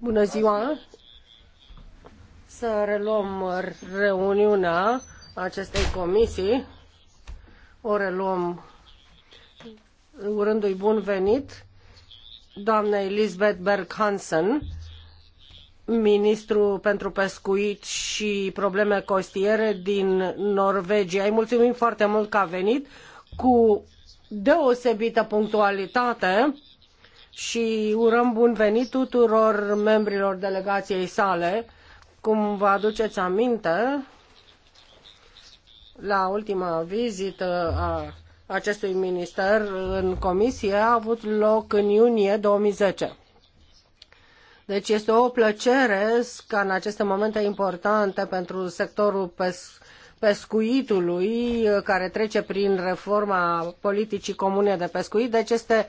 Bună ziua. Să reluăm reuniunea acestei comisii. O reluăm urându-i bun venit doamnei Lisbeth Berg Hansen, ministru pentru pescuit și probleme costiere din Norvegia. Îi mulțumim foarte mult că a venit cu deosebită punctualitate și urăm bun venit tuturor membrilor delegației sale. Cum vă aduceți aminte, la ultima vizită a acestui minister în comisie a avut loc în iunie 2010. Deci este o plăcere ca în aceste momente importante pentru sectorul pes pescuitului care trece prin reforma politicii comune de pescuit, deci este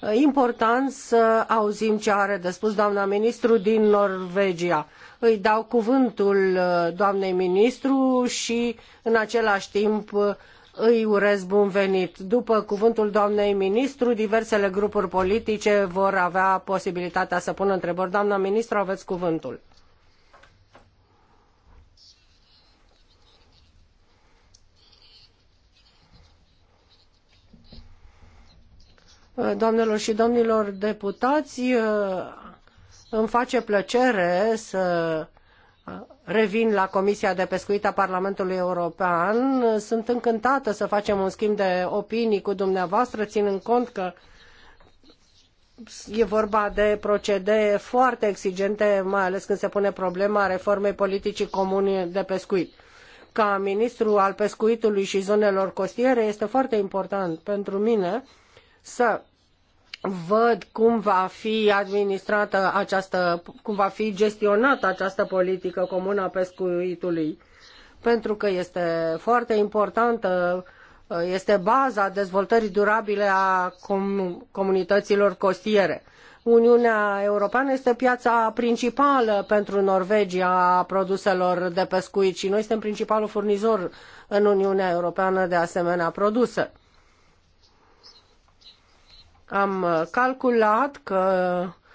Eh, important să auzim ce are de spus doamna ministru din Norvegia. Îi dau cuvântul eh, doamnei ministru și în același timp eh, îi urez bun venit. După cuvântul doamnei ministru, diversele grupuri politice vor avea posibilitatea să pună întrebări. Doamna ministru, aveți cuvântul. doamnelor și domnilor deputați, uh, îmi face plăcere să uh, revin la Comisia de Pescuit a Parlamentului European. Sunt încântată să facem un schimb de opinii cu dumneavoastră, ținând cont că e vorba de procedee foarte exigente, mai ales când se pune problema reformei politicii comune de pescuit. Ca ministru al pescuitului și zonelor costiere este foarte important pentru mine să văd cum va fi administrată această, cum va fi gestionată această politică comună a pescuitului, pentru că este foarte importantă, este baza dezvoltării durabile a comunităților costiere. Uniunea Europeană este piața principală pentru Norvegia a produselor de pescuit și noi suntem principalul furnizor în Uniunea Europeană de asemenea produse am uh, calculat că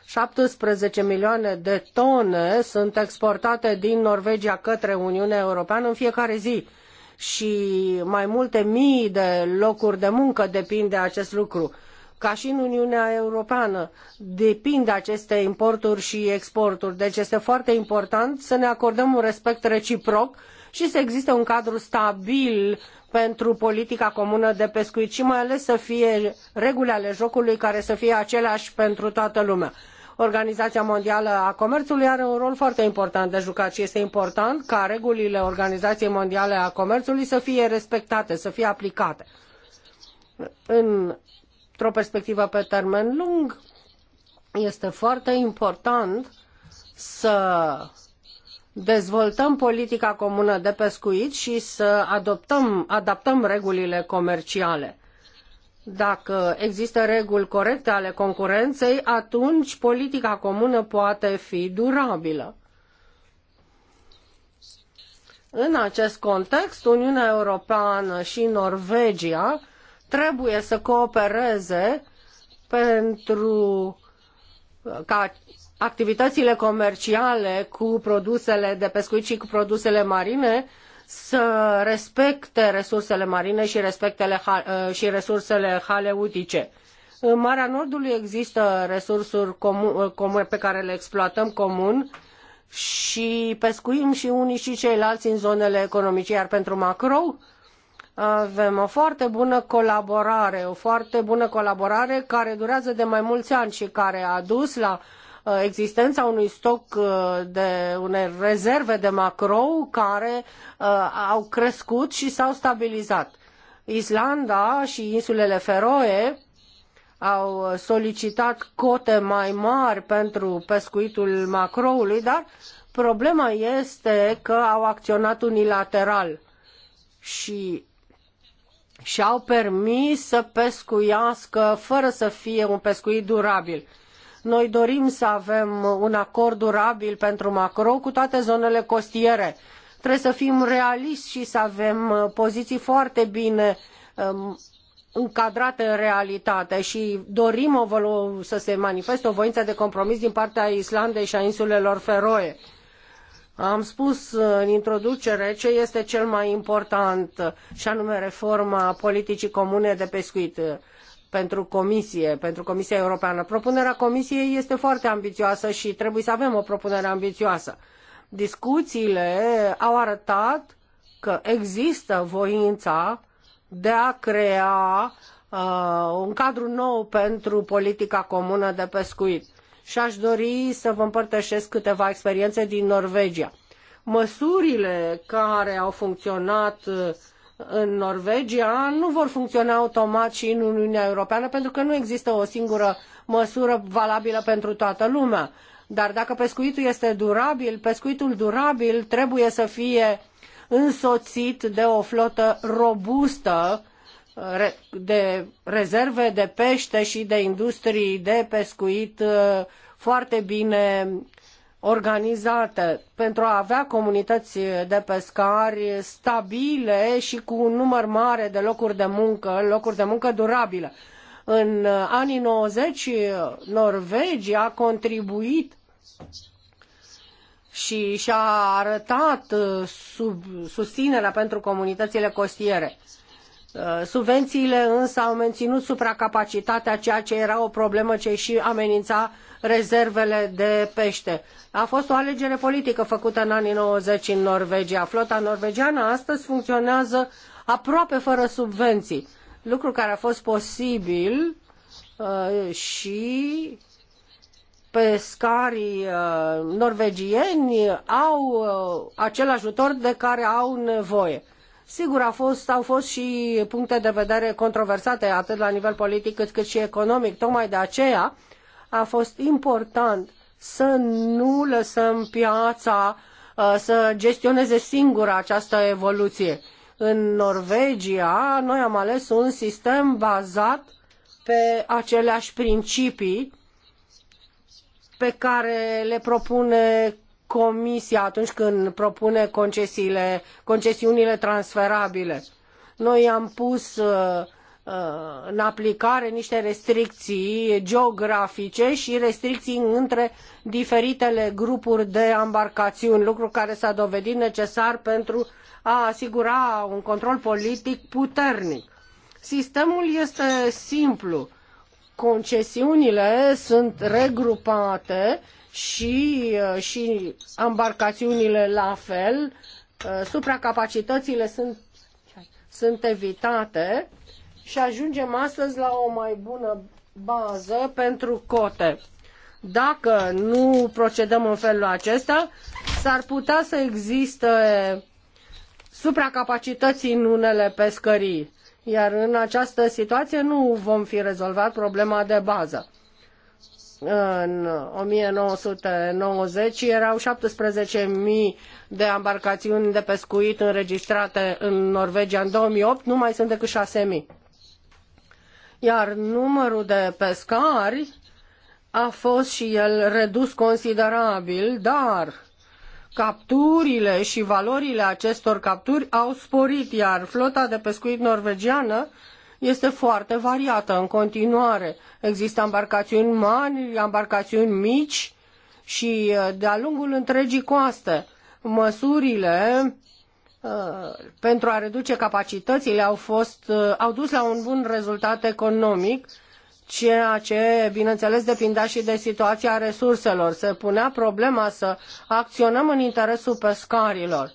17 milioane de tone sunt exportate din Norvegia către Uniunea Europeană în fiecare zi și mai multe mii de locuri de muncă depind de acest lucru. Ca și în Uniunea Europeană, depind de aceste importuri și exporturi. Deci este foarte important să ne acordăm un respect reciproc și să existe un cadru stabil pentru politica comună de pescuit și mai ales să fie reguli ale jocului care să fie aceleași pentru toată lumea. Organizația Mondială a Comerțului are un rol foarte important de jucat și este important ca regulile Organizației Mondiale a Comerțului să fie respectate, să fie aplicate. Într-o perspectivă pe termen lung, este foarte important să dezvoltăm politica comună de pescuit și să adoptăm, adaptăm regulile comerciale. Dacă există reguli corecte ale concurenței, atunci politica comună poate fi durabilă. În acest context, Uniunea Europeană și Norvegia trebuie să coopereze pentru ca activitățile comerciale cu produsele de pescuit și cu produsele marine să respecte resursele marine și, respectele, uh, și resursele haleutice. În Marea Nordului există resursuri uh, comune pe care le exploatăm comun și pescuim și unii și ceilalți în zonele economice, iar pentru macrou avem o foarte bună colaborare, o foarte bună colaborare care durează de mai mulți ani și care a dus la uh, Uh, existența unui stoc uh, de unei rezerve de macrou care uh, au crescut și s-au stabilizat. Islanda și insulele Feroe au solicitat cote mai mari pentru pescuitul macroului, dar problema este că au acționat unilateral și și-au permis să pescuiască fără să fie un pescuit durabil. Noi dorim să avem un acord durabil pentru macro cu toate zonele costiere. Trebuie să fim realiști și să avem uh, poziții foarte bine um, încadrate în realitate și dorim o, să se manifeste o voință de compromis din partea Islandei și a insulelor Feroe. Am spus uh, în introducere ce este cel mai important, uh, și anume reforma politicii comune de pescuit pentru Comisie, pentru Comisia Europeană. Propunerea Comisiei este foarte ambițioasă și trebuie să avem o propunere ambițioasă. Discuțiile au arătat că există voința de a crea uh, un cadru nou pentru politica comună de pescuit. Și aș dori să vă împărtășesc câteva experiențe din Norvegia. Măsurile care au funcționat uh, în Norvegia nu vor funcționa automat și în Uniunea Europeană pentru că nu există o singură măsură valabilă pentru toată lumea. Dar dacă pescuitul este durabil, pescuitul durabil trebuie să fie însoțit de o flotă robustă de rezerve de pește și de industrii de pescuit uh, foarte bine organizate pentru a avea comunități de pescari stabile și cu un număr mare de locuri de muncă, locuri de muncă durabile. În uh, anii 90, uh, Norvegia a contribuit și și-a arătat uh, sub, susținerea pentru comunitățile costiere. Subvențiile însă au menținut supracapacitatea, ceea ce era o problemă ce și amenința rezervele de pește. A fost o alegere politică făcută în anii 90 în Norvegia. Flota norvegiană astăzi funcționează aproape fără subvenții, lucru care a fost posibil uh, și pescarii uh, norvegieni au uh, acel ajutor de care au nevoie. Sigur, a fost, au fost și puncte de vedere controversate, atât la nivel politic cât, cât și economic. Tocmai de aceea a fost important să nu lăsăm piața uh, să gestioneze singură această evoluție. În Norvegia, noi am ales un sistem bazat pe aceleași principii pe care le propune Comisia atunci când propune concesiile, concesiunile transferabile. Noi am pus uh, Uh, în aplicare niște restricții geografice și restricții între diferitele grupuri de embarcațiuni, lucru care s-a dovedit necesar pentru a asigura un control politic puternic. Sistemul este simplu. Concesiunile sunt regrupate și, uh, și embarcațiunile la fel. Uh, supracapacitățile sunt, sunt evitate și ajungem astăzi la o mai bună bază pentru cote. Dacă nu procedăm în felul acesta, s-ar putea să existe supracapacități în unele pescării, iar în această situație nu vom fi rezolvat problema de bază. În 1990 erau 17.000 de embarcațiuni de pescuit înregistrate în Norvegia. În 2008 nu mai sunt decât 6.000 iar numărul de pescari a fost și el redus considerabil, dar capturile și valorile acestor capturi au sporit, iar flota de pescuit norvegiană este foarte variată în continuare. Există embarcațiuni mari, embarcațiuni mici și eh, de-a lungul întregii coaste. Măsurile Uh, pentru a reduce capacitățile au, fost, uh, au dus la un bun rezultat economic, ceea ce, bineînțeles, depindea și de situația resurselor. Se punea problema să acționăm în interesul pescarilor.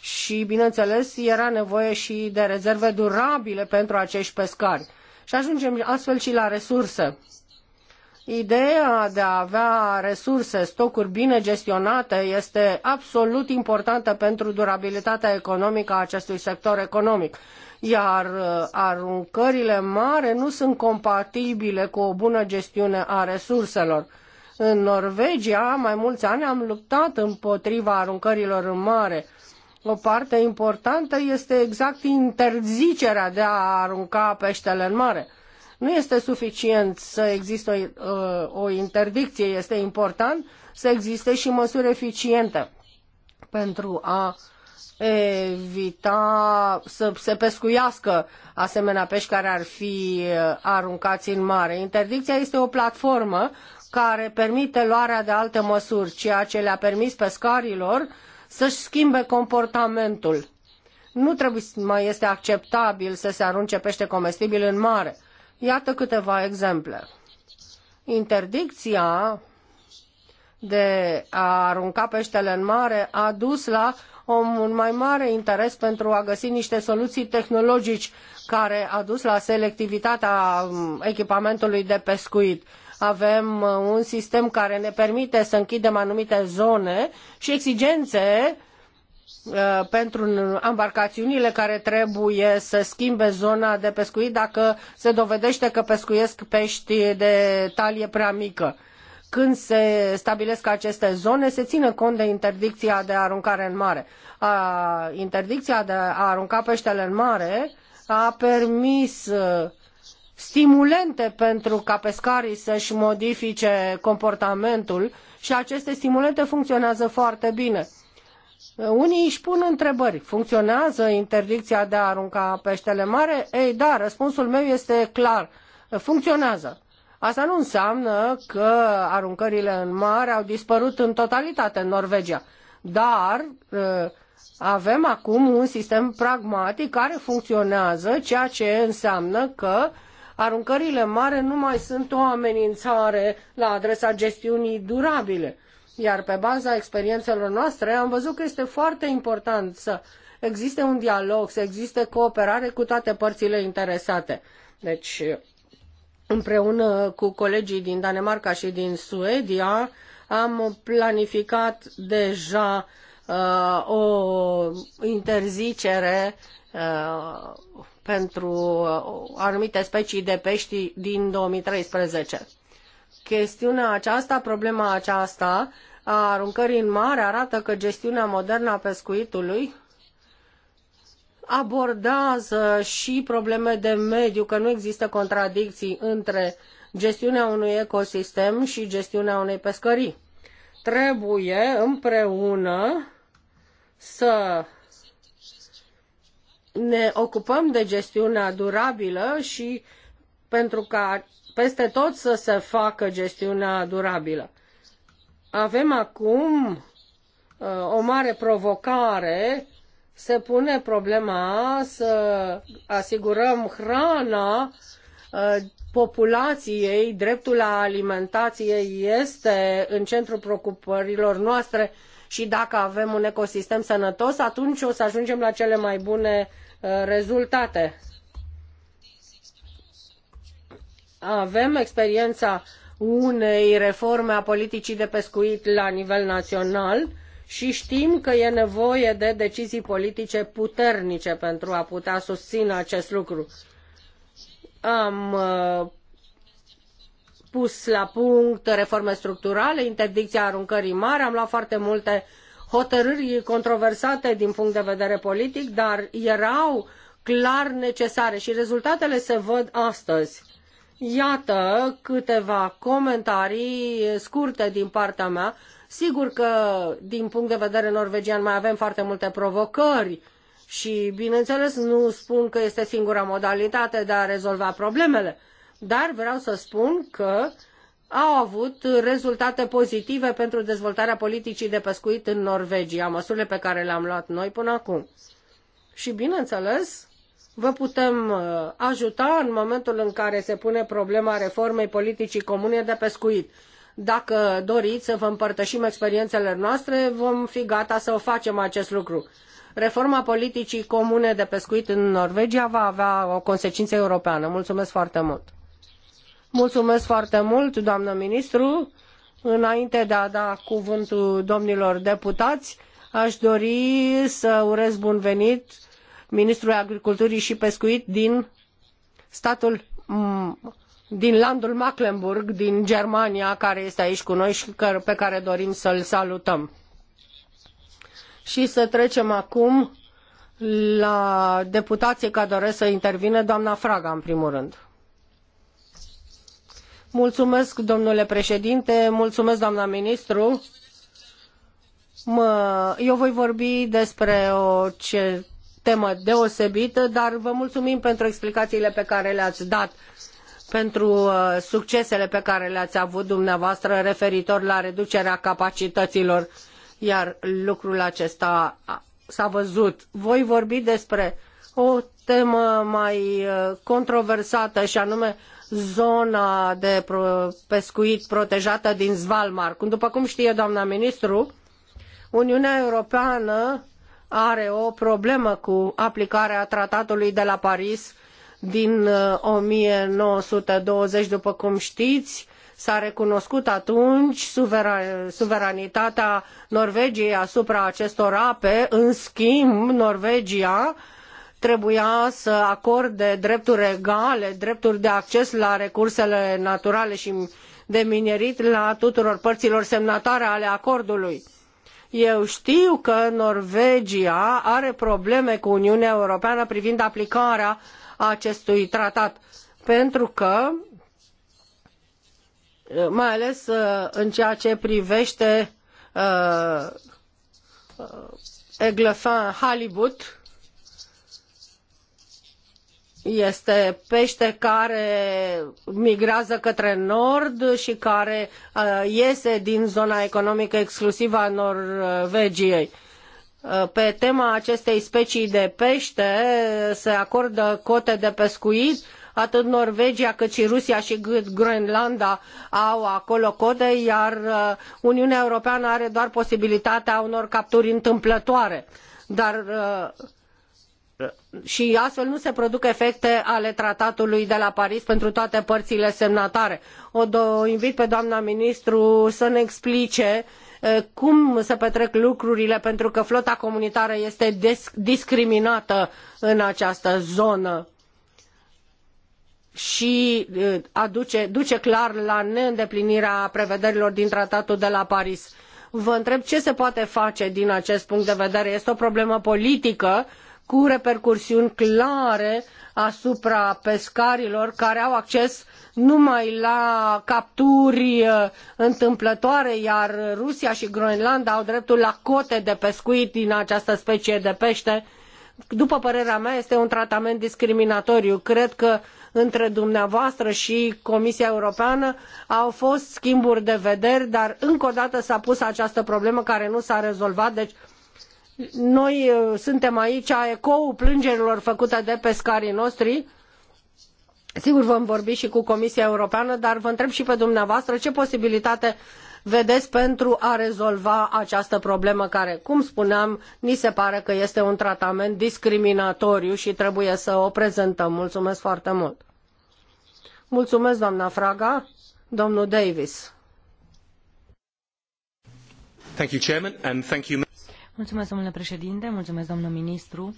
Și, bineînțeles, era nevoie și de rezerve durabile pentru acești pescari. Și ajungem astfel și la resurse. Ideea de a avea resurse, stocuri bine gestionate este absolut importantă pentru durabilitatea economică a acestui sector economic, iar uh, aruncările mari nu sunt compatibile cu o bună gestiune a resurselor. În Norvegia, mai mulți ani am luptat împotriva aruncărilor în mare. O parte importantă este exact interzicerea de a arunca peștele în mare nu este suficient să existe o, uh, o interdicție, este important să existe și măsuri eficiente pentru a evita să se pescuiască asemenea pești care ar fi uh, aruncați în mare. Interdicția este o platformă care permite luarea de alte măsuri, ceea ce le-a permis pescarilor să-și schimbe comportamentul. Nu trebuie mai este acceptabil să se arunce pește comestibil în mare. Iată câteva exemple. Interdicția de a arunca peștele în mare a dus la un mai mare interes pentru a găsi niște soluții tehnologici care a dus la selectivitatea mm, echipamentului de pescuit. Avem mm, un sistem care ne permite să închidem anumite zone și exigențe uh, Uh, pentru ambarcaiunile care trebuie să schimbe zona de pescuit dacă se dovedește că pescuiesc pești de talie prea mică. Când se stabilesc aceste zone, se ține cont de interdicția de aruncare în mare. A, interdicția de a arunca peștele în mare a permis uh, stimulente pentru ca pescarii să-și modifice comportamentul și aceste stimulente funcționează foarte bine unii își pun întrebări. Funcționează interdicția de a arunca peștele mare? Ei, da, răspunsul meu este clar. Funcționează. Asta nu înseamnă că aruncările în mare au dispărut în totalitate în Norvegia. Dar uh, avem acum un sistem pragmatic care funcționează, ceea ce înseamnă că aruncările mare nu mai sunt o amenințare la adresa gestiunii durabile iar pe baza experiențelor noastre am văzut că este foarte important să existe un dialog, să existe cooperare cu toate părțile interesate. Deci, împreună cu colegii din Danemarca și din Suedia, am planificat deja uh, o interzicere uh, pentru uh, anumite specii de pești din 2013 chestiunea aceasta, problema aceasta a aruncării în mare arată că gestiunea modernă a pescuitului abordează și probleme de mediu, că nu există contradicții între gestiunea unui ecosistem și gestiunea unei pescării. Trebuie împreună să ne ocupăm de gestiunea durabilă și pentru ca peste tot să se facă gestiunea durabilă. Avem acum uh, o mare provocare, se pune problema să asigurăm hrana uh, populației, dreptul la alimentație este în centrul preocupărilor noastre și dacă avem un ecosistem sănătos, atunci o să ajungem la cele mai bune uh, rezultate. avem experiența unei reforme a politicii de pescuit la nivel național și știm că e nevoie de decizii politice puternice pentru a putea susține acest lucru. Am uh, pus la punct reforme structurale, interdicția aruncării mari, am luat foarte multe hotărâri controversate din punct de vedere politic, dar erau clar necesare și rezultatele se văd astăzi Iată câteva comentarii scurte din partea mea. Sigur că, din punct de vedere norvegian, mai avem foarte multe provocări și, bineînțeles, nu spun că este singura modalitate de a rezolva problemele, dar vreau să spun că au avut rezultate pozitive pentru dezvoltarea politicii de pescuit în Norvegia, măsurile pe care le-am luat noi până acum. Și, bineînțeles, vă putem uh, ajuta în momentul în care se pune problema reformei politicii comune de pescuit. Dacă doriți să vă împărtășim experiențele noastre, vom fi gata să o facem acest lucru. Reforma politicii comune de pescuit în Norvegia va avea o consecință europeană. Mulțumesc foarte mult! Mulțumesc foarte mult, doamnă ministru! Înainte de a da cuvântul domnilor deputați, aș dori să urez bun venit uh, ministrul agriculturii și pescuit din statul din landul Mecklenburg din Germania care este aici cu noi și pe care dorim să-l salutăm. Și să trecem acum la deputații care doresc să intervină, doamna Fraga în primul rând. Mulțumesc, domnule președinte, mulțumesc, doamna ministru. Mă, eu voi vorbi despre o ce, temă deosebită, dar vă mulțumim pentru explicațiile pe care le-ați dat, pentru uh, succesele pe care le-ați avut dumneavoastră referitor la reducerea capacităților, iar lucrul acesta s-a văzut. Voi vorbi despre o temă mai uh, controversată și anume zona de pescuit protejată din Svalbard. După cum știe doamna ministru, Uniunea Europeană are o problemă cu aplicarea tratatului de la Paris din 1920, uh, după cum știți. S-a recunoscut atunci suveranitatea Norvegiei asupra acestor ape. În schimb, Norvegia trebuia să acorde drepturi egale, drepturi de acces la resursele naturale și de minerit la tuturor părților semnatare ale acordului eu știu că Norvegia are probleme cu Uniunea Europeană privind aplicarea acestui tratat, pentru că mai ales uh, în ceea ce privește uh, uh Eglefin Halibut, este pește care migrează către nord și care uh, iese din zona economică exclusivă a Norvegiei. Uh, pe tema acestei specii de pește uh, se acordă cote de pescuit atât Norvegia cât și Rusia și Groenlanda au acolo cote, iar Uniunea Europeană are doar posibilitatea unor capturi întâmplătoare. Dar și astfel nu se produc efecte ale tratatului de la Paris pentru toate părțile semnatare. O invit pe doamna ministru să ne explice cum se petrec lucrurile pentru că flota comunitară este discriminată în această zonă și aduce, duce clar la neîndeplinirea prevederilor din tratatul de la Paris. Vă întreb ce se poate face din acest punct de vedere. Este o problemă politică cu repercusiuni clare asupra pescarilor care au acces numai la capturi uh, întâmplătoare, iar Rusia și Groenlanda au dreptul la cote de pescuit din această specie de pește. După părerea mea, este un tratament discriminatoriu. Cred că între dumneavoastră și Comisia Europeană au fost schimburi de vederi, dar încă o dată s-a pus această problemă care nu s-a rezolvat, deci noi uh, suntem aici ecoul plângerilor făcute de pescarii noștri. Sigur vom vorbi și cu Comisia Europeană, dar vă întreb și pe dumneavoastră ce posibilitate vedeți pentru a rezolva această problemă care, cum spuneam, ni se pare că este un tratament discriminatoriu și trebuie să o prezentăm. Mulțumesc foarte mult. Mulțumesc, doamna Fraga. Domnul Davis. Thank you, Chairman, and thank you... Mulțumesc, domnule președinte, mulțumesc, domnul ministru.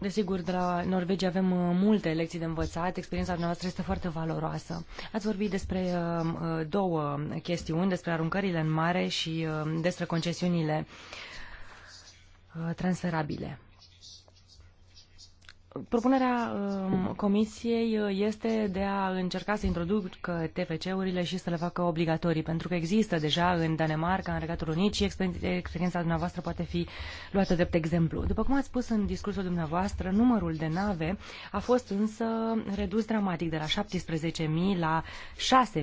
Desigur, de la Norvegia avem uh, multe lecții de învățat, experiența noastră este foarte valoroasă. Ați vorbit despre uh, uh, două chestiuni, despre aruncările în mare și despre concesiunile transferabile. Propunerea um, Comisiei uh, este de a încerca să introducă TFC-urile și să le facă obligatorii, pentru că există deja în Danemarca, în Regatul Unit și experiența dumneavoastră poate fi luată drept exemplu. După cum ați spus în discursul dumneavoastră, numărul de nave a fost însă redus dramatic de la 17.000 la 6.000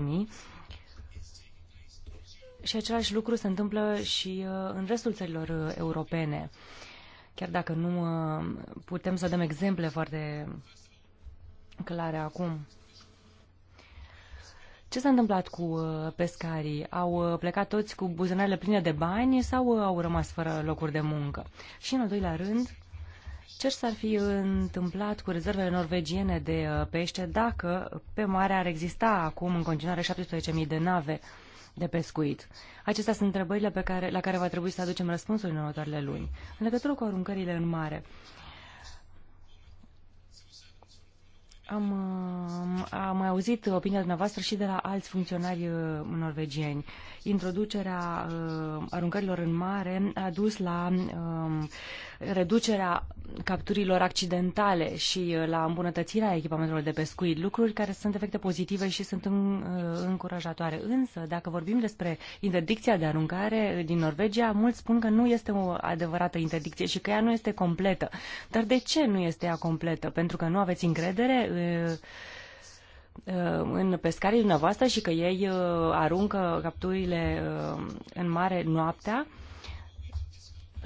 și același lucru se întâmplă și uh, în restul țărilor uh, europene. Uh, chiar dacă nu uh, putem să dăm exemple foarte clare acum. Ce s-a întâmplat cu uh, pescarii? Au uh, plecat toți cu buzunarele pline de bani sau au rămas fără locuri de muncă? Și în al doilea rând, ce s-ar fi întâmplat cu rezervele norvegiene de pește dacă pe mare ar exista acum în continuare 17.000 de nave? de pescuit. Acestea sunt întrebările pe care, la care va trebui să aducem răspunsuri în următoarele luni. În legătură cu aruncările în mare, am, am auzit opinia dumneavoastră și de la alți funcționari uh, norvegieni. Introducerea uh, aruncărilor în mare a dus la uh, reducerea capturilor accidentale și uh, la îmbunătățirea echipamentelor de pescuit, lucruri care sunt efecte pozitive și sunt în, uh, încurajatoare. Însă, dacă vorbim despre interdicția de aruncare din Norvegia, mulți spun că nu este o adevărată interdicție și că ea nu este completă. Dar de ce nu este ea completă? Pentru că nu aveți încredere uh, în pescarii dumneavoastră și că ei aruncă capturile în mare noaptea?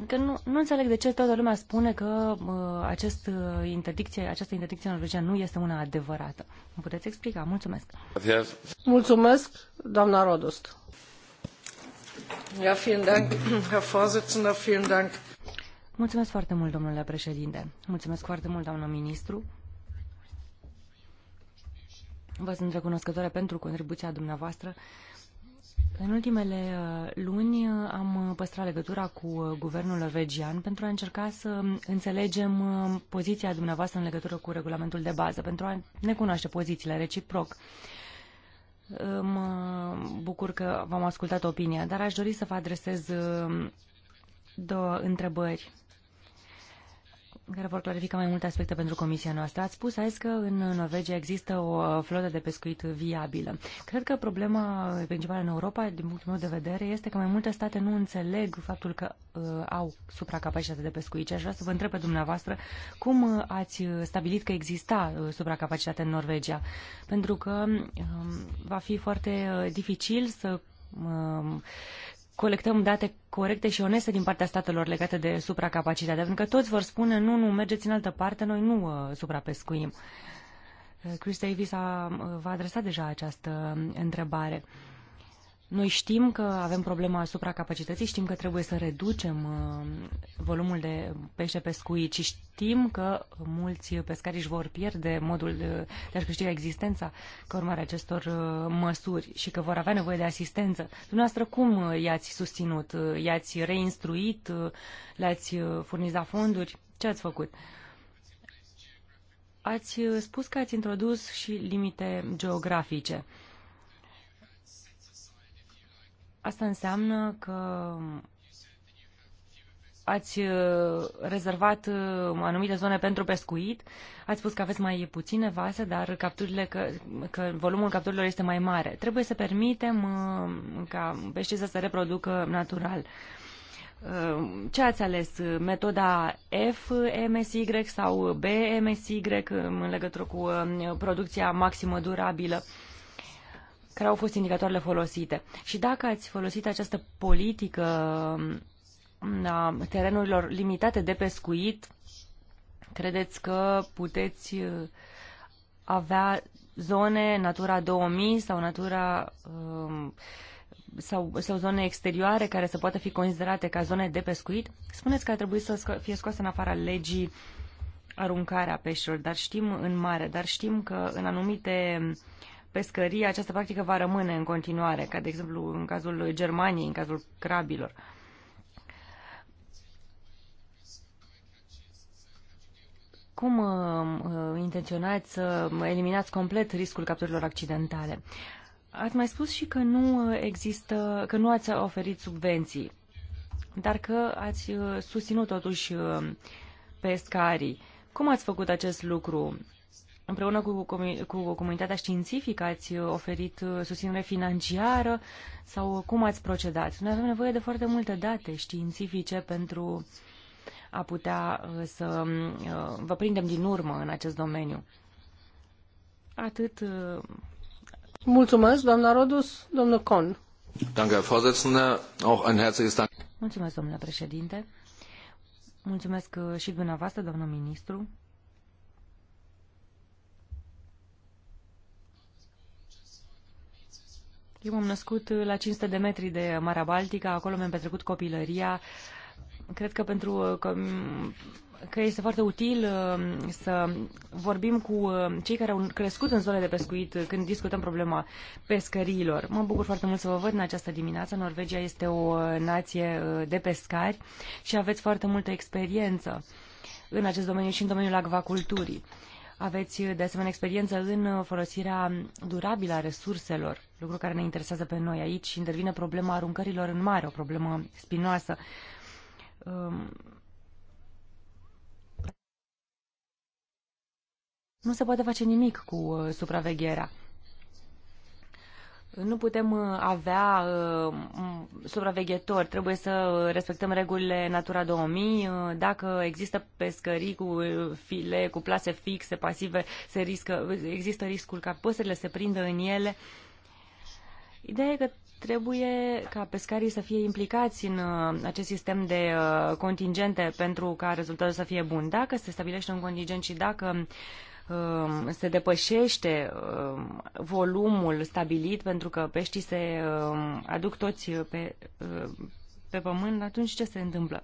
că nu, nu înțeleg de ce toată lumea spune că uh, acest uh, interdicție, această interdicție în Norvegia nu este una adevărată. Îmi puteți explica? Mulțumesc. Mulțumesc, doamna Rodost. Ja, vielen Dank, Herr Vorsitzender, vielen Dank. Mulțumesc foarte mult, domnule președinte. Mulțumesc foarte mult, doamnă ministru. Vă sunt recunoscătoare pentru contribuția dumneavoastră în ultimele uh, luni uh, am uh, păstrat legătura cu guvernul norvegian pentru a încerca să înțelegem poziția dumneavoastră în legătură cu regulamentul de bază, pentru a ne cunoaște pozițiile reciproc. Mă bucur că v-am ascultat opinia, dar aș dori să vă adresez două întrebări care vor clarifica mai multe aspecte pentru comisia noastră. Ați spus azi că în Norvegia există o uh, flotă de pescuit viabilă. Cred că problema uh, principală în Europa, din punctul meu de vedere, este că mai multe state nu înțeleg faptul că uh, au supracapacitate de pescuit. Și aș vrea să vă întreb pe dumneavoastră cum uh, ați stabilit că exista supracapacitate în Norvegia. Pentru că uh, va fi foarte dificil să uh, colectăm date corecte și oneste din partea statelor legate de supracapacitate, pentru că toți vor spune, nu, nu, mergeți în altă parte, noi nu uh, suprapescuim. Uh, Chris Davis a, uh, va adresa deja această uh, întrebare. Uh, noi știm că avem problema asupra capacității, știm că trebuie să reducem uh, volumul de pește pescuit și știm că mulți pescari își vor pierde modul de a-și câștiga existența ca urmare acestor uh, măsuri și că vor avea nevoie de asistență. Dumneavoastră, cum uh, i-ați susținut? I-ați reinstruit? Le-ați furnizat fonduri? Ce ați făcut? Ați spus că ați introdus și limite geografice. Asta înseamnă că ați uh, rezervat uh, anumite zone pentru pescuit. Ați spus că aveți mai puține vase, dar capturile că, că volumul capturilor este mai mare. Trebuie să permitem uh, ca peștii să se reproducă natural. Ce ați ales? Metoda FMSY sau BMSY, în legătură cu producția maximă durabilă? care au fost indicatoarele folosite. Și dacă ați folosit această politică mm, a terenurilor limitate de pescuit, credeți că puteți uh, avea zone Natura 2000 sau Natura um, sau, sau zone exterioare care să poată fi considerate ca zone de pescuit? Spuneți că ar trebui să sco- fie scoase în afara legii aruncarea peștilor, dar știm în mare, dar știm că în anumite uh, pescărie, această practică va rămâne în continuare, ca de exemplu în cazul Germaniei, în cazul crabilor. Cum uh, uh, intenționați să eliminați complet riscul capturilor accidentale? Ați mai spus și că nu există, că nu ați oferit subvenții, dar că ați uh, susținut totuși uh, pescarii. Cum ați făcut acest lucru? Împreună cu, cu comunitatea științifică ați oferit uh, susținere financiară sau cum ați procedat? Noi avem nevoie de foarte multe date științifice pentru a putea uh, să uh, vă prindem din urmă în acest domeniu. Atât. Mulțumesc, doamna Rodus, domnul Con. Mulțumesc, domnule președinte. Mulțumesc și dumneavoastră, domnul ministru. Eu m-am născut la 500 de metri de Marea Baltică, acolo mi-am petrecut copilăria. Cred că pentru că, că este foarte util um, să vorbim cu um, cei care au crescut în zone de pescuit când discutăm problema pescăriilor. Mă bucur foarte mult să vă văd în această dimineață. Norvegia este o nație uh, de pescari și aveți foarte multă experiență în acest domeniu și în domeniul acvaculturii. Aveți, de asemenea, experiență în uh, folosirea durabilă a resurselor, lucru care ne interesează pe noi aici. Intervine problema aruncărilor în mare, o problemă spinoasă. Um, nu se poate face nimic cu uh, supravegherea. Nu putem uh, avea uh, supraveghetori, trebuie să uh, respectăm regulile Natura 2000. Dacă există pescării cu file, cu plase fixe, pasive, se riscă, există riscul ca păsările se prindă în ele. Ideea e că trebuie ca pescarii să fie implicați în acest sistem de contingente pentru ca rezultatul să fie bun. Dacă se stabilește un contingent și dacă Um, se depășește um, volumul stabilit pentru că peștii se um, aduc toți pe, uh, pe pământ, atunci ce se întâmplă?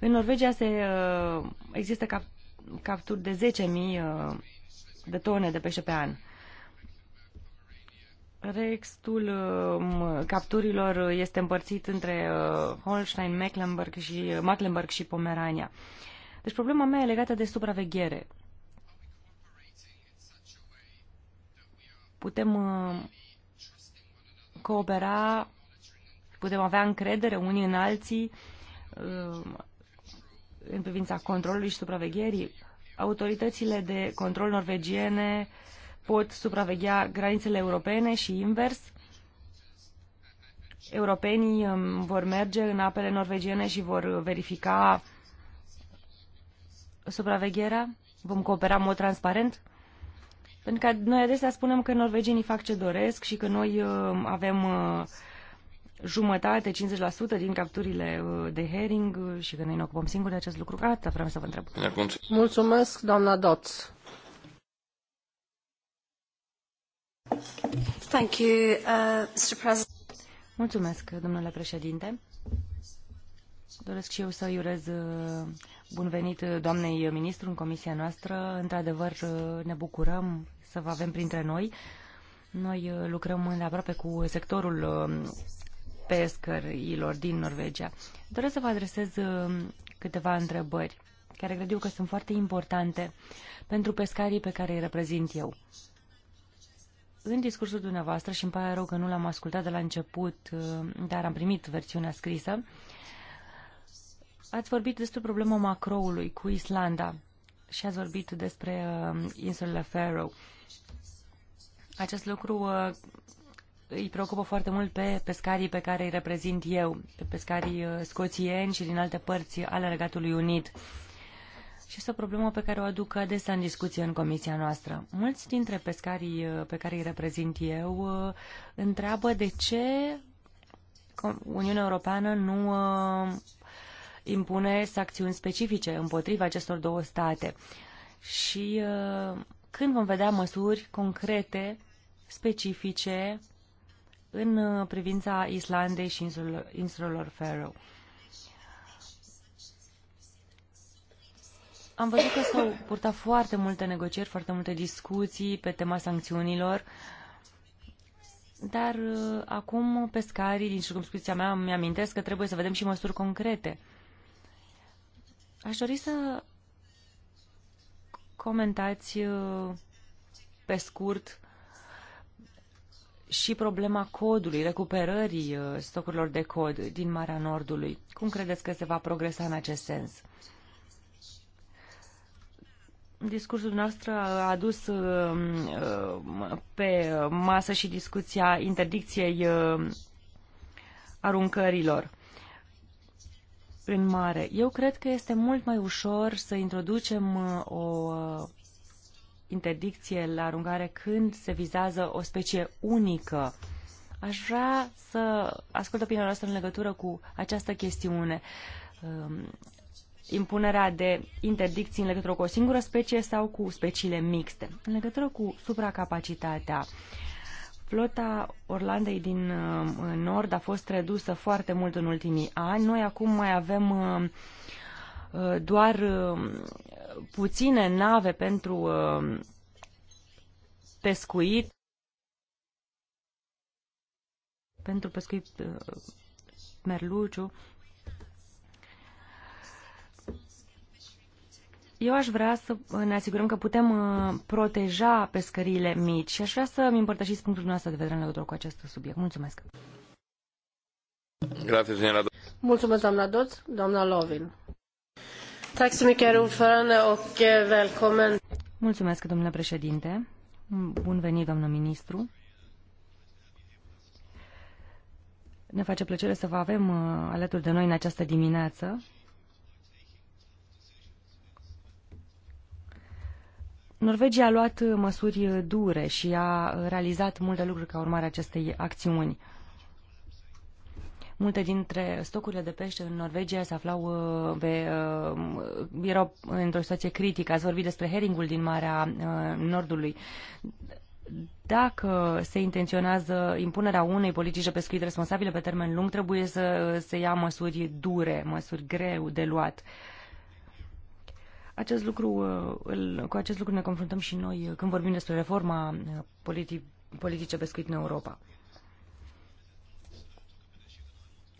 În Norvegia se, uh, există cap, capturi de 10.000 uh, de tone de pește pe an. Restul capturilor este împărțit între Holstein, Mecklenburg și, Mecklenburg și Pomerania. Deci problema mea e legată de supraveghere. putem uh, coopera, putem avea încredere unii în alții uh, în privința controlului și supravegherii. Autoritățile de control norvegiene pot supraveghea granițele europene și invers. Europenii um, vor merge în apele norvegiene și vor verifica supravegherea. Vom coopera în mod transparent pentru că noi adesea spunem că norvegenii fac ce doresc și că noi uh, avem uh, jumătate, 50% din capturile uh, de herring și că noi ne ocupăm singuri de acest lucru. Asta vreau să vă întreb. Mulțumesc, doamna Doț. Thank you, uh, Mr. President. Mulțumesc, domnule președinte. Doresc și eu să-i urez bun venit doamnei ministru în comisia noastră. Într-adevăr, ne bucurăm să vă avem printre noi. Noi uh, lucrăm aproape cu sectorul uh, pescărilor din Norvegia. Doresc să vă adresez uh, câteva întrebări, care cred eu că sunt foarte importante pentru pescarii pe care îi reprezint eu. În discursul dumneavoastră, și îmi pare rău că nu l-am ascultat de la început, dar am primit versiunea scrisă, ați vorbit despre problema macroului cu Islanda și ați vorbit despre insulele Faroe. Acest lucru uh, îi preocupă foarte mult pe pescarii pe care îi reprezint eu, pe pescarii uh, scoțieni și din alte părți ale Regatului Unit. Și este o problemă pe care o aduc adesea în discuție în comisia noastră. Mulți dintre pescarii uh, pe care îi reprezint eu întreabă de ce Uniunea Europeană nu impune sancțiuni specifice împotriva acestor două state. Și când vom vedea măsuri concrete, specifice, în uh, privința Islandei și insulelor Faroe. Am văzut că s-au purtat foarte multe negocieri, foarte multe discuții pe tema sancțiunilor, dar uh, acum pescarii din circumscripția mea îmi amintesc că trebuie să vedem și măsuri concrete. Aș dori să comentați uh, pe scurt și problema codului, recuperării uh, stocurilor de cod din Marea Nordului. Cum credeți că se va progresa în acest sens? Discursul noastră a adus uh, pe masă și discuția interdicției aruncărilor. Prin mare, eu cred că este mult mai ușor să introducem uh, o uh, interdicție la aruncare când se vizează o specie unică. Aș vrea să ascult opinia noastră în legătură cu această chestiune. Um, impunerea de interdicții în legătură cu o singură specie sau cu speciile mixte. În legătură cu supracapacitatea, uh, Flota Orlandei din uh, Nord a fost redusă foarte mult în ultimii ani. Noi acum mai avem uh, uh, doar puține nave pentru pescuit pentru pescuit merluciu Eu aș vrea să ne asigurăm că putem uh, proteja pescăriile mici și aș vrea să-mi împărtășiți punctul dumneavoastră de vedere în legătură cu acest subiect. Mulțumesc! Grazie, Mulțumesc, doamna Doț. Doamna Lovin. Eh, Mulțumesc, domnule președinte. Bun venit, doamnă ministru. Ne face plăcere să vă avem uh, alături de noi în această dimineață Norvegia a luat măsuri dure și a realizat multe lucruri ca urmare a acestei acțiuni. Multe dintre stocurile de pește în Norvegia se aflau uh, pe, uh, erau într-o situație critică. Ați vorbit despre heringul din Marea uh, Nordului. Dacă se intenționează impunerea unei politici de pescuit responsabile pe termen lung, trebuie să se ia măsuri dure, măsuri greu de luat. Uh, acest lucru, uh, cu acest lucru ne confruntăm și noi uh, când vorbim despre reforma uh, politi- politice pescuit în Europa.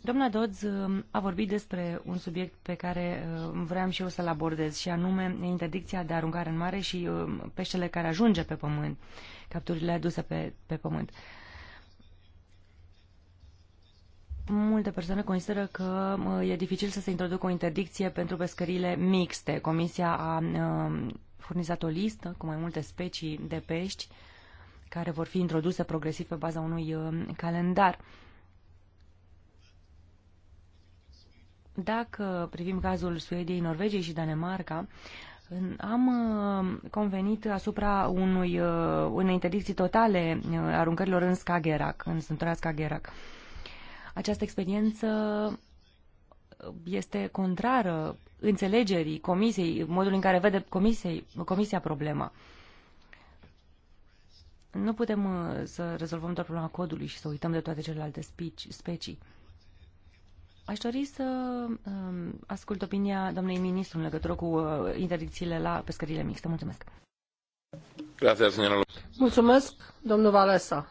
Doamna Dodds um, a vorbit despre un subiect pe care um, vreau și eu să-l abordez, și anume interdicția de aruncare în mare și um, peștele care ajunge pe pământ, capturile aduse pe, pe pământ. Multe persoane consideră că e dificil să se introducă o interdicție pentru pescările mixte. Comisia a furnizat o listă cu mai multe specii de pești care vor fi introduse progresiv pe baza unui uh, calendar. Dacă privim cazul Suediei, Norvegiei și Danemarca, am uh, convenit asupra unui, uh, unei interdicții totale aruncărilor în Skagerrak, în sântura Skagerrak. Această experiență este contrară înțelegerii comisiei, modul în care vede comisiei, comisia problema. Nu putem uh, să rezolvăm doar problema codului și să uităm de toate celelalte specii. Aș dori să um, ascult opinia doamnei ministru în legătură cu uh, interdicțiile la pescările mixte. Mulțumesc. Grazie, Mulțumesc, domnul Valesa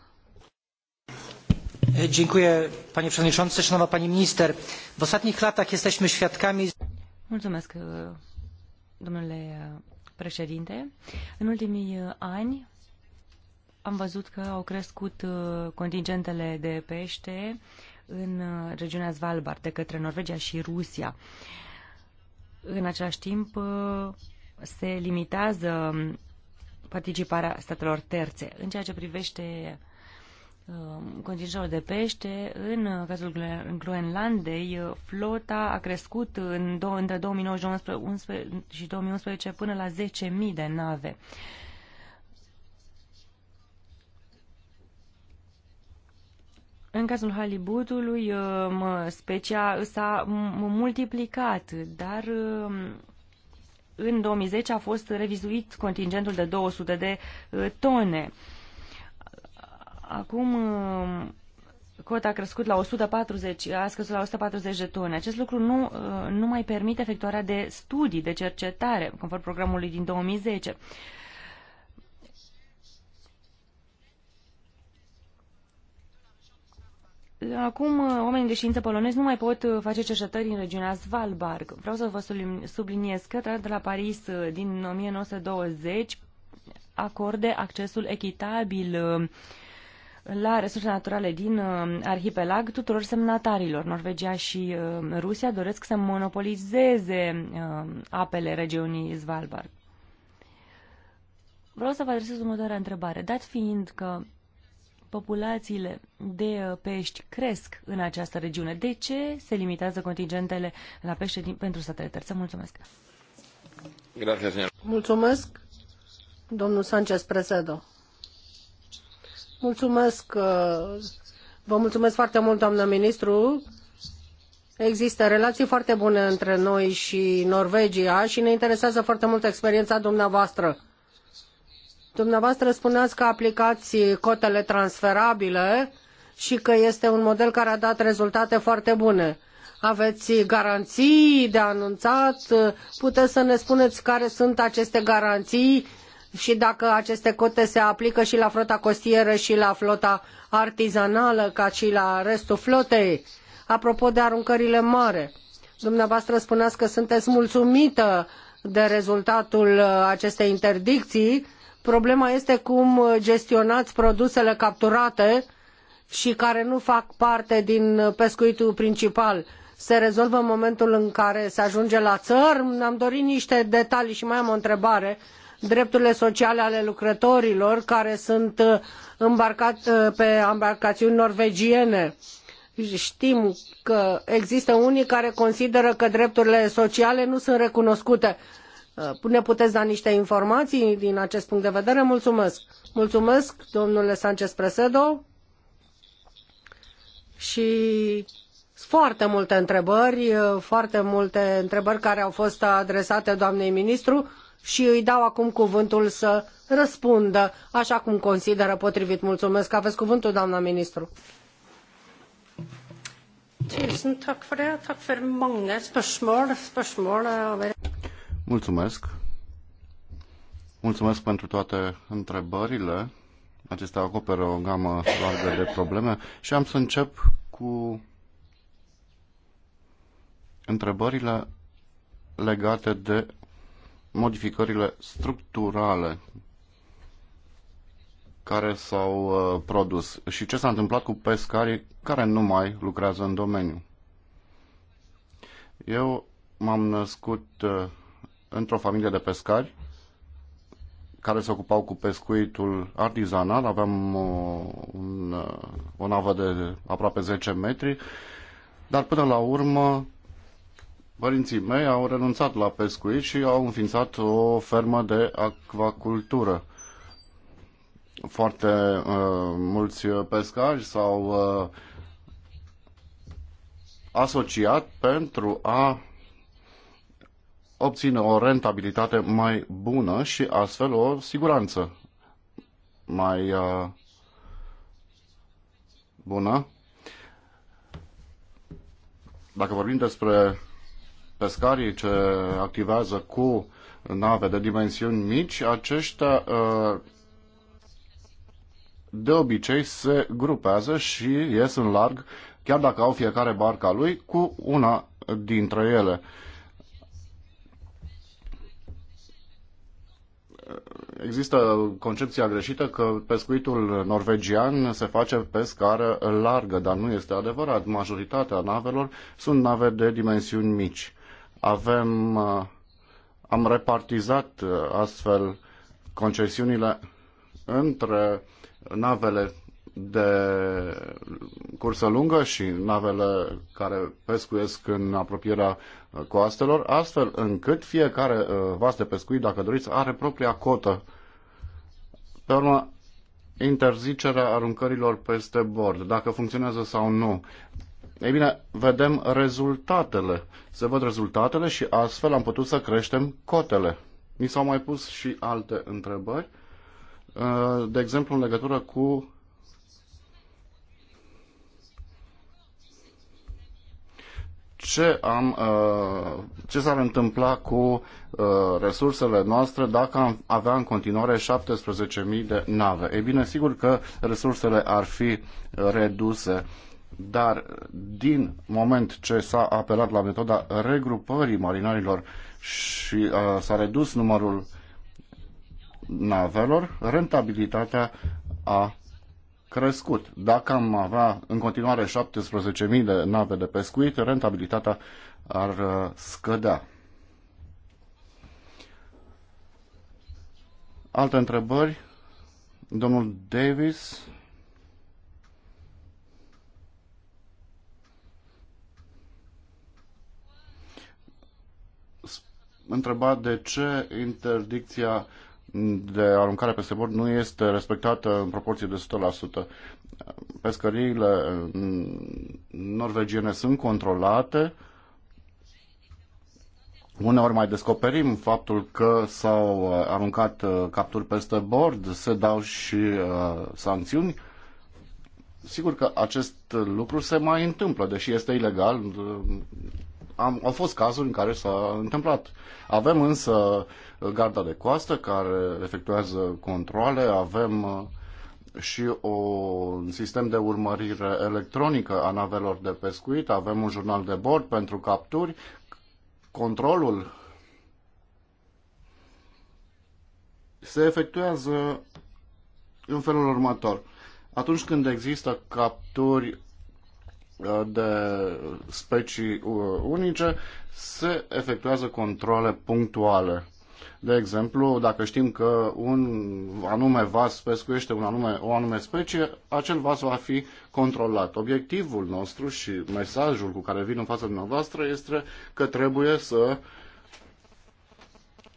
panie przewodniczący, szanowna pani minister. W ostatnich latach jesteśmy świadkami... domnule președinte. În ultimii ani am văzut că au crescut contingentele de pește în regiunea Svalbard de către Norvegia și Rusia. În același timp se limitează participarea statelor terțe. În ceea ce privește Um, contingentul de pește. În uh, cazul Groenlandei, uh, flota a crescut în, între 2019 și 2011 până la 10.000 de nave. În cazul halibutului, uh, specia s-a multiplicat, dar um, în 2010 a fost revizuit contingentul de 200 de tone. Acum uh, cota a crescut la 140, a scăzut la 140 de tone. Acest lucru nu, uh, nu mai permite efectuarea de studii, de cercetare, conform programului din 2010. Acum, uh, oamenii de știință polonezi nu mai pot face cercetări în regiunea Svalbard. Vreau să vă subliniez că tratatul de la Paris din 1920 acorde accesul echitabil la resurse naturale din uh, arhipelag tuturor semnatarilor. Norvegia și uh, Rusia doresc să monopolizeze uh, apele regiunii Svalbard. Vreau să vă adresez următoarea întrebare. Dat fiind că populațiile de pești cresc în această regiune, de ce se limitează contingentele la pește din, pentru statele terțe? Mulțumesc! Gracias, Mulțumesc, domnul Sanchez Presedo. Mulțumesc, uh, vă mulțumesc foarte mult, doamnă ministru. Există relații foarte bune între noi și Norvegia și ne interesează foarte mult experiența dumneavoastră. Dumneavoastră spuneați că aplicați cotele transferabile și că este un model care a dat rezultate foarte bune. Aveți garanții de anunțat? Puteți să ne spuneți care sunt aceste garanții și dacă aceste cote se aplică și la flota costieră și la flota artizanală, ca și la restul flotei. Apropo de aruncările mare, dumneavoastră spuneați că sunteți mulțumită de rezultatul uh, acestei interdicții. Problema este cum uh, gestionați produsele capturate și care nu fac parte din uh, pescuitul principal se rezolvă în momentul în care se ajunge la ne Am dorit niște detalii și mai am o întrebare drepturile sociale ale lucrătorilor care sunt uh, îmbarcat uh, pe ambarcaiuni norvegiene. Știm că există unii care consideră că drepturile sociale nu sunt recunoscute. Uh, ne puteți da niște informații din acest punct de vedere? Mulțumesc! Mulțumesc, domnule Sanchez Presedo. Și foarte multe întrebări, foarte multe întrebări care au fost adresate doamnei ministru și îi dau acum cuvântul să răspundă așa cum consideră potrivit. Mulțumesc. Aveți cuvântul, doamna ministru. Eh, Mulțumesc. Mulțumesc pentru toate întrebările. Acestea acoperă o gamă largă de probleme și am să încep cu întrebările legate de modificările structurale care s-au uh, produs și ce s-a întâmplat cu pescarii care nu mai lucrează în domeniu. Eu m-am născut uh, într-o familie de pescari care se ocupau cu pescuitul artizanal. Aveam o, uh, un, o navă de aproape 10 metri, dar până la urmă Părinții mei au renunțat la pescuit și au înființat o fermă de acvacultură. Foarte uh, mulți pescari s-au uh, asociat pentru a obține o rentabilitate mai bună și astfel o siguranță mai uh, bună. Dacă vorbim despre pescarii ce activează cu nave de dimensiuni mici, aceștia uh, de obicei se grupează și ies în larg, chiar dacă au fiecare barca lui, cu una dintre ele. Există concepția greșită că pescuitul norvegian se face pe scară largă, dar nu este adevărat. Majoritatea navelor sunt nave de dimensiuni mici avem, uh, am repartizat uh, astfel concesiunile între navele de cursă lungă și navele care pescuiesc în apropierea uh, coastelor, astfel încât fiecare vas de pescuit, dacă doriți, are propria cotă. Pe urmă, interzicerea aruncărilor peste bord, dacă funcționează sau nu. Ei bine, vedem rezultatele. Se văd rezultatele și astfel am putut să creștem cotele. Mi s-au mai pus și alte întrebări, uh, de exemplu în legătură cu ce, am, uh, ce s-ar întâmpla cu uh, resursele noastre dacă am avea în continuare 17.000 de nave. Ei bine, sigur că resursele ar fi reduse dar din moment ce s-a apelat la metoda regrupării marinarilor și uh, s-a redus numărul navelor, rentabilitatea a crescut. Dacă am avea în continuare 17.000 de nave de pescuit, rentabilitatea ar uh, scădea. Alte întrebări? Domnul Davis întreba de ce interdicția de aruncare peste bord nu este respectată în proporție de 100%. Pescăriile mm, norvegiene sunt controlate. Uneori mai descoperim faptul că s-au uh, aruncat uh, capturi peste bord, se dau și uh, sancțiuni. Sigur că acest lucru se mai întâmplă, deși este ilegal, uh, am, au fost cazuri în care s-a întâmplat. Avem însă garda de coastă care efectuează controle, avem uh, și o, un sistem de urmărire electronică a navelor de pescuit, avem un jurnal de bord pentru capturi, controlul se efectuează în felul următor. Atunci când există capturi de specii uh, unice se efectuează controle punctuale. De exemplu, dacă știm că un anume vas pescuiește un anume, o anume specie, acel vas va fi controlat. Obiectivul nostru și mesajul cu care vin în fața dumneavoastră este că trebuie să uh,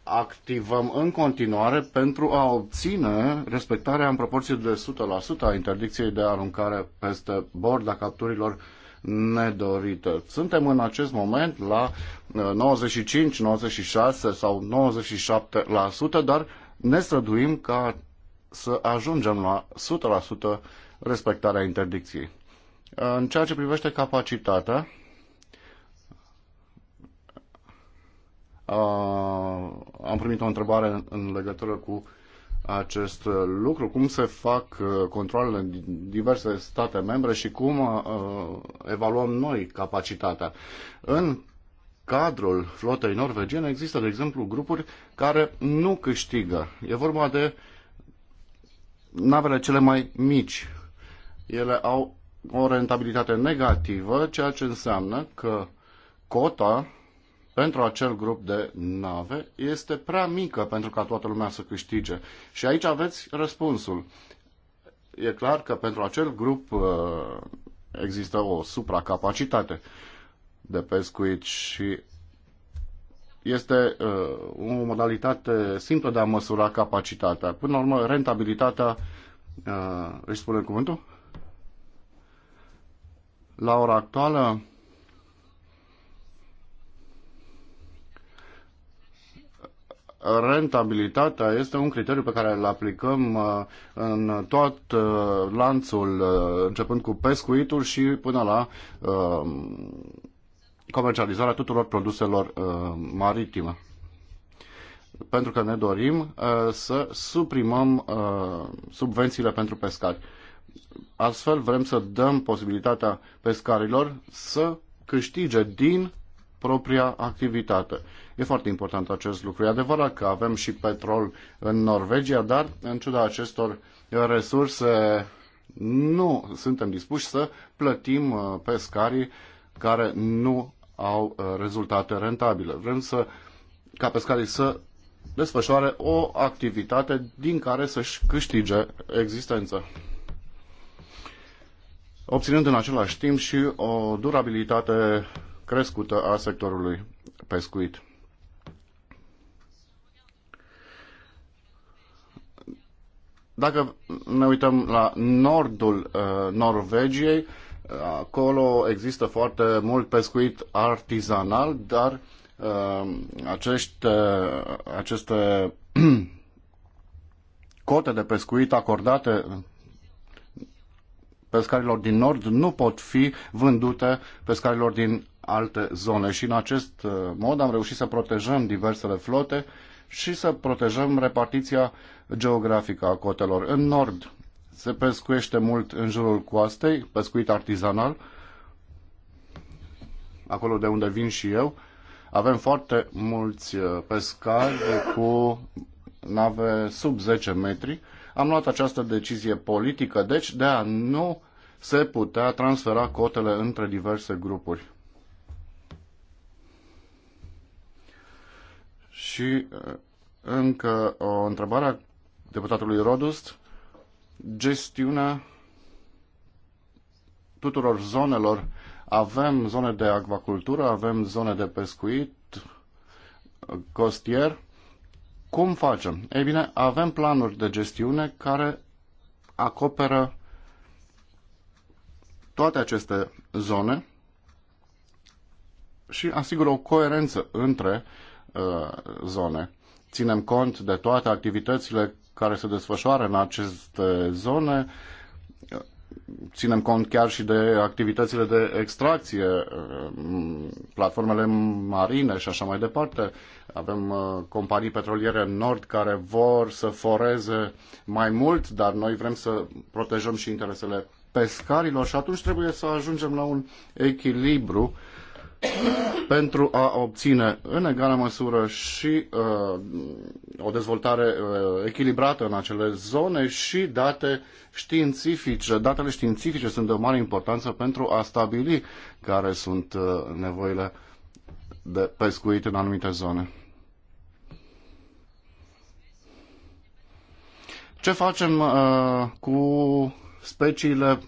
activăm în continuare pentru a obține respectarea în proporție de 100% a interdicției de aruncare peste bord a capturilor nedorită. Suntem în acest moment la 95, uh, 96 sau 97%, dar ne străduim ca să ajungem la 100% respectarea interdicției. În ceea ce privește capacitatea, am primit o întrebare în legătură cu acest lucru, cum se fac uh, controlele în diverse state membre și cum uh, evaluăm noi capacitatea. În cadrul flotei norvegiene există, de exemplu, grupuri care nu câștigă. E vorba de navele cele mai mici. Ele au o rentabilitate negativă, ceea ce înseamnă că cota pentru acel grup de nave este prea mică pentru ca toată lumea să câștige. Și aici aveți răspunsul. E clar că pentru acel grup uh, există o supracapacitate de pescuit și este uh, o modalitate simplă de a măsura capacitatea. Până la urmă, rentabilitatea, uh, își spune cuvântul? La ora actuală, rentabilitatea este un criteriu pe care îl aplicăm uh, în tot uh, lanțul, uh, începând cu pescuitul și până la comercializarea tuturor produselor maritime. Pentru că ne dorim să suprimăm subvențiile pentru pescari. Astfel vrem să dăm posibilitatea pescarilor să câștige din propria activitate. E foarte important acest lucru. E adevărat că avem și petrol în Norvegia, dar în ciuda acestor resurse nu suntem dispuși să plătim uh, pescarii care nu au uh, rezultate rentabile. Vrem să, ca pescarii să desfășoare o activitate din care să-și câștige existența obținând în același timp și o durabilitate crescută a sectorului pescuit. Dacă ne uităm la nordul uh, Norvegiei, acolo există foarte mult pescuit artizanal, dar uh, acești, uh, aceste cote de pescuit acordate pescarilor din nord nu pot fi vândute pescarilor din alte zone și în acest uh, mod am reușit să protejăm diversele flote și să protejăm repartiția geografică a cotelor. În nord se pescuiește mult în jurul coastei, pescuit artizanal, acolo de unde vin și eu. Avem foarte mulți uh, pescari cu nave sub 10 metri. Am luat această decizie politică, deci de a nu se putea transfera cotele între diverse grupuri. Și uh, încă o întrebare a deputatului Rodust. Gestiunea tuturor zonelor. Avem zone de acvacultură, avem zone de pescuit, costier. Cum facem? Ei bine, avem planuri de gestiune care acoperă toate aceste zone și asigură o coerență între uh, Uh, zone. Ținem cont de toate activitățile care se desfășoară în aceste zone, ținem cont chiar și de activitățile de extracție, uh, platformele marine și așa mai departe. Avem uh, companii petroliere în nord care vor să foreze mai mult, dar noi vrem să protejăm și interesele pescarilor și atunci trebuie să ajungem la un echilibru pentru a obține în egală măsură și uh, o dezvoltare uh, echilibrată în acele zone și date științifice. Datele științifice sunt de o mare importanță pentru a stabili care sunt uh, nevoile de pescuit în anumite zone. Ce facem uh, cu speciile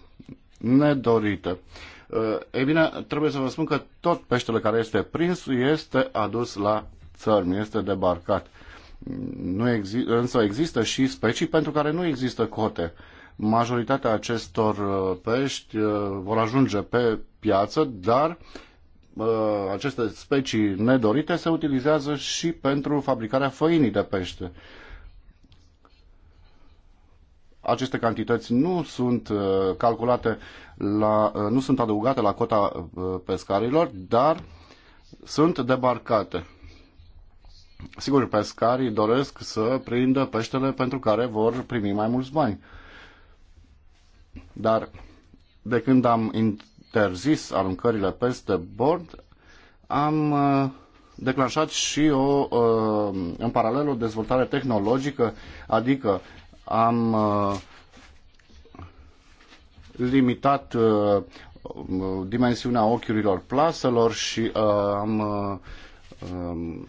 nedorite? Uh, E eh, bine, trebuie să vă spun că tot peștele care este prins este adus la țărm, este debarcat. Nu exi- însă există și specii pentru care nu există cote. Majoritatea acestor eh, pești eh, vor ajunge pe piață, dar aceste specii nedorite se utilizează și pentru fabricarea făinii de pește aceste cantități nu sunt uh, calculate, la, uh, nu sunt adăugate la cota uh, pescarilor, dar sunt debarcate. Sigur, pescarii doresc să prindă peștele pentru care vor primi mai mulți bani. Dar de când am interzis aruncările peste bord, am declanșat și o, în paralel o dezvoltare tehnologică, adică am uh, limitat uh, dimensiunea ochiurilor plaselor și uh, am um,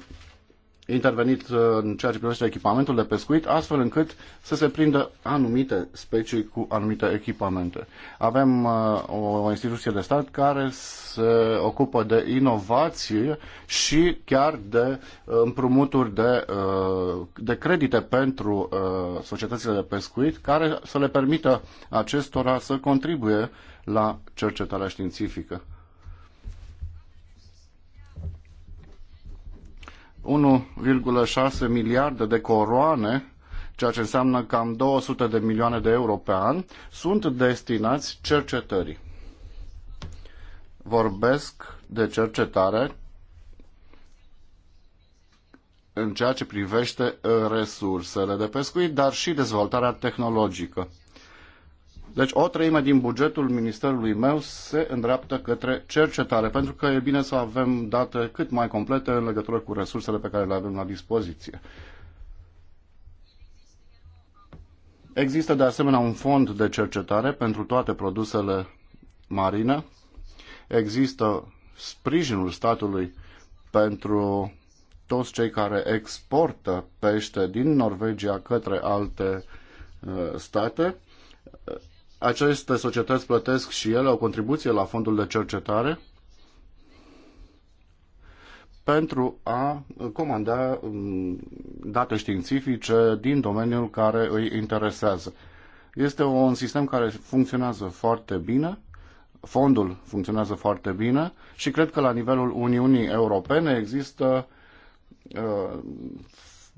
intervenit uh, în ceea ce privește echipamentul de pescuit, astfel încât să se prindă anumite specii cu anumite echipamente. Avem uh, o instituție de stat care se ocupă de inovații și chiar de uh, împrumuturi de, de credite pentru societățile de pescuit, care să le permită acestora să contribuie la cercetarea științifică. 1,6 miliarde de coroane, ceea ce înseamnă cam 200 de milioane de euro pe an, sunt destinați cercetării. Vorbesc de cercetare în ceea ce privește resursele de pescuit, dar și dezvoltarea tehnologică. Deci o treime din bugetul ministerului meu se îndreaptă către cercetare, pentru că e bine să avem date cât mai complete în legătură cu resursele pe care le avem la dispoziție. Există de asemenea un fond de cercetare pentru toate produsele marine. Există sprijinul statului pentru toți cei care exportă pește din Norvegia către alte uh, state aceste societăți plătesc și ele o contribuție la fondul de cercetare pentru a comanda um, date științifice din domeniul care îi interesează. Este un sistem care funcționează foarte bine, fondul funcționează foarte bine și cred că la nivelul Uniunii Europene există uh,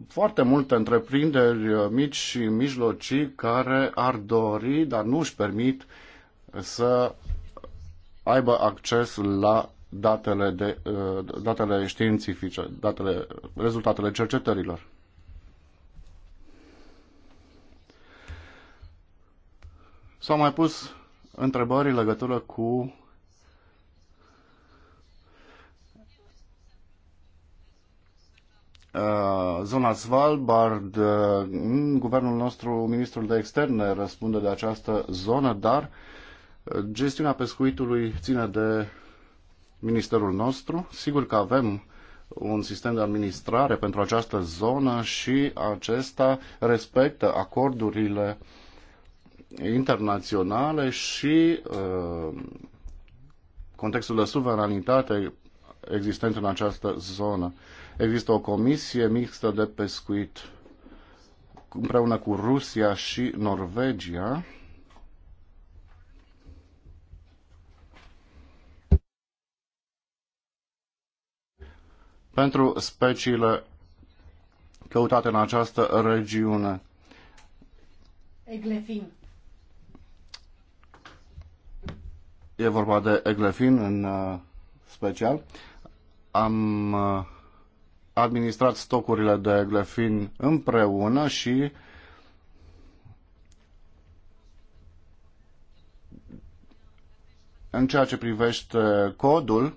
foarte multe întreprinderi uh, mici și mijlocii care ar dori, dar nu își permit să aibă acces la datele, de, uh, datele științifice, datele, rezultatele cercetărilor. S-au mai pus întrebări în legătură cu Uh, zona Svalbard. Uh, guvernul nostru, ministrul de externe răspunde de această zonă, dar uh, gestiunea pescuitului ține de ministerul nostru. Sigur că avem un sistem de administrare pentru această zonă și acesta respectă acordurile internaționale și uh, contextul de suveranitate existent în această zonă. Există o comisie mixtă de pescuit împreună cu Rusia și Norvegia. pentru speciile căutate în această regiune. Eglefin. E vorba de eglefin în uh, special. Am uh, administrat stocurile de glefin împreună și în ceea ce privește codul,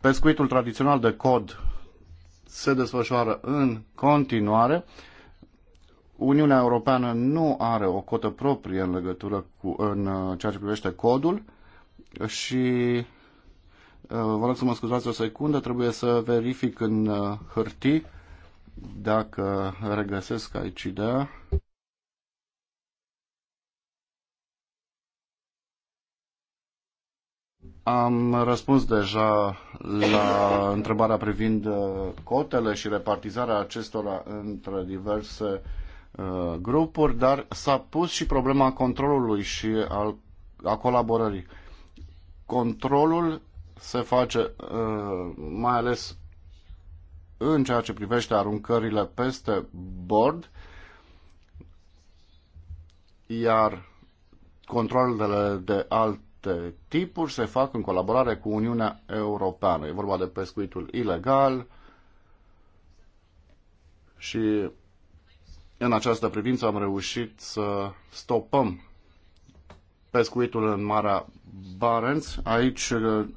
pescuitul tradițional de cod se desfășoară în continuare. Uniunea Europeană nu are o cotă proprie în legătură cu în ceea ce privește codul și Uh, vă rog să mă scuzați o secundă, trebuie să verific în uh, hârtii dacă regăsesc aici ideea. Am răspuns deja la întrebarea privind uh, cotele și repartizarea acestora între diverse grupuri, dar s-a pus și problema controlului și al, a colaborării. Controlul se face uh, mai ales în ceea ce privește aruncările peste bord, iar controlele de alte tipuri se fac în colaborare cu Uniunea Europeană. E vorba de pescuitul ilegal și în această privință am reușit să stopăm pescuitul în Marea Barents. Aici uh,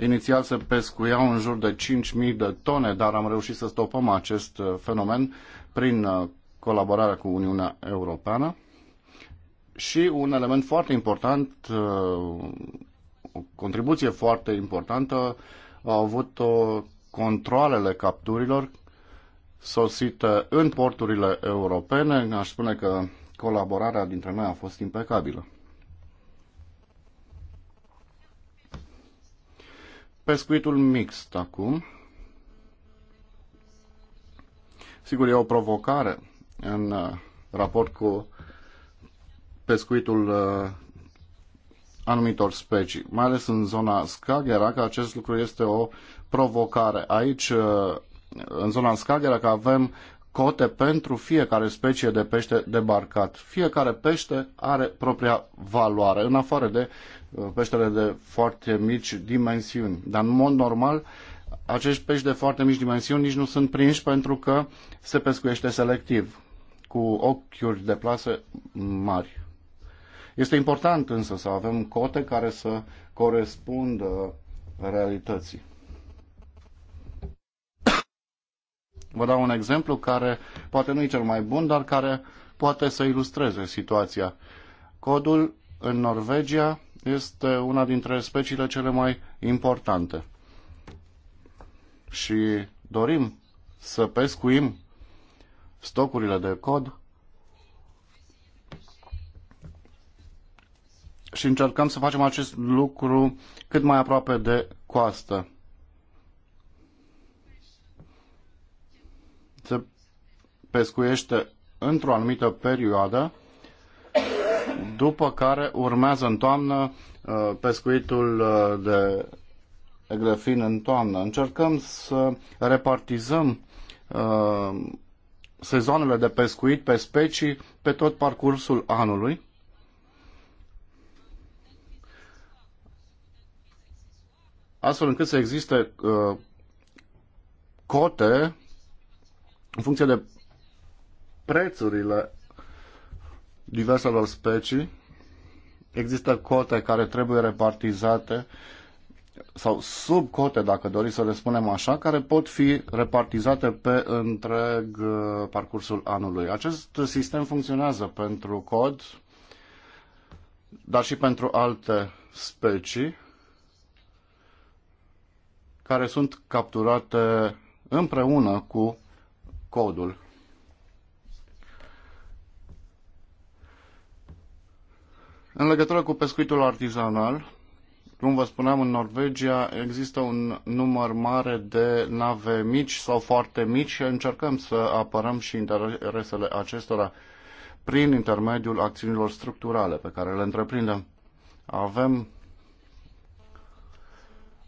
Inițial se pescuiau în jur de 5.000 de tone, dar am reușit să stopăm acest uh, fenomen prin uh, colaborarea cu Uniunea Europeană. Și un element foarte important, uh, o contribuție foarte importantă, au avut o controlele capturilor sosite în porturile europene. Aș spune că colaborarea dintre noi a fost impecabilă. Pescuitul mixt acum. Sigur, e o provocare în uh, raport cu pescuitul uh, anumitor specii, mai ales în zona Skagerrak, acest lucru este o provocare. Aici, uh, în zona Skagerrak, avem cote pentru fiecare specie de pește debarcat. Fiecare pește are propria valoare, în afară de peștele de foarte mici dimensiuni. Dar în mod normal, acești pești de foarte mici dimensiuni nici nu sunt prinși pentru că se pescuiește selectiv, cu ochiuri de plase mari. Este important însă să avem cote care să corespundă realității. Vă dau un exemplu care poate nu e cel mai bun, dar care poate să ilustreze situația. Codul în Norvegia este una dintre speciile cele mai importante. Și dorim să pescuim stocurile de cod și încercăm să facem acest lucru cât mai aproape de coastă. Se pescuiește într-o anumită perioadă după care urmează în toamnă uh, pescuitul uh, de grăfin în toamnă. Încercăm să repartizăm uh, sezoanele de pescuit pe specii pe tot parcursul anului. Astfel încât să existe uh, cote în funcție de prețurile diverselor specii. Există cote care trebuie repartizate sau sub cote, dacă doriți să le spunem așa, care pot fi repartizate pe întreg uh, parcursul anului. Acest sistem funcționează pentru cod, dar și pentru alte specii care sunt capturate împreună cu codul. În legătură cu pescuitul artizanal, cum vă spuneam, în Norvegia există un număr mare de nave mici sau foarte mici și încercăm să apărăm și interesele acestora prin intermediul acțiunilor structurale pe care le întreprindem. Avem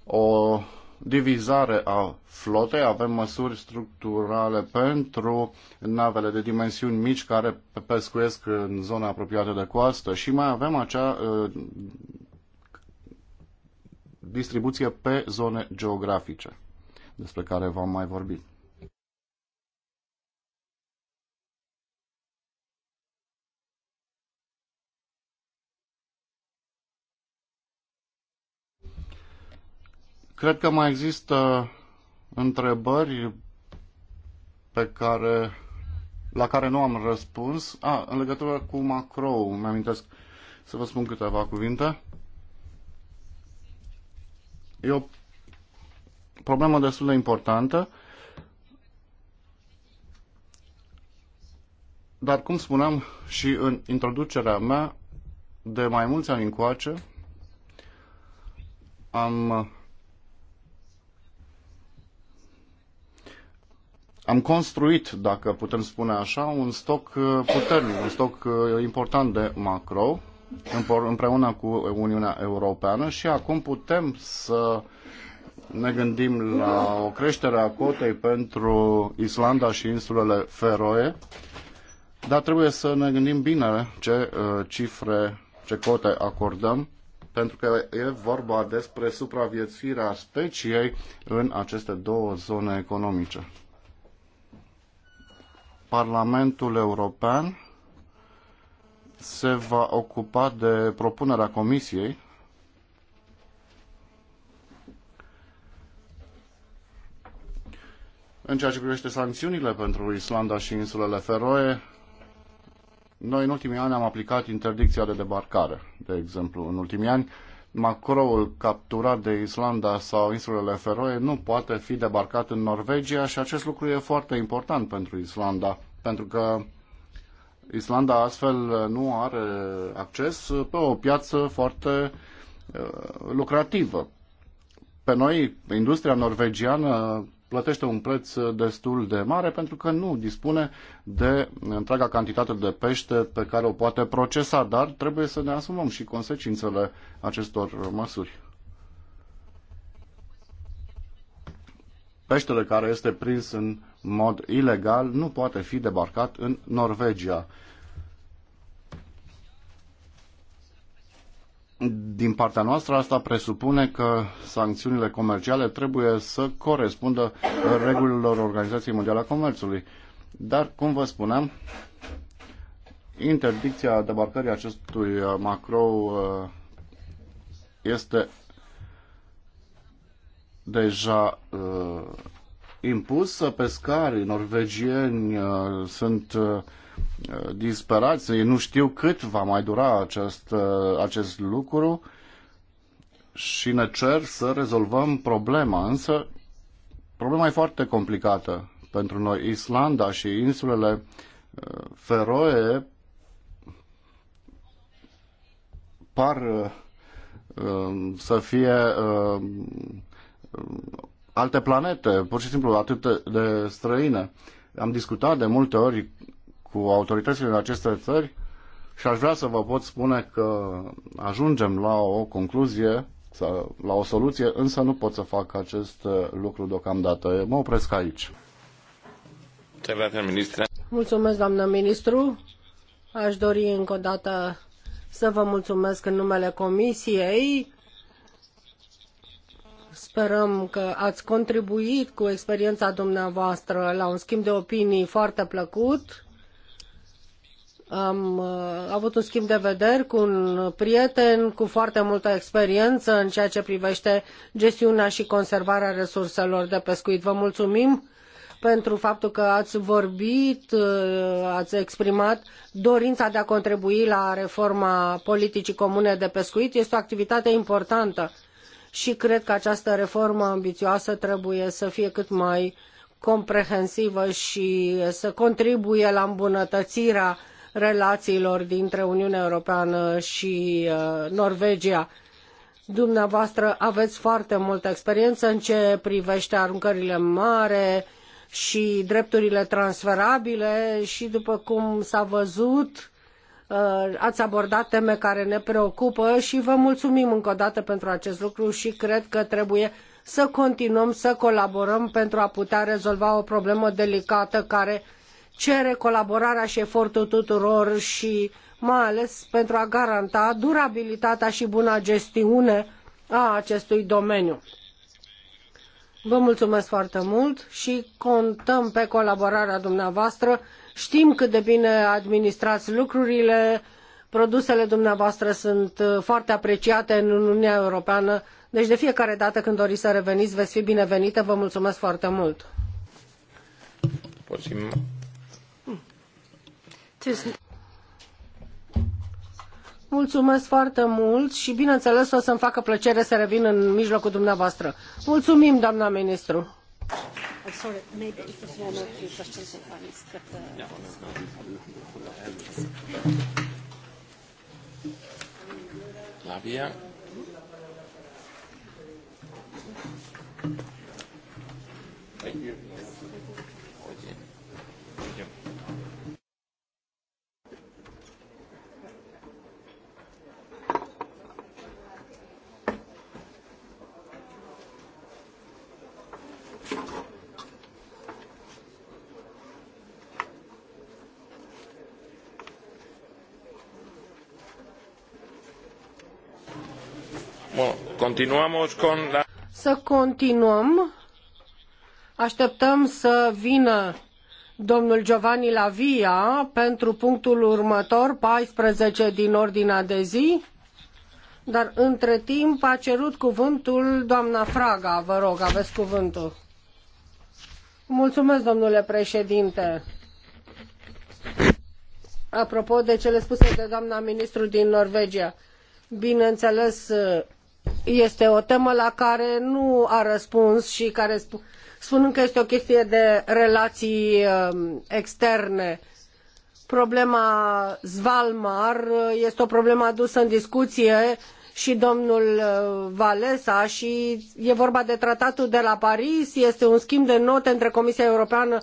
o divizare a flotei, avem măsuri structurale pentru navele de dimensiuni mici care pescuiesc în zone apropiate de coastă și mai avem acea uh, distribuție pe zone geografice despre care v-am mai vorbit. Cred că mai există întrebări pe care, la care nu am răspuns. A, în legătură cu macro, îmi amintesc să vă spun câteva cuvinte. E o problemă destul de importantă. Dar, cum spuneam și în introducerea mea, de mai mulți ani încoace am am construit, dacă putem spune așa, un stoc uh, puternic, un stoc uh, important de macro împreună cu Uniunea Europeană și acum putem să ne gândim la o creștere a cotei pentru Islanda și insulele Feroe, dar trebuie să ne gândim bine ce uh, cifre, ce cote acordăm, pentru că e vorba despre supraviețuirea speciei în aceste două zone economice. Parlamentul European se va ocupa de propunerea Comisiei În ceea ce privește sancțiunile pentru Islanda și insulele Feroe, noi în ultimii ani am aplicat interdicția de debarcare, de exemplu, în ultimii ani. Macroul capturat de Islanda sau insulele Feroe nu poate fi debarcat în Norvegia și acest lucru e foarte important pentru Islanda, pentru că Islanda astfel nu are acces pe o piață foarte uh, lucrativă. Pe noi, industria norvegiană plătește un preț destul de mare pentru că nu dispune de întreaga cantitate de pește pe care o poate procesa, dar trebuie să ne asumăm și consecințele acestor măsuri. Peștele care este prins în mod ilegal nu poate fi debarcat în Norvegia. Din partea noastră, asta presupune că sancțiunile comerciale trebuie să corespundă regulilor Organizației Mondiale a Comerțului. Dar, cum vă spuneam, interdicția debarcării acestui uh, macro uh, este deja uh, impusă. Pescarii norvegieni sunt Uh, disperați, ei nu știu cât va mai dura acest, uh, acest lucru și ne cer să rezolvăm problema. Însă, problema e foarte complicată pentru noi. Islanda și insulele uh, Feroe par um, să fie um, alte planete, pur și simplu atât de străine. Am discutat de multe ori cu autoritățile în aceste țări și aș vrea să vă pot spune că ajungem la o concluzie, la o soluție, însă nu pot să fac acest lucru deocamdată. Mă opresc aici. Mulțumesc, doamnă ministru. Aș dori încă o dată să vă mulțumesc în numele Comisiei. Sperăm că ați contribuit cu experiența dumneavoastră la un schimb de opinii foarte plăcut am uh, avut un schimb de vederi cu un prieten cu foarte multă experiență în ceea ce privește gestiunea și conservarea resurselor de pescuit. Vă mulțumim pentru faptul că ați vorbit, uh, ați exprimat dorința de a contribui la reforma politicii comune de pescuit. Este o activitate importantă și cred că această reformă ambițioasă trebuie să fie cât mai comprehensivă și să contribuie la îmbunătățirea relațiilor dintre Uniunea Europeană și uh, Norvegia. Dumneavoastră aveți foarte multă experiență în ce privește aruncările mare și drepturile transferabile și după cum s-a văzut, uh, ați abordat teme care ne preocupă și vă mulțumim încă o dată pentru acest lucru și cred că trebuie să continuăm să colaborăm pentru a putea rezolva o problemă delicată care cere colaborarea și efortul tuturor și mai ales pentru a garanta durabilitatea și buna gestiune a acestui domeniu. Vă mulțumesc foarte mult și contăm pe colaborarea dumneavoastră. Știm cât de bine administrați lucrurile, produsele dumneavoastră sunt uh, foarte apreciate în Uniunea Europeană, deci de fiecare dată când doriți să reveniți, veți fi binevenite. Vă mulțumesc foarte mult! Mulțumesc foarte mult și bineînțeles o să-mi facă plăcere să revin în mijlocul dumneavoastră. Mulțumim, doamna ministru. Uh, Thank you. Continuamos con la... Să continuăm. Așteptăm să vină domnul Giovanni Lavia pentru punctul următor, 14 din ordinea de zi. Dar între timp a cerut cuvântul doamna Fraga. Vă rog, aveți cuvântul. Mulțumesc, domnule președinte. Apropo de cele spuse de doamna ministru din Norvegia, bineînțeles, este o temă la care nu a răspuns și care sp- spun că este o chestie de relații um, externe. Problema Zvalmar uh, este o problemă adusă în discuție și domnul uh, Valesa și e vorba de tratatul de la Paris, este un schimb de note între Comisia Europeană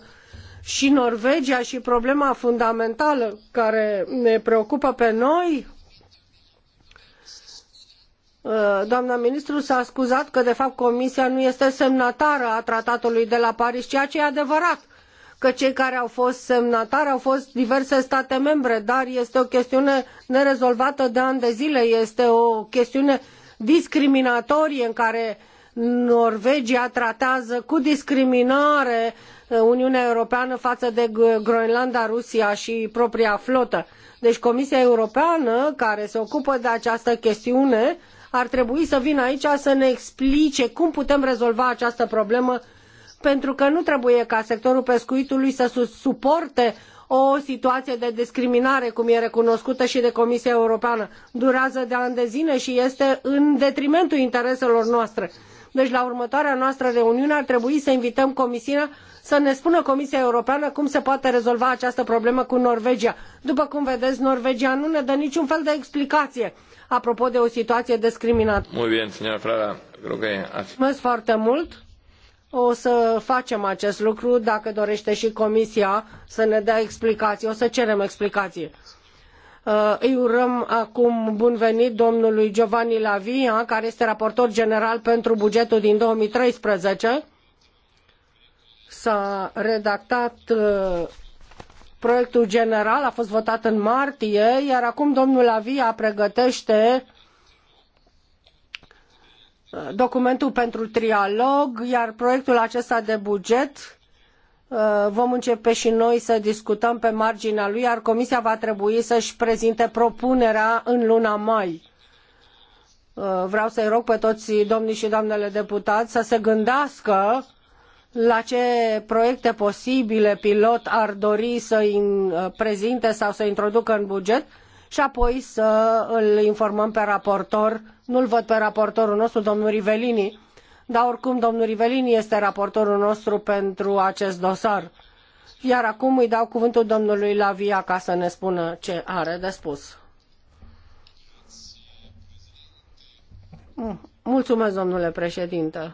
și Norvegia și problema fundamentală care ne preocupă pe noi Uh, doamna ministru s-a scuzat că de fapt Comisia nu este semnatară a tratatului de la Paris, ceea ce e adevărat că cei care au fost semnatari au fost diverse state membre, dar este o chestiune nerezolvată de ani de zile, este o chestiune discriminatorie în care Norvegia tratează cu discriminare uh, Uniunea Europeană față de Groenlanda, Rusia și propria flotă. Deci Comisia Europeană, care se ocupă de această chestiune, uh, ar trebui să vină aici să ne explice cum putem rezolva această problemă, pentru că nu trebuie ca sectorul pescuitului să suporte o situație de discriminare, cum e recunoscută și de Comisia Europeană. Durează de ani de zile și este în detrimentul intereselor noastre. Deci la următoarea noastră reuniune ar trebui să invităm Comisia să ne spună Comisia Europeană cum se poate rezolva această problemă cu Norvegia. După cum vedeți, Norvegia nu ne dă niciun fel de explicație apropo de o situație discriminată. Muy bien, señora creo que... Mulțumesc foarte mult. O să facem acest lucru dacă dorește și Comisia să ne dea explicații. O să cerem explicații. Uh, îi urăm acum bun venit domnului Giovanni Lavia, care este raportor general pentru bugetul din 2013. S-a redactat uh, Proiectul general a fost votat în martie, iar acum domnul Avia pregătește uh, documentul pentru trialog, iar proiectul acesta de buget uh, vom începe și noi să discutăm pe marginea lui, iar Comisia va trebui să-și prezinte propunerea în luna mai. Uh, vreau să-i rog pe toți domnii și doamnele deputați să se gândească la ce proiecte posibile pilot ar dori să uh, prezinte sau să introducă în buget și apoi să îl informăm pe raportor. Nu-l văd pe raportorul nostru, domnul Rivelini, dar oricum domnul Rivelini este raportorul nostru pentru acest dosar. Iar acum îi dau cuvântul domnului Lavia ca să ne spună ce are de spus. Mm, mulțumesc, domnule președinte.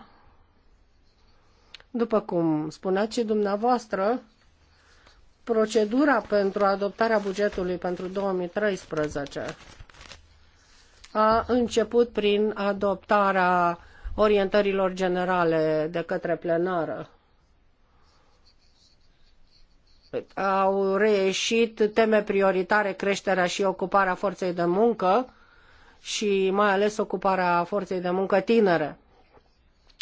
După cum spuneați și dumneavoastră, procedura pentru adoptarea bugetului pentru 2013 a început prin adoptarea orientărilor generale de către plenară. Au reieșit teme prioritare creșterea și ocuparea forței de muncă și mai ales ocuparea forței de muncă tinere.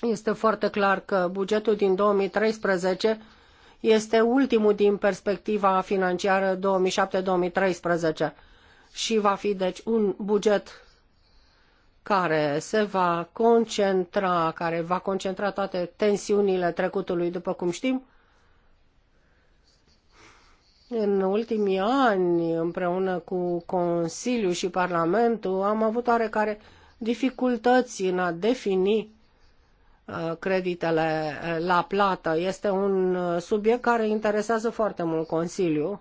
Este foarte clar că bugetul din 2013 este ultimul din perspectiva financiară 2007-2013 și va fi deci un buget care se va concentra, care va concentra toate tensiunile trecutului, după cum știm. În ultimii ani, împreună cu Consiliul și Parlamentul, am avut oarecare dificultăți în a defini Uh, creditele uh, la plată. Este un uh, subiect care interesează foarte mult Consiliul,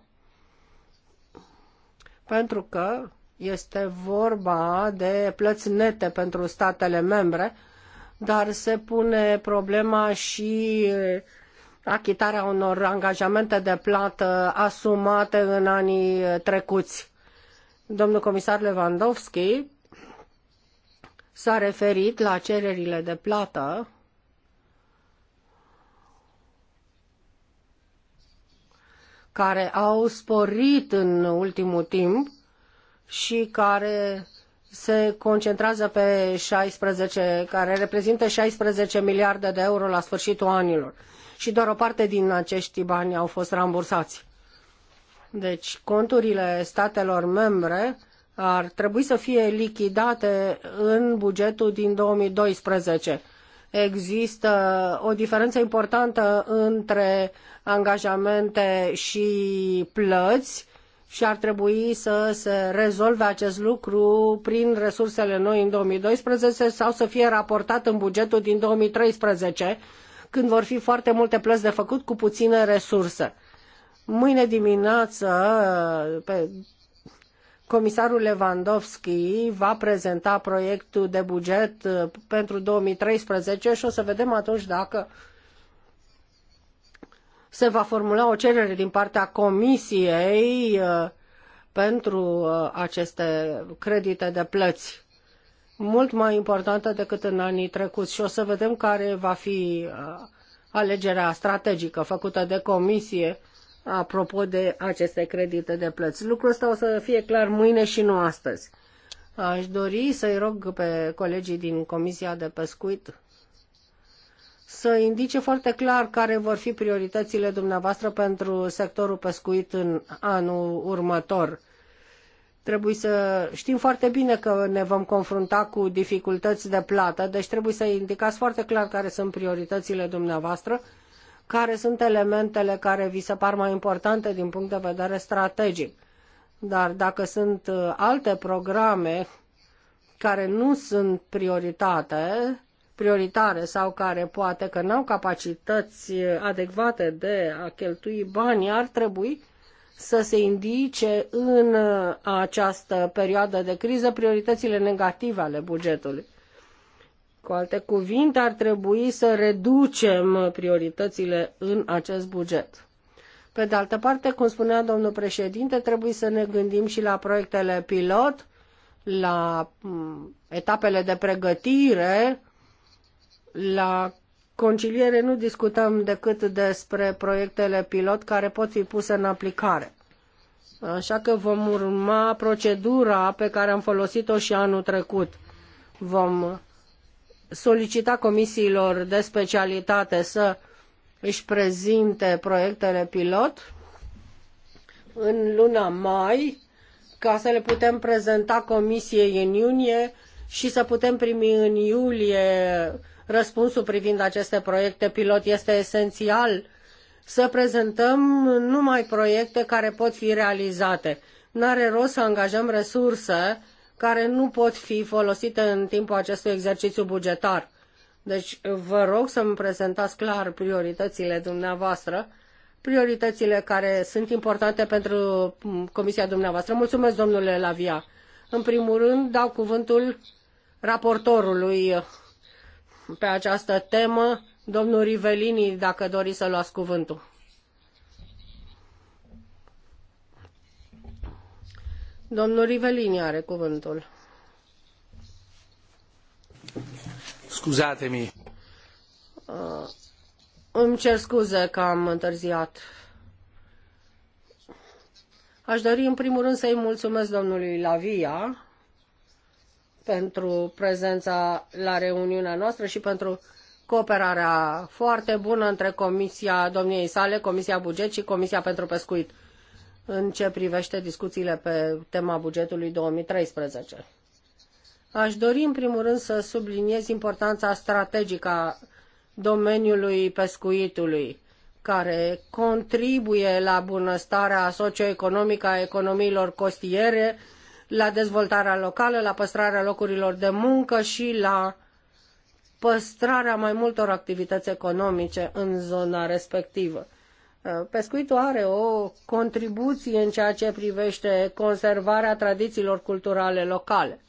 pentru că este vorba de plăți nete pentru statele membre, dar se pune problema și achitarea unor angajamente de plată asumate în anii trecuți. Domnul comisar Lewandowski s-a referit la cererile de plată care au sporit în ultimul timp și care se concentrează pe 16, care reprezintă 16 miliarde de euro la sfârșitul anilor. Și doar o parte din acești bani au fost rambursați. Deci conturile statelor membre ar trebui să fie lichidate în bugetul din 2012. Există o diferență importantă între angajamente și plăți și ar trebui să se rezolve acest lucru prin resursele noi în 2012 sau să fie raportat în bugetul din 2013, când vor fi foarte multe plăți de făcut cu puține resurse. Mâine dimineață, pe Comisarul Lewandowski va prezenta proiectul de buget uh, pentru 2013 și o să vedem atunci dacă se va formula o cerere din partea Comisiei uh, pentru uh, aceste credite de plăți mult mai importantă decât în anii trecuți și o să vedem care va fi alegerea strategică făcută de comisie apropo de aceste credite de plăți. Lucrul ăsta o să fie clar mâine și nu astăzi. Aș dori să-i rog pe colegii din Comisia de Pescuit să indice foarte clar care vor fi prioritățile dumneavoastră pentru sectorul pescuit în anul următor. Trebuie să știm foarte bine că ne vom confrunta cu dificultăți de plată, deci trebuie să indicați foarte clar care sunt prioritățile dumneavoastră care sunt elementele care vi se par mai importante din punct de vedere strategic. Dar dacă sunt uh, alte programe care nu sunt prioritate, prioritare sau care poate că n-au capacități uh, adecvate de a cheltui bani, ar trebui să se indice în uh, această perioadă de criză prioritățile negative ale bugetului. Cu alte cuvinte, ar trebui să reducem prioritățile în acest buget. Pe de altă parte, cum spunea domnul președinte, trebuie să ne gândim și la proiectele pilot, la mm, etapele de pregătire, la conciliere nu discutăm decât despre proiectele pilot care pot fi puse în aplicare. Așa că vom urma procedura pe care am folosit-o și anul trecut. Vom solicita comisiilor de specialitate să își prezinte proiectele pilot în luna mai, ca să le putem prezenta comisiei în iunie și să putem primi în iulie răspunsul privind aceste proiecte pilot. Este esențial să prezentăm numai proiecte care pot fi realizate. N-are rost să angajăm resurse care nu pot fi folosite în timpul acestui exercițiu bugetar. Deci vă rog să-mi prezentați clar prioritățile dumneavoastră, prioritățile care sunt importante pentru comisia dumneavoastră. Mulțumesc, domnule Lavia. În primul rând, dau cuvântul raportorului pe această temă, domnul Rivelini, dacă doriți să luați cuvântul. Domnul Rivelini are cuvântul. mi Uh, îmi cer scuze că am întârziat. Aș dori în primul rând să-i mulțumesc domnului Lavia pentru prezența la reuniunea noastră și pentru cooperarea foarte bună între comisia domniei sale, Comisia Buget și Comisia pentru Pescuit în ce privește discuțiile pe tema bugetului 2013. Aș dori, în primul rând, să subliniez importanța strategică a domeniului pescuitului, care contribuie la bunăstarea socioeconomică a economiilor costiere, la dezvoltarea locală, la păstrarea locurilor de muncă și la păstrarea mai multor activități economice în zona respectivă. Uh, pescuitul are o contribuție în ceea ce privește conservarea tradițiilor culturale locale.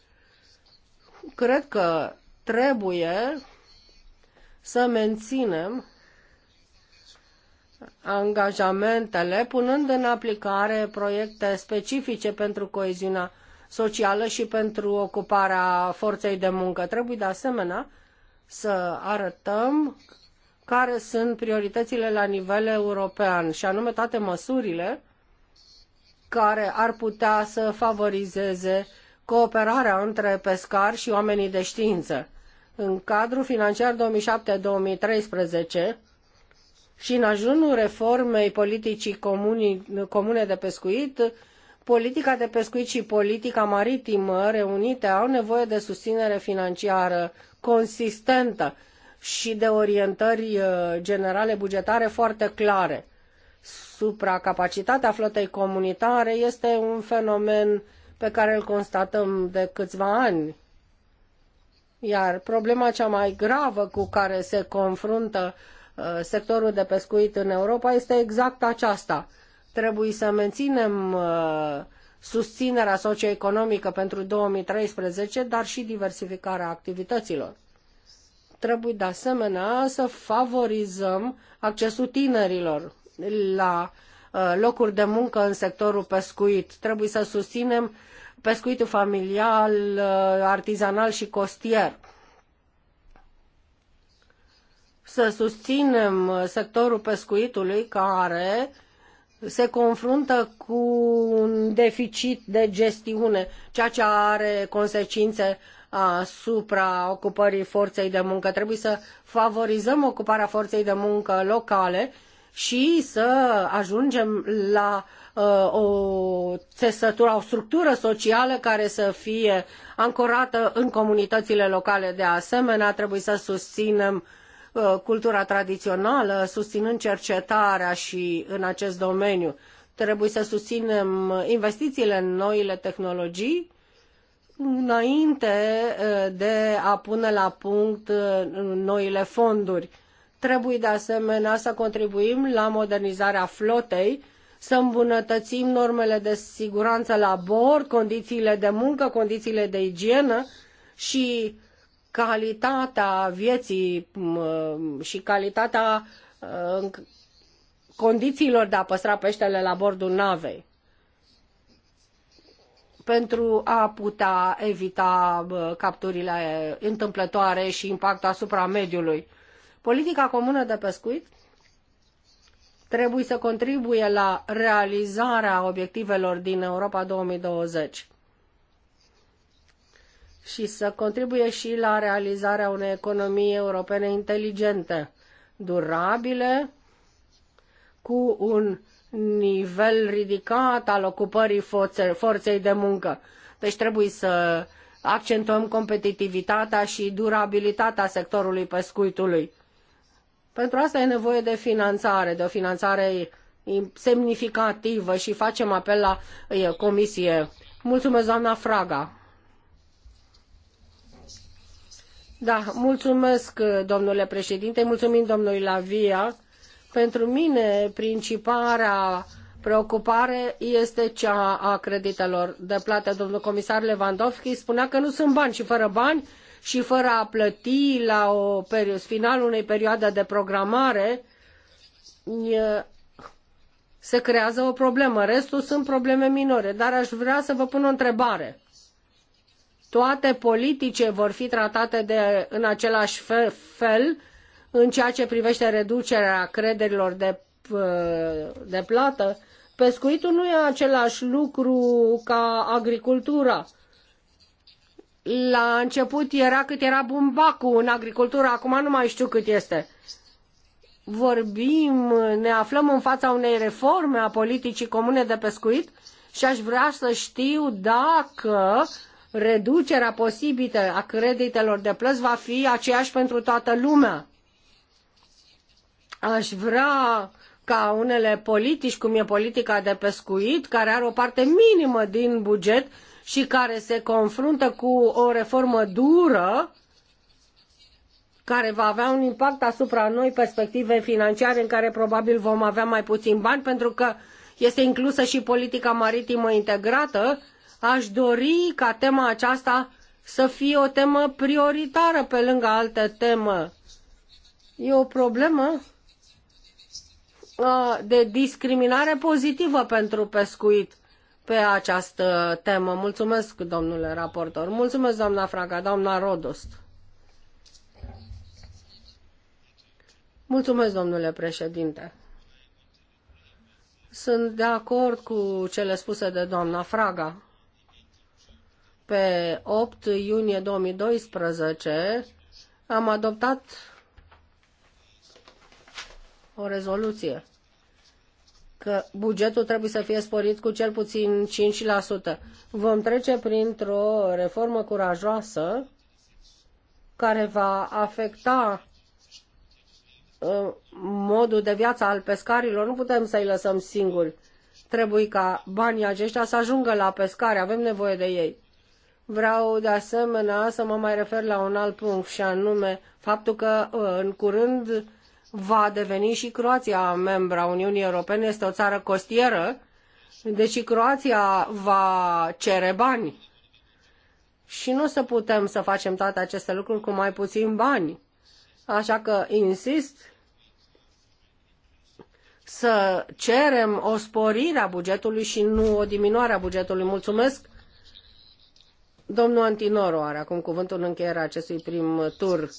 Cred că trebuie să menținem angajamentele, punând în aplicare proiecte specifice pentru coeziunea socială și pentru ocuparea forței de muncă. Trebuie de asemenea să arătăm care sunt prioritățile la nivel european și anume toate măsurile care ar putea să favorizeze cooperarea între pescari și oamenii de știință. În cadrul financiar 2007-2013 și în ajunul reformei politicii comune de pescuit, politica de pescuit și politica maritimă reunite au nevoie de susținere financiară consistentă și de orientări uh, generale bugetare foarte clare. Supracapacitatea flotei comunitare este un fenomen pe care îl constatăm de câțiva ani. Iar problema cea mai gravă cu care se confruntă uh, sectorul de pescuit în Europa este exact aceasta. Trebuie să menținem uh, susținerea socioeconomică pentru 2013, dar și diversificarea activităților. Trebuie de asemenea să favorizăm accesul tinerilor la uh, locuri de muncă în sectorul pescuit. Trebuie să susținem pescuitul familial, uh, artizanal și costier. Să susținem uh, sectorul pescuitului care se confruntă cu un deficit de gestiune, ceea ce are consecințe asupra ocupării forței de muncă. Trebuie să favorizăm ocuparea forței de muncă locale și să ajungem la uh, o țesătură, o structură socială care să fie ancorată în comunitățile locale. De asemenea, trebuie să susținem uh, cultura tradițională, susținând cercetarea și în acest domeniu. Trebuie să susținem investițiile în noile tehnologii înainte de a pune la punct noile fonduri. Trebuie de asemenea să contribuim la modernizarea flotei, să îmbunătățim normele de siguranță la bord, condițiile de muncă, condițiile de igienă și calitatea vieții și calitatea condițiilor de a păstra peștele la bordul navei pentru a putea evita capturile întâmplătoare și impactul asupra mediului. Politica comună de pescuit trebuie să contribuie la realizarea obiectivelor din Europa 2020 și să contribuie și la realizarea unei economii europene inteligente, durabile, cu un nivel ridicat al ocupării forței de muncă. Deci trebuie să accentuăm competitivitatea și durabilitatea sectorului pescuitului. Pentru asta e nevoie de finanțare, de o finanțare semnificativă și facem apel la comisie. Mulțumesc, doamna Fraga. Da, mulțumesc, domnule președinte, mulțumim domnului Lavia pentru mine, principala preocupare este cea a creditelor de plată. Domnul comisar Lewandowski spunea că nu sunt bani și fără bani și fără a plăti la o finalul unei perioade de programare se creează o problemă. Restul sunt probleme minore, dar aș vrea să vă pun o întrebare. Toate politice vor fi tratate de, în același fel, fel în ceea ce privește reducerea crederilor de, uh, de plată, pescuitul nu e același lucru ca agricultura. La început era cât era bumbacul în agricultură, acum nu mai știu cât este vorbim, ne aflăm în fața unei reforme a politicii comune de pescuit și aș vrea să știu dacă reducerea posibilă a creditelor de plăți va fi aceeași pentru toată lumea. Aș vrea ca unele politici, cum e politica de pescuit, care are o parte minimă din buget și care se confruntă cu o reformă dură, care va avea un impact asupra noi perspective financiare în care probabil vom avea mai puțin bani pentru că este inclusă și politica maritimă integrată, aș dori ca tema aceasta să fie o temă prioritară pe lângă alte temă. E o problemă Uh, de discriminare pozitivă pentru pescuit pe această temă. Mulțumesc, domnule raportor. Mulțumesc, doamna Fraga, doamna Rodost. Mulțumesc, domnule președinte. Sunt de acord cu cele spuse de doamna Fraga. Pe 8 iunie 2012 am adoptat o rezoluție că bugetul trebuie să fie sporit cu cel puțin 5%. Vom trece printr-o reformă curajoasă care va afecta uh, modul de viață al pescarilor. Nu putem să-i lăsăm singuri. Trebuie ca banii aceștia să ajungă la pescari. Avem nevoie de ei. Vreau de asemenea să mă mai refer la un alt punct și anume faptul că uh, în curând va deveni și Croația membra Uniunii Europene, este o țară costieră, deci și Croația va cere bani. Și nu să putem să facem toate aceste lucruri cu mai puțin bani. Așa că insist să cerem o sporire a bugetului și nu o diminuare a bugetului. Mulțumesc! Domnul Antinoro are acum cuvântul în încheierea acestui prim tur.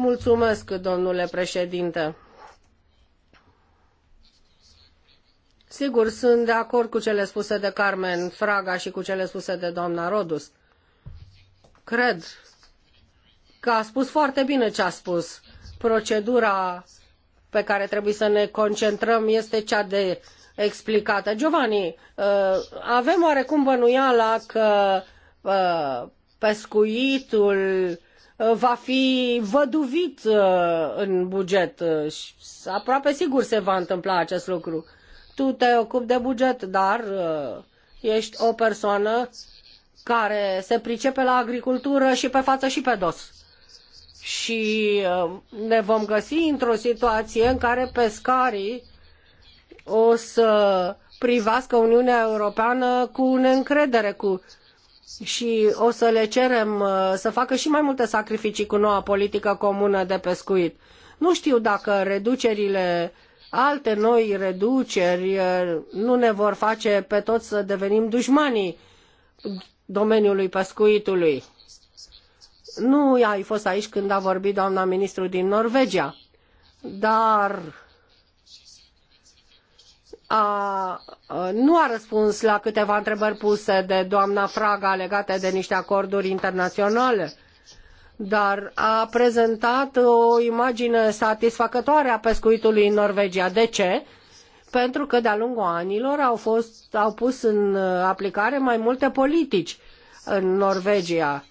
Mulțumesc, domnule președinte. Sigur, sunt de acord cu cele spuse de Carmen Fraga și cu cele spuse de doamna Rodus. Cred că a spus foarte bine ce a spus. Procedura pe care trebuie să ne concentrăm este cea de explicată. Giovanni, uh, avem oarecum bănuiala că uh, pescuitul Uh, va fi văduvit uh, în buget uh, și aproape sigur se va întâmpla acest lucru. Tu te ocupi de buget, dar ești o persoană care se pricepe la agricultură și pe față și pe dos. Și ne vom găsi într-o situație în care pescarii o să privească Uniunea Europeană cu neîncredere, cu și o să le cerem uh, să facă și mai multe sacrificii cu noua politică comună de pescuit. Nu știu dacă reducerile, alte noi reduceri, uh, nu ne vor face pe toți să devenim dușmanii domeniului pescuitului. Nu ai fost aici când a vorbit doamna ministru din Norvegia, dar a, nu a răspuns la câteva întrebări puse de doamna Fraga legate de niște acorduri internaționale, dar a prezentat o imagine satisfăcătoare a pescuitului în Norvegia. De ce? Pentru că de-a lungul anilor au, fost, au pus în aplicare mai multe politici în Norvegia.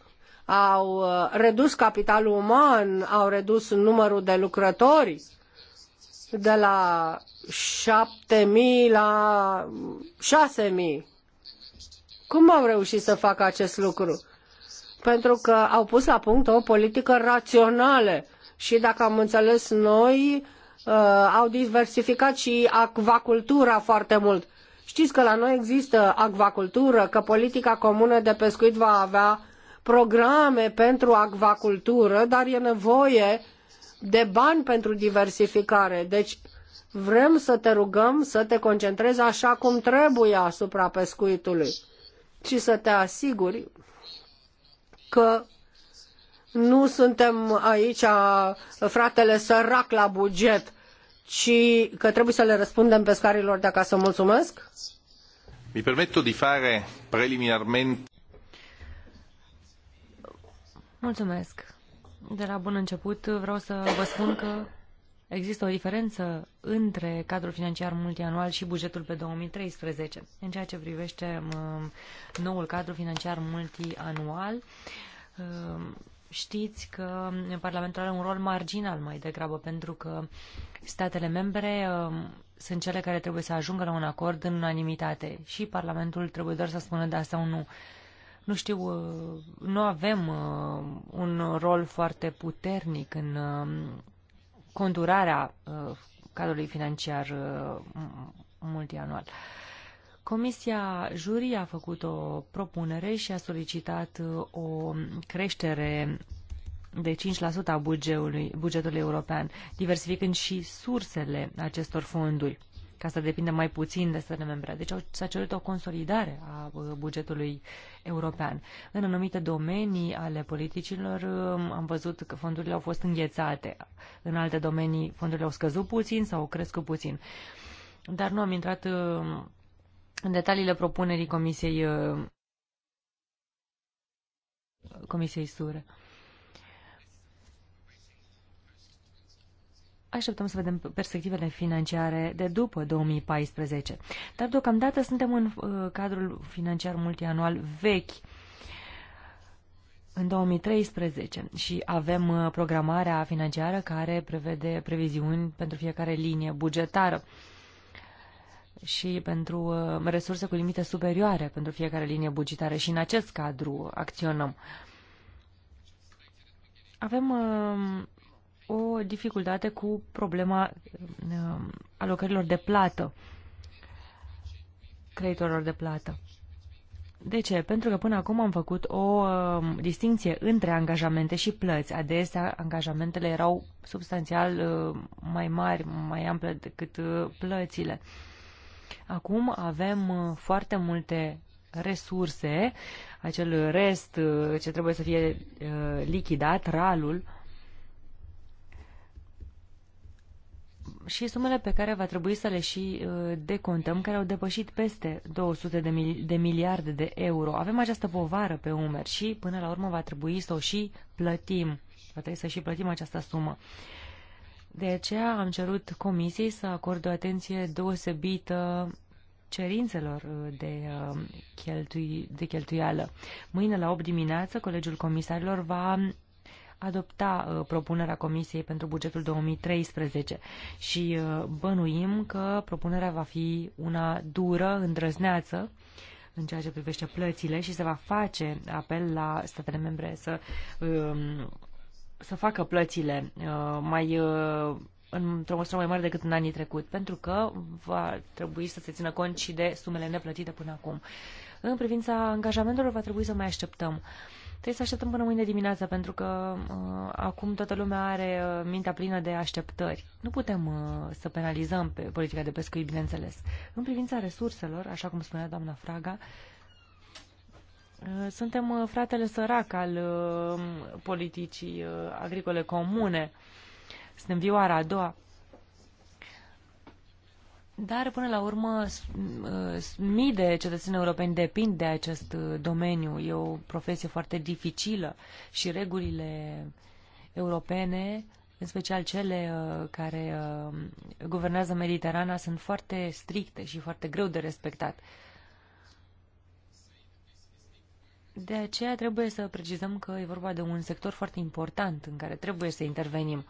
Au uh, redus capitalul uman, au redus numărul de lucrători, de la 7.000 la 6.000. Cum au reușit să facă acest lucru? Pentru că au pus la punct o politică rațională și, dacă am înțeles noi, uh, au diversificat și acvacultura foarte mult. Știți că la noi există acvacultură, că politica comună de pescuit va avea programe pentru acvacultură, dar e nevoie uh, de bani pentru diversificare. Deci vrem să te rugăm să te concentrezi așa cum trebuie asupra pescuitului și să te asiguri că nu suntem aici fratele sărac la buget, ci că trebuie să le răspundem pescarilor de acasă. Mulțumesc! Mi permetto di fare preliminarmente... Mulțumesc! De la bun început vreau să vă spun că există o diferență între cadrul financiar multianual și bugetul pe 2013. În ceea ce privește noul cadru financiar multianual, um, știți că Parlamentul are un rol marginal mai degrabă, pentru că statele membre um, sunt cele care trebuie să ajungă la un acord în unanimitate și Parlamentul trebuie doar să spună da sau nu nu știu, uh, nu avem uh, un rol foarte puternic în uh, condurarea cadrului financiar multianual. Comisia jurii a făcut o propunere și a solicitat o creștere de 5% a bugetului, bugetului european, diversificând și sursele acestor fonduri, ca să depindă mai puțin de statele membre. Deci s-a cerut o consolidare Uh, bugetului european. În anumite domenii ale politicilor um, am văzut că fondurile au fost înghețate. În alte domenii fondurile au scăzut puțin sau au crescut puțin. Dar nu am intrat um, în detaliile propunerii Comisiei uh, Comisiei Sure. așteptăm să vedem perspectivele financiare de după 2014. Dar deocamdată suntem în uh, cadrul financiar multianual vechi în 2013 și avem uh, programarea financiară care prevede previziuni pentru fiecare linie bugetară și pentru uh, resurse cu limite superioare pentru fiecare linie bugetară și în acest cadru acționăm. Avem o dificultate cu problema um, alocărilor de plată, creditorilor de plată. De ce? Pentru că până acum am făcut o uh, distinție între angajamente și plăți. Adesea angajamentele erau substanțial uh, mai mari, mai ample decât uh, plățile. Acum avem uh, foarte multe resurse, acel rest uh, ce trebuie să fie uh, lichidat, ralul, uh, și sumele pe care va trebui să le și uh, decontăm, care au depășit peste 200 de, mil- de miliarde de euro. Avem această povară pe umeri și până la urmă va trebui să o și plătim. Va trebui să și plătim această sumă. De aceea am cerut comisiei să acorde o atenție deosebită cerințelor uh, de, uh, cheltui, de cheltuială. Mâine la 8 dimineață, Colegiul Comisarilor va adopta uh, propunerea Comisiei pentru bugetul 2013 și uh, bănuim că propunerea va fi una dură, îndrăzneață în ceea ce privește plățile și se va face apel la statele membre să, um, să facă plățile uh, mai într-o măsură mai mare decât în anii trecut, pentru că va trebui să se țină cont și de sumele neplătite până acum. În privința angajamentelor va trebui să mai așteptăm. Uh, Trebuie să așteptăm până mâine dimineață, pentru că uh, acum toată lumea are uh, mintea plină de așteptări. Nu putem uh, să penalizăm pe politica de pescuit, bineînțeles. În privința resurselor, așa cum spunea doamna Fraga, uh, suntem uh, fratele sărac al uh, politicii uh, agricole comune. Suntem vioara a doua dar, până la urmă, mii de cetățeni europeni depind de acest uh, domeniu. E o profesie foarte dificilă și regulile europene, în special cele uh, care uh, guvernează Mediterana, sunt foarte stricte și foarte greu de respectat. De aceea trebuie să precizăm că e vorba de un sector foarte important în care trebuie să intervenim.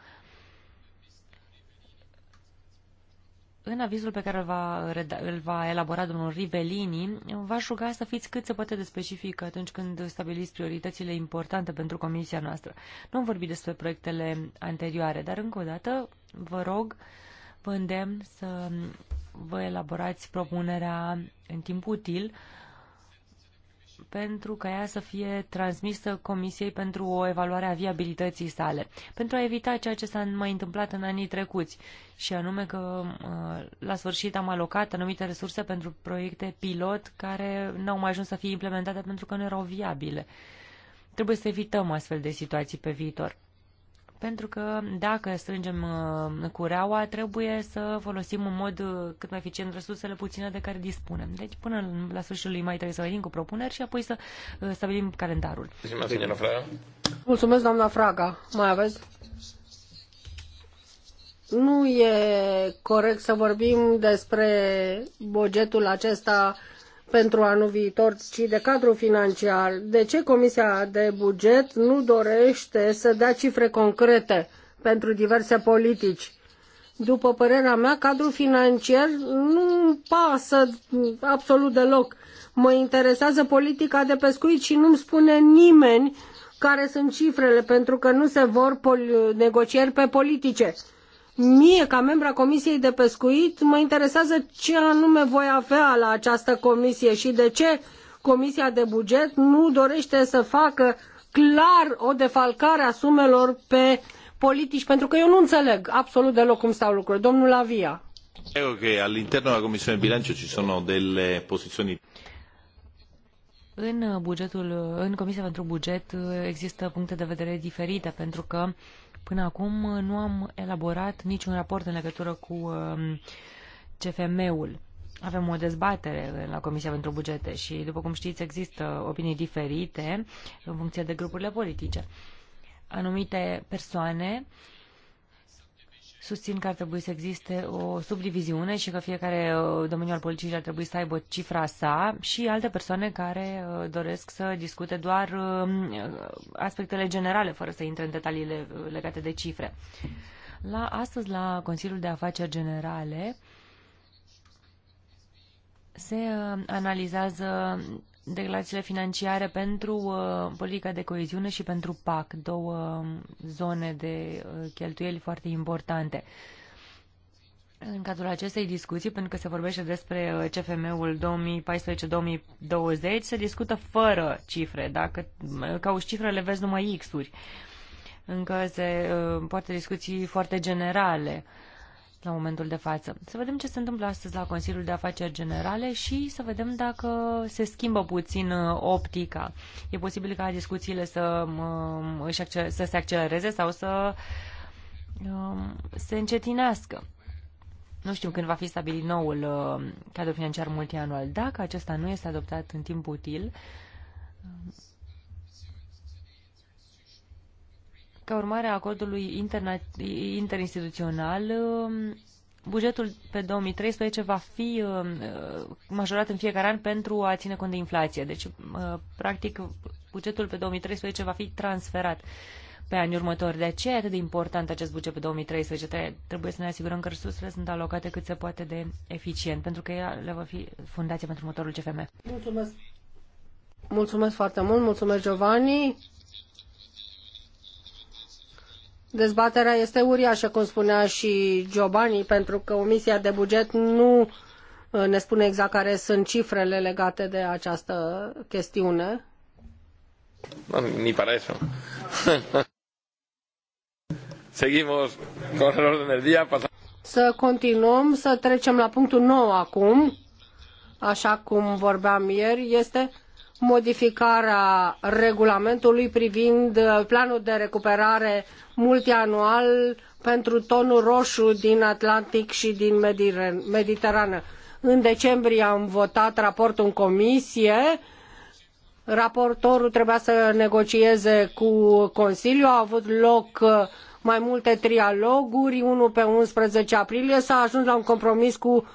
În avizul pe care îl va, îl va elabora domnul Rivelini, v-aș ruga să fiți cât se poate de specific atunci când stabiliți prioritățile importante pentru comisia noastră. Nu am vorbit despre proiectele anterioare, dar încă o dată vă rog, vă îndemn să vă elaborați propunerea în timp util, pentru ca ea să fie transmisă Comisiei pentru o evaluare a viabilității sale, pentru a evita ceea ce s-a mai întâmplat în anii trecuți, și anume că uh, la sfârșit am alocat anumite resurse pentru proiecte pilot care n-au mai ajuns să fie implementate pentru că nu erau viabile. Trebuie să evităm astfel de situații pe viitor. Pentru că dacă strângem uh, cureaua, trebuie să folosim în mod uh, cât mai eficient resursele puține de care dispunem. Deci până la sfârșitul lui mai trebuie să venim cu propuneri și apoi să uh, stabilim calendarul. Mulțumesc, doamna Fraga. Mai aveți? Nu e corect să vorbim despre bugetul acesta pentru anul viitor, ci de cadru financiar. De ce Comisia de Buget nu dorește să dea cifre concrete pentru diverse politici? După părerea mea, cadrul financiar nu pasă absolut deloc. Mă interesează politica de pescuit și nu-mi spune nimeni care sunt cifrele, pentru că nu se vor negocieri pe politice. Mie, ca membra Comisiei de Pescuit, mă interesează ce anume voi avea la această comisie și de ce Comisia de Buget nu dorește să facă clar o defalcare a sumelor pe politici, pentru că eu nu înțeleg absolut deloc cum stau lucrurile. Domnul Avia. Credo che all'interno della Commissione Bilancio ci sono delle posizioni în bugetul, în Comisia pentru Buget există puncte de vedere diferite pentru că Până acum nu am elaborat niciun raport în legătură cu um, CFM-ul. Avem o dezbatere la Comisia pentru Bugete și, după cum știți, există opinii diferite în funcție de grupurile politice. Anumite persoane uh, susțin că ar trebui să existe o subdiviziune și că fiecare uh, domeniu al politicii ar trebui să aibă cifra sa și alte persoane care uh, doresc să discute doar um, uh, aspectele generale, fără să intre în detaliile legate de cifre. La astăzi, la Consiliul de Afaceri Generale, se uh, analizează declarațiile financiare pentru uh, politica de coeziune și pentru PAC, două um, zone de uh, cheltuieli foarte importante. În cazul acestei discuții, pentru că se vorbește despre CFM-ul 2014-2020, se discută fără cifre. Dacă cauți cifrele, vezi numai X-uri. Încă se uh, poate discuții foarte generale. Uh, la momentul de față. Să vedem ce se întâmplă astăzi la Consiliul de Afaceri Generale și să vedem dacă se schimbă puțin uh, optica. E posibil ca discuțiile să, um, să se accelereze sau să um, se încetinească. Nu știm când va fi stabilit noul uh, cadru financiar multianual. Dacă acesta nu este adoptat în timp util, Ca urmare a acordului interinstituțional, um, bugetul pe 2013 va fi um, uh, majorat în fiecare an pentru a ține cont de inflație. Deci, uh, practic, bugetul pe 2013 va fi transferat pe anii următori. De aceea e atât de important acest buget pe 2013. Trebuie să ne asigurăm că resursele sunt alocate cât se poate de eficient, pentru că ea le va fi fundația pentru motorul CFM. Mulțumesc! Mulțumesc foarte mult, mulțumesc Giovanni! Dezbaterea este uriașă, cum spunea și Giovanni, pentru că Comisia de Buget nu uh, ne spune exact care sunt cifrele legate de această chestiune. Ni para eso. Seguimos con el orden del día. Să continuăm, să trecem la punctul nou acum, așa cum vorbeam ieri, este modificarea regulamentului privind uh, planul de recuperare multianual pentru tonul roșu din Atlantic și din Mediterană. În decembrie am votat raportul în comisie. Raportorul trebuia să negocieze cu Consiliul. Au avut loc uh, mai multe trialoguri, unul pe 11 aprilie. S-a ajuns la un compromis cu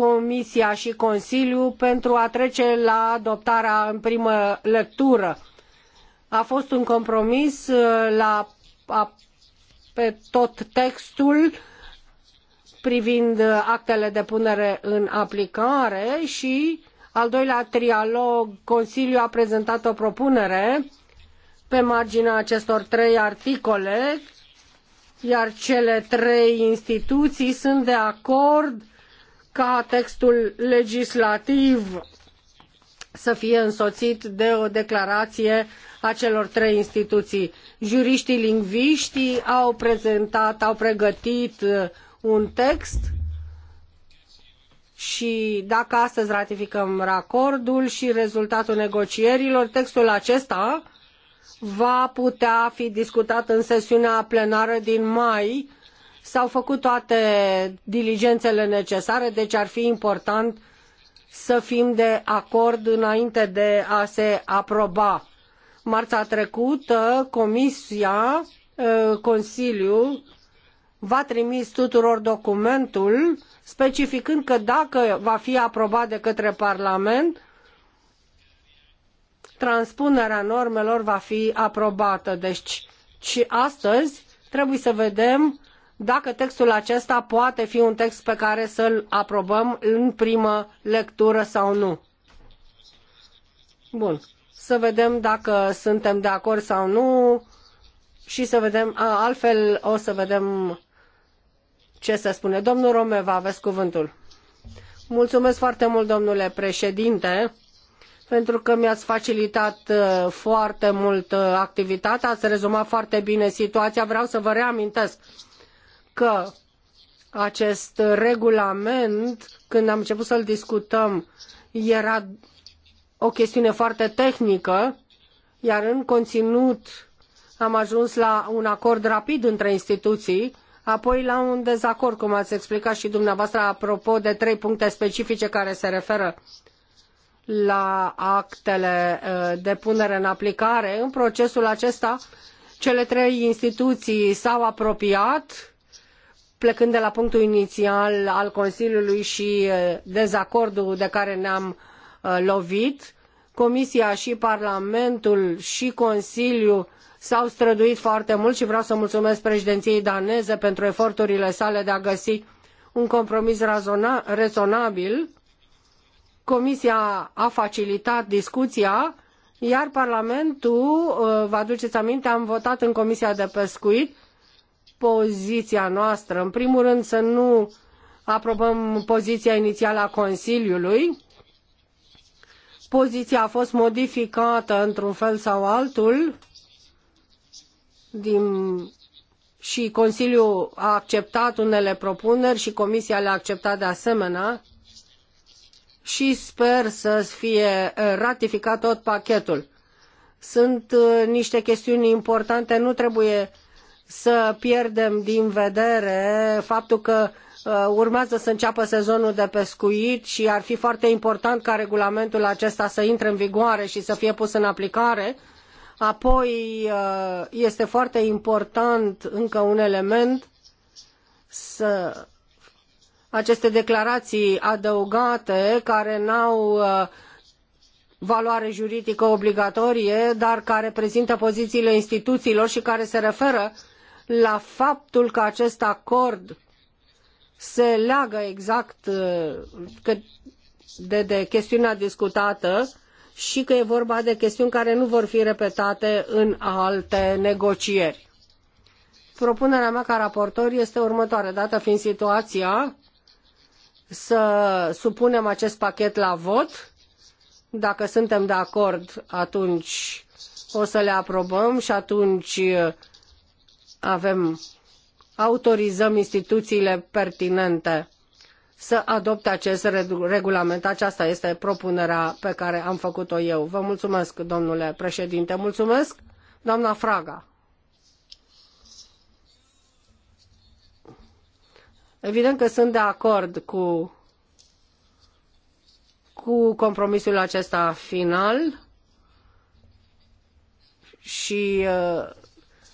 Comisia și Consiliu pentru a trece la adoptarea în primă lectură. A fost un compromis uh, la, a, pe tot textul privind uh, actele de punere în aplicare și al doilea trialog, Consiliul a prezentat o propunere pe marginea acestor trei articole, iar cele trei instituții sunt de acord uh, ca textul legislativ să fie însoțit de o declarație a celor trei instituții. Juriștii lingviștii au prezentat, au pregătit uh, un text și dacă astăzi ratificăm acordul și rezultatul negocierilor, textul acesta va putea fi discutat în sesiunea plenară din mai S-au făcut toate diligențele necesare, deci ar fi important să fim de acord înainte de a se aproba. Marța trecută, Comisia, ă, Consiliul, va trimis tuturor documentul specificând că dacă va fi aprobat de către Parlament, transpunerea normelor va fi aprobată. Deci, și astăzi trebuie să vedem dacă textul acesta poate fi un text pe care să-l aprobăm în primă lectură sau nu. Bun. Să vedem dacă suntem de acord sau nu și să vedem, a, altfel o să vedem ce se spune. Domnul Romeva, aveți cuvântul. Mulțumesc foarte mult, domnule președinte, pentru că mi-ați facilitat uh, foarte mult uh, activitatea, ați rezumat foarte bine situația. Vreau să vă reamintesc că acest regulament, când am început să-l discutăm, era o chestiune foarte tehnică, iar în conținut am ajuns la un acord rapid între instituții, apoi la un dezacord, cum ați explicat și dumneavoastră, apropo de trei puncte specifice care se referă la actele uh, de punere în aplicare. În procesul acesta, cele trei instituții s-au apropiat plecând de la punctul inițial al Consiliului și eh, dezacordul de care ne-am eh, lovit, Comisia și Parlamentul și Consiliul s-au străduit foarte mult și vreau să mulțumesc președinției daneze pentru eforturile sale de a găsi un compromis rezonabil. Comisia a facilitat discuția, iar Parlamentul, eh, vă aduceți aminte, am votat în Comisia de Pescuit poziția noastră. În primul rând să nu aprobăm poziția inițială a Consiliului. Poziția a fost modificată într-un fel sau altul din... și Consiliul a acceptat unele propuneri și Comisia le-a acceptat de asemenea și sper să fie ratificat tot pachetul. Sunt uh, niște chestiuni importante, nu trebuie să pierdem din vedere faptul că uh, urmează să înceapă sezonul de pescuit și ar fi foarte important ca regulamentul acesta să intre în vigoare și să fie pus în aplicare. Apoi uh, este foarte important încă un element să aceste declarații adăugate care n-au uh, valoare juridică obligatorie, dar care prezintă pozițiile instituțiilor și care se referă la faptul că acest acord se leagă exact uh, de, de chestiunea discutată și că e vorba de chestiuni care nu vor fi repetate în alte negocieri. Propunerea mea ca raportor este următoare, dată fiind situația să supunem acest pachet la vot. Dacă suntem de acord, atunci o să le aprobăm și atunci uh, avem, autorizăm instituțiile pertinente să adopte acest regulament. Aceasta este propunerea pe care am făcut-o eu. Vă mulțumesc, domnule președinte. Mulțumesc, doamna Fraga. Evident că sunt de acord cu, cu compromisul acesta final și uh,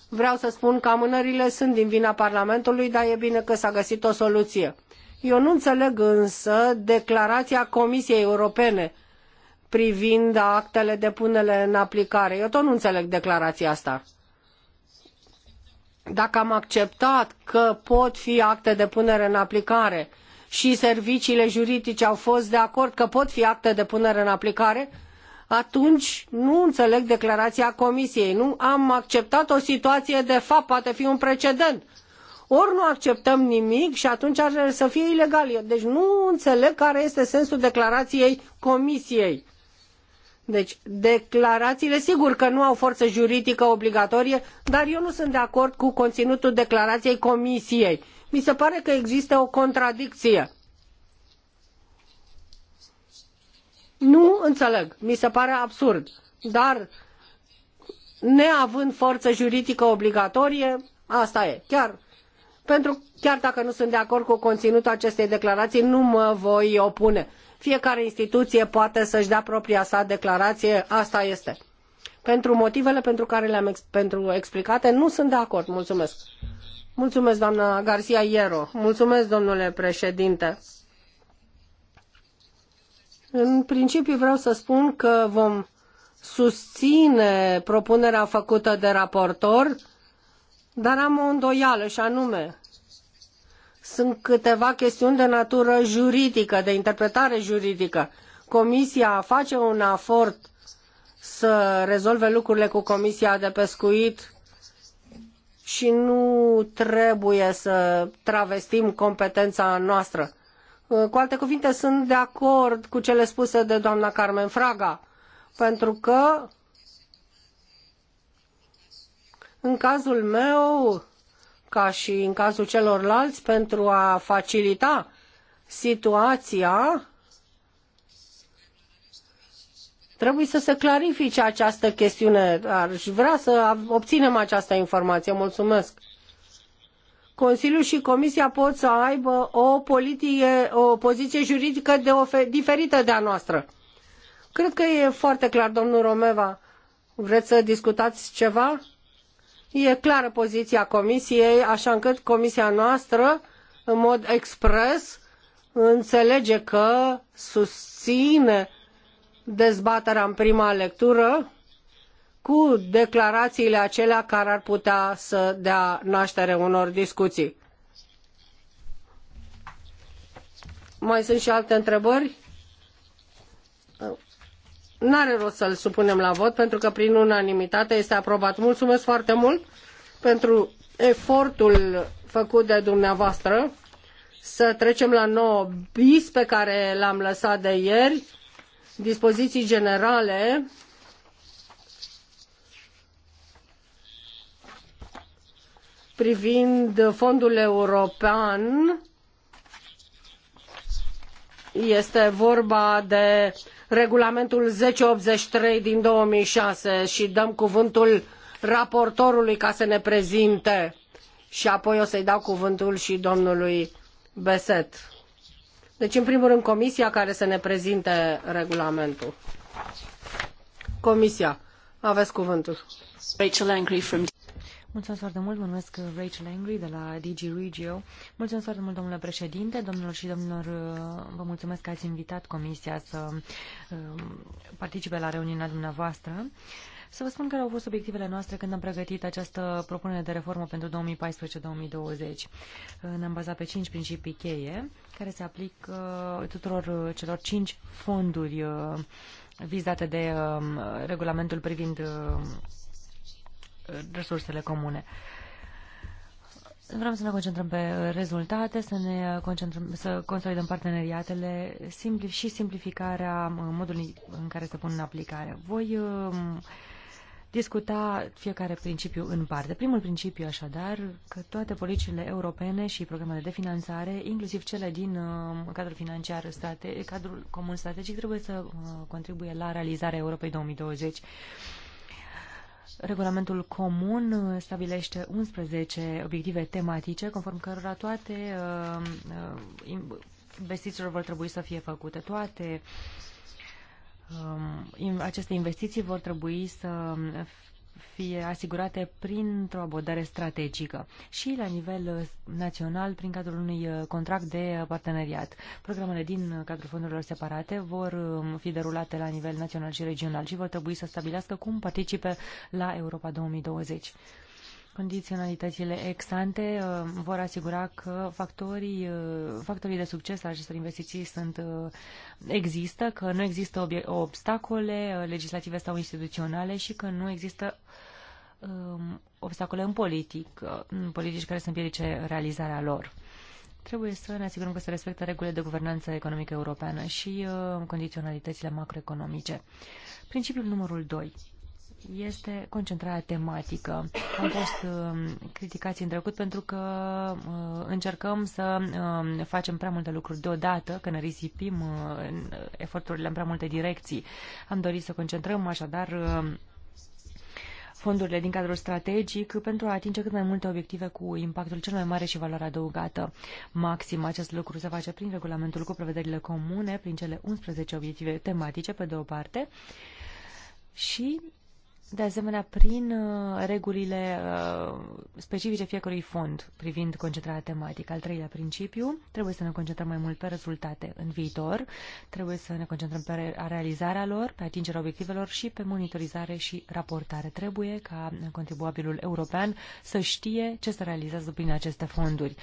Vreau să spun că amânările sunt din vina Parlamentului, dar e bine că s-a găsit o soluție. Eu nu înțeleg însă declarația Comisiei Europene privind actele de punere în aplicare. Eu tot nu înțeleg declarația asta. Dacă am acceptat că pot fi acte de punere în aplicare și serviciile juridice au fost de acord că pot fi acte de punere în aplicare, atunci nu înțeleg declarația Comisiei. Nu am acceptat o situație de fapt, poate fi un precedent. Ori nu acceptăm nimic și atunci ar să fie ilegal. Deci nu înțeleg care este sensul declarației Comisiei. Deci, declarațiile, sigur că nu au forță juridică obligatorie, dar eu nu sunt de acord cu conținutul declarației Comisiei. Mi se pare că există o contradicție. Nu înțeleg, mi se pare absurd, dar neavând forță juridică obligatorie, asta e. Chiar, pentru, chiar dacă nu sunt de acord cu conținutul acestei declarații, nu mă voi opune. Fiecare instituție poate să-și dea propria sa declarație, asta este. Pentru motivele pentru care le-am ex pentru explicate, nu sunt de acord. Mulțumesc. Mulțumesc, doamna Garcia Iero. Mulțumesc, domnule președinte. În principiu vreau să spun că vom susține propunerea făcută de raportor, dar am o îndoială și anume sunt câteva chestiuni de natură juridică, de interpretare juridică. Comisia face un efort să rezolve lucrurile cu Comisia de Pescuit și nu trebuie să travestim competența noastră. Uh, cu alte cuvinte, sunt de acord cu cele spuse de doamna Carmen Fraga, pentru că în cazul meu, ca și în cazul celorlalți, pentru a facilita situația, trebuie să se clarifice această chestiune. Aș vrea să obținem această informație. Mulțumesc. Consiliul și Comisia pot să aibă o, politice, o poziție juridică de ofer, diferită de a noastră. Cred că e foarte clar, domnul Romeva. Vreți să discutați ceva? E clară poziția Comisiei, așa încât Comisia noastră, în mod expres, înțelege că susține dezbaterea în prima lectură cu declarațiile acelea care ar putea să dea naștere unor discuții. Mai sunt și alte întrebări? Nu are rost să-l supunem la vot, pentru că prin unanimitate este aprobat. Mulțumesc foarte mult pentru efortul făcut de dumneavoastră să trecem la nouă bis pe care l-am lăsat de ieri, dispoziții generale privind fondul european este vorba de regulamentul 1083 din 2006 și dăm cuvântul raportorului ca să ne prezinte și apoi o să-i dau cuvântul și domnului Beset. Deci, în primul rând, comisia care să ne prezinte regulamentul. Comisia, aveți cuvântul. Rachel Angry from Mulțumesc foarte mult, mă numesc Rachel Angry de la DG Regio. Mulțumesc foarte mult, domnule președinte, domnilor și domnilor, vă mulțumesc că ați invitat comisia să um, participe la reuniunea dumneavoastră. Să vă spun care au fost obiectivele noastre când am pregătit această propunere de reformă pentru 2014-2020. Ne-am bazat pe cinci principii cheie, care se aplică uh, tuturor uh, celor cinci fonduri uh, vizate de um, regulamentul privind resursele comune. Vrem să ne concentrăm pe rezultate, să ne concentrăm, să consolidăm parteneriatele simpli și simplificarea modului în care se pun în aplicare. Voi uh, discuta fiecare principiu în parte. Primul principiu, așadar, că toate politicile europene și programele de finanțare, inclusiv cele din uh, cadrul financiar, state, cadrul comun strategic, trebuie să uh, contribuie la realizarea Europei 2020 Regulamentul comun uh, stabilește 11 obiective tematice, conform cărora toate uh, uh, investițiilor vor trebui să fie făcute. Toate um, aceste investiții vor trebui să fie asigurate printr-o abordare strategică și la nivel uh, național prin cadrul unui uh, contract de uh, parteneriat. Programele din cadrul fondurilor separate vor um, fi derulate la nivel național și regional și vor trebui să stabilească cum participe la Europa 2020. Condiționalitățile ex-ante vor asigura că factorii, factorii de succes la acestor investiții sunt, există, că nu există obstacole legislative sau instituționale și că nu există um, obstacole în, politic, uh, în politici care să împiedice realizarea lor. Trebuie să ne asigurăm că se respectă regulile de guvernanță economică europeană și uh, condiționalitățile macroeconomice. Principiul numărul 2 este concentrarea tematică. Am fost uh, criticați în trecut pentru că uh, încercăm să uh, facem prea multe lucruri deodată, că ne risipim uh, eforturile în prea multe direcții. Am dorit să concentrăm așadar uh, fondurile din cadrul strategic pentru a atinge cât mai multe obiective cu impactul cel mai mare și valoarea adăugată maxim. Acest lucru se face prin regulamentul cu prevederile comune, prin cele 11 obiective tematice, pe de o parte, și de asemenea, prin uh, regulile uh, specifice fiecărui fond privind concentrarea tematică, al treilea principiu, trebuie să ne concentrăm mai mult pe rezultate în viitor, trebuie să ne concentrăm pe realizarea lor, pe atingerea obiectivelor și pe monitorizare și raportare. Trebuie ca contribuabilul european să știe ce se realizează prin aceste fonduri.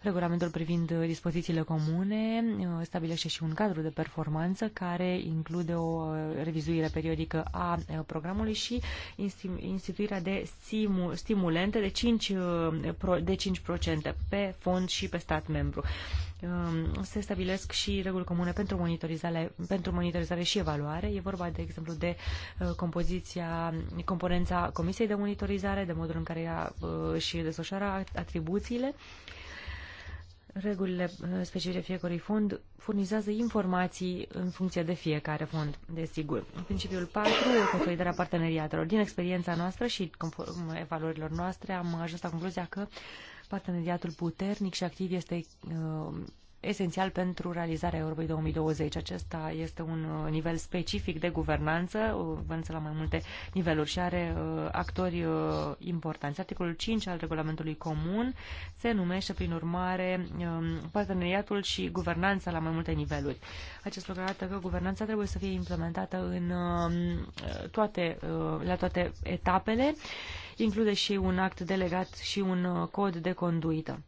Regulamentul privind dispozițiile comune uh, stabilește și un cadru de performanță care include o revizuire periodică a programului și instituirea de stimulente de 5%, uh, de 5% pe fond și pe stat membru. Um, se stabilesc și reguli comune pentru monitorizare, pentru monitorizare și evaluare. E vorba, de exemplu, de uh, compoziția, componența Comisiei de Monitorizare, de modul în care ea uh, își desfășoară atribuțiile Regulile uh, specifice fiecărui fond furnizează informații în funcție de fiecare fond, desigur. Principiul 4, consolidarea parteneriatelor. Din experiența noastră și conform evaluărilor noastre am ajuns la concluzia că parteneriatul puternic și activ este uh, esențial pentru realizarea Europei 2020. Acesta este un uh, nivel specific de guvernanță, guvernanță uh, la mai multe niveluri și are uh, actori importanți. Articolul 5 al regulamentului comun se numește, prin urmare, um, parteneriatul și guvernanța la mai multe niveluri. Acest lucru arată că guvernanța trebuie să fie implementată în um, toate, la toate etapele, include și un act delegat și un cod de conduită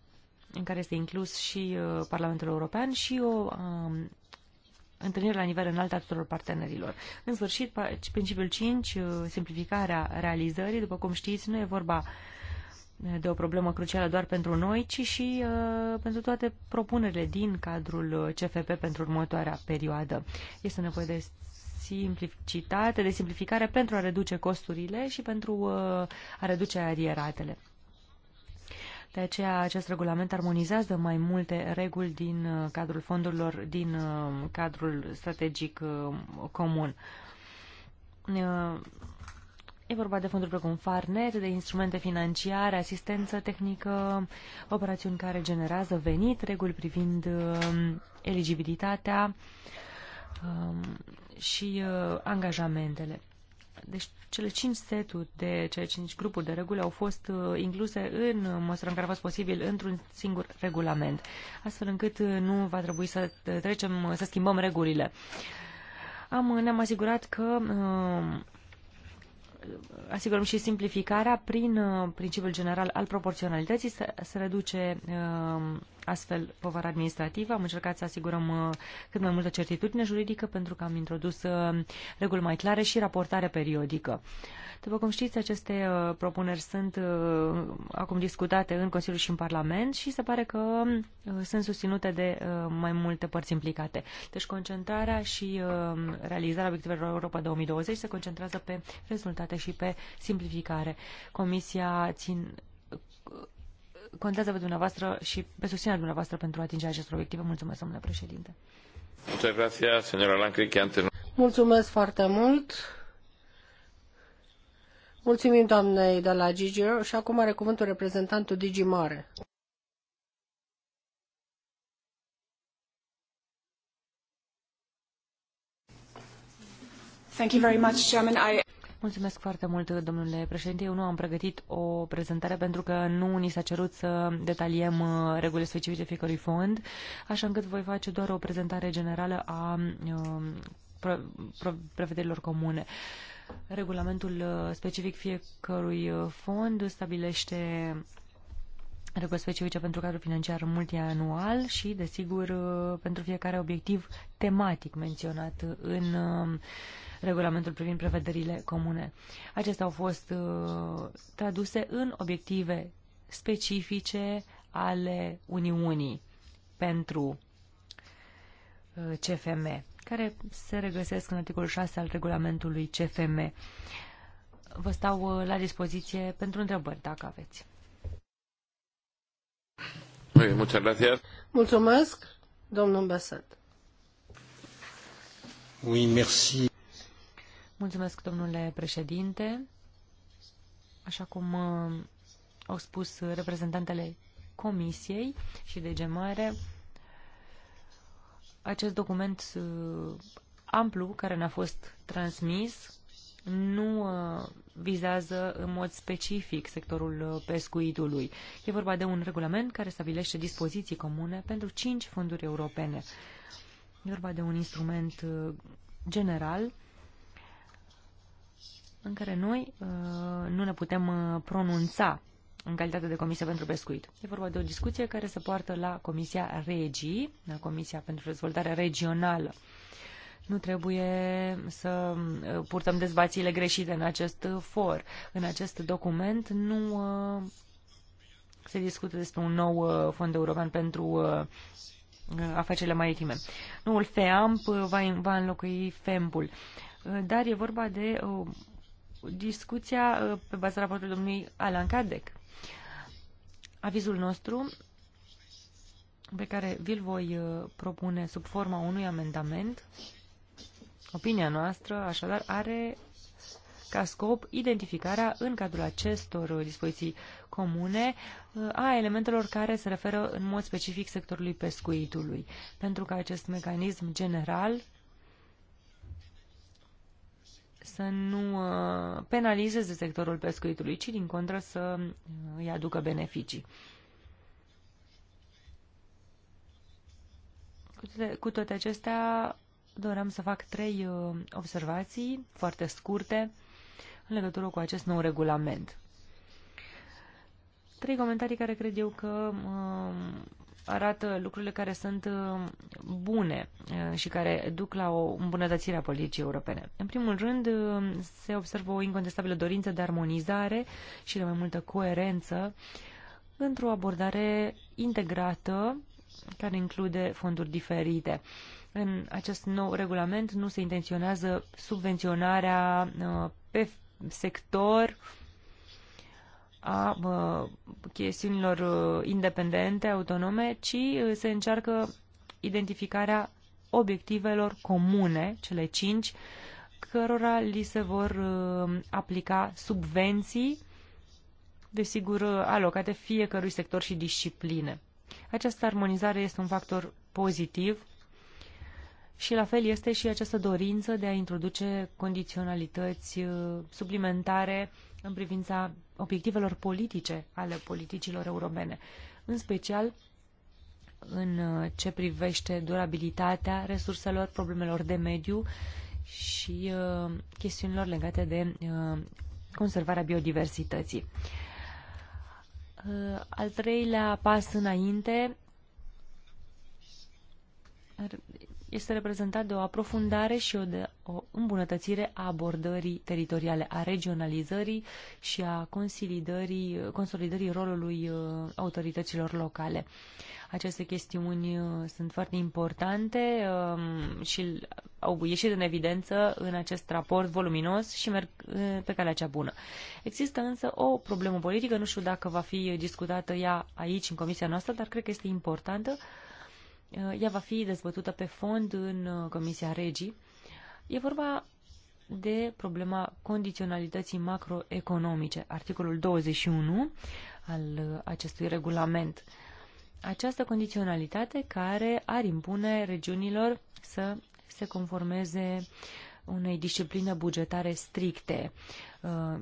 în care este inclus și uh, Parlamentul European și o um, întâlnire la nivel înalt a tuturor partenerilor. În sfârșit, principiul 5, uh, simplificarea realizării, după cum știți, nu e vorba de o problemă crucială doar pentru noi, ci și uh, pentru toate propunerile din cadrul CFP pentru următoarea perioadă. Este nevoie de simplicitate, de simplificare pentru a reduce costurile și pentru uh, a reduce arieratele. De aceea acest regulament armonizează mai multe reguli din uh, cadrul fondurilor, din uh, cadrul strategic uh, comun. E vorba de fonduri precum Farnet, de instrumente financiare, asistență tehnică, operațiuni care generează venit, reguli privind eligibilitatea um, și angajamentele. Deci cele cinci seturi de cele cinci grupuri de reguli au fost uh, incluse în măsura în care a fost posibil într-un singur regulament, astfel încât uh, nu va trebui să uh, trecem, să schimbăm regulile. Am, ne-am asigurat că asigurăm și simplificarea prin principiul general al proporționalității, să se reduce astfel povara administrativă. Am încercat să asigurăm uh, cât mai multă certitudine juridică pentru că am introdus uh, reguli mai clare și raportare periodică. După cum știți, aceste uh, propuneri sunt acum discutate în Consiliu și în Parlament și se pare că sunt susținute de mai multe părți implicate. Deci concentrarea și realizarea obiectivelor Europa 2020 se concentrează pe rezultate și pe simplificare. Comisia țin contează pe dumneavoastră și pe susținerea dumneavoastră pentru atingerea acestor obiective. Mulțumesc, domnule președinte. Mulțumesc foarte mult. Mulțumim doamnei de la Gigio și acum are cuvântul reprezentantul Digi Mare. Thank you very much, Chairman. I... Mulțumesc foarte mult, domnule președinte. Eu nu am pregătit o prezentare pentru că nu ni s-a cerut să detaliem uh, regulile specifice fiecărui fond, așa încât voi face doar o prezentare generală a uh, prevederilor comune. Regulamentul uh, specific fiecărui fond stabilește reguli specifice pentru cadrul financiar multianual și, desigur, pentru fiecare obiectiv tematic menționat în regulamentul privind prevederile comune. Acestea au fost uh, traduse în obiective specifice ale Uniunii pentru uh, CFM, care se regăsesc în articolul 6 al regulamentului CFM. Vă stau uh, la dispoziție pentru întrebări, dacă aveți. Mulțumesc, domnul Besset. Oui, merci. Mulțumesc, domnule președinte. Așa cum uh, au spus reprezentantele Comisiei și de gemare, acest document uh, amplu care ne-a fost transmis nu uh, vizează în mod specific sectorul pescuitului. E vorba de un regulament care stabilește dispoziții comune pentru cinci fonduri europene. E vorba de un instrument general în care noi uh, nu ne putem uh, pronunța în calitate de Comisie pentru Pescuit. E vorba de o discuție care se poartă la Comisia Regii, la Comisia pentru Dezvoltare Regională. Nu trebuie să uh, purtăm dezbațiile greșite în acest for. În acest document nu se discută despre un nou fond european pentru afacerile maritime. Noul FEAMP va, va înlocui FEMP-ul, dar e vorba de discuția uh, pe baza raportului domnului Alan Cadec. Avizul nostru, pe care vi-l voi uh, propune sub forma unui amendament, opinia noastră, așadar, are ca scop identificarea în cadrul acestor dispoziții comune uh, a elementelor care se referă în mod specific sectorului pescuitului, pentru ca acest mecanism general să nu uh, penalizeze sectorul pescuitului, ci din contră să uh, îi aducă beneficii. Cu toate, acestea, doream să fac trei uh, observații foarte scurte în legătură cu acest nou regulament. Trei comentarii care cred eu că arată lucrurile care sunt uh, bune uh, și care duc la o îmbunătățire a politicii europene. În primul rând, uh, se observă o incontestabilă dorință de armonizare și de mai multă coerență într-o abordare integrată care include fonduri diferite. În acest nou regulament nu se intenționează subvenționarea pe sector a chestiunilor uh, independente, autonome, ci uh, se încearcă identificarea obiectivelor comune, cele cinci, cărora li se vor uh, aplica subvenții, desigur, alocate fiecărui sector și discipline. Această armonizare este un factor pozitiv și la fel este și această dorință de a introduce condiționalități suplimentare în privința obiectivelor politice ale politicilor europene, în special în uh, ce privește durabilitatea resurselor, problemelor de mediu și uh, chestiunilor legate de uh, conservarea biodiversității. Uh, al treilea pas înainte este reprezentat de o aprofundare și o, de, o îmbunătățire a abordării teritoriale, a regionalizării și a consolidării, consolidării rolului uh, autorităților locale. Aceste chestiuni uh, sunt foarte importante um, și au ieșit în evidență în acest raport voluminos și merg uh, pe calea cea bună. Există însă o problemă politică, nu știu dacă va fi discutată ea aici, în comisia noastră, dar cred că este importantă Uh, ea va fi dezbătută pe fond în uh, Comisia Regii. E vorba de problema condiționalității macroeconomice, articolul 21 al uh, acestui regulament. Această condiționalitate care ar impune regiunilor să se conformeze unei discipline bugetare stricte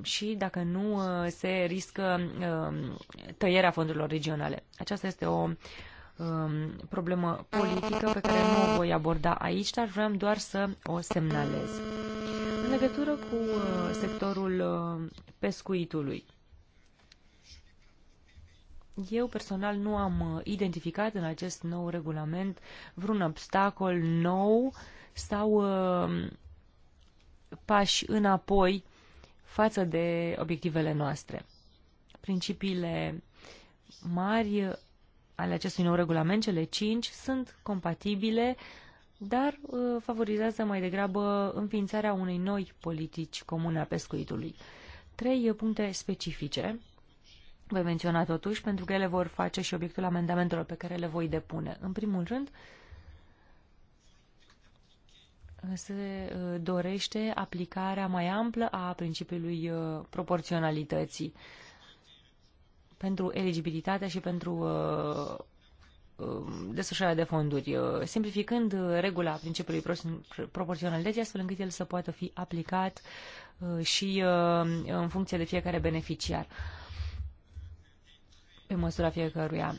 și dacă nu se riscă tăierea fondurilor regionale. Aceasta este o um, problemă politică pe care nu o voi aborda aici, dar vreau doar să o semnalez. În legătură cu uh, sectorul uh, pescuitului, eu personal nu am uh, identificat în acest nou regulament vreun obstacol nou sau uh, pași înapoi față de obiectivele noastre. Principiile mari ale acestui nou regulament, cele cinci, sunt compatibile, dar uh, favorizează mai degrabă înființarea unei noi politici comune a pescuitului. Trei puncte specifice voi menționa totuși, pentru că ele vor face și obiectul amendamentelor pe care le voi depune. În primul rând, se uh, dorește aplicarea mai amplă a principiului uh, proporționalității pentru eligibilitatea și pentru uh, um, desfășurarea de fonduri, uh, simplificând uh, regula principiului proporționalității astfel încât el să poată fi aplicat și în funcție de fiecare beneficiar pe măsura fiecăruia.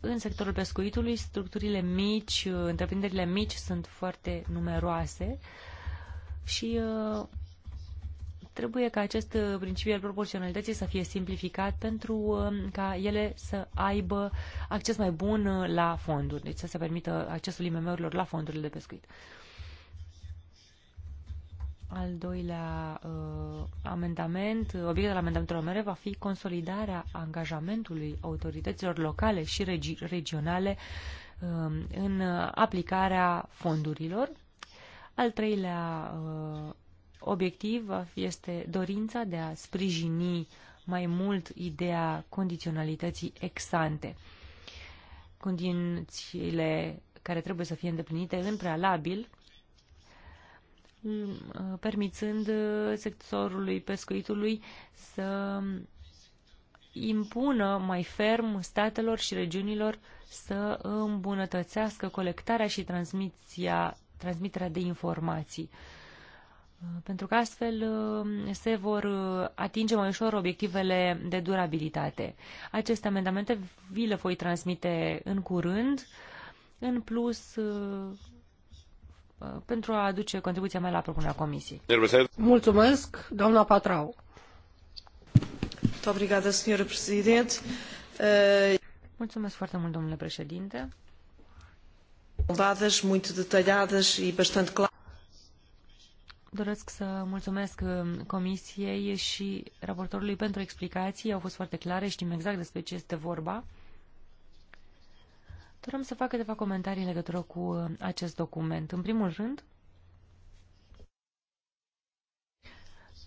În sectorul pescuitului, structurile mici, întreprinderile mici sunt foarte numeroase și uh, Trebuie ca acest uh, principiu al proporționalității să fie simplificat pentru um, ca ele să aibă acces mai bun uh, la fonduri, deci să se permită accesul IMM-urilor la fondurile de pescuit. Al doilea uh, amendament, obiectul amendamentului mele va fi consolidarea angajamentului autorităților locale și regi- regionale um, uh, în aplicarea fondurilor. Al treilea uh, obiectiv este dorința de a sprijini mai mult ideea condiționalității exante. Condițiile care trebuie să fie îndeplinite în prealabil, permițând sectorului pescuitului să impună mai ferm statelor și regiunilor să îmbunătățească colectarea și transmisia, transmiterea de informații. Uh, Uh, pentru că astfel uh, se vor uh, atinge mai ușor obiectivele de durabilitate. Aceste amendamente vi le voi transmite în curând, în plus pentru a aduce contribuția mea la propunerea comisiei. Mulțumesc, doamna Patrau. Eh, Mulțumesc foarte mult, domnule președinte. Dadas muito detalhadas e bastante claras. Doresc să mulțumesc um, Comisiei și raportorului pentru explicații. Au fost foarte clare, știm exact despre ce este vorba. Doream să fac câteva comentarii în legătură cu um, acest document. În primul rând,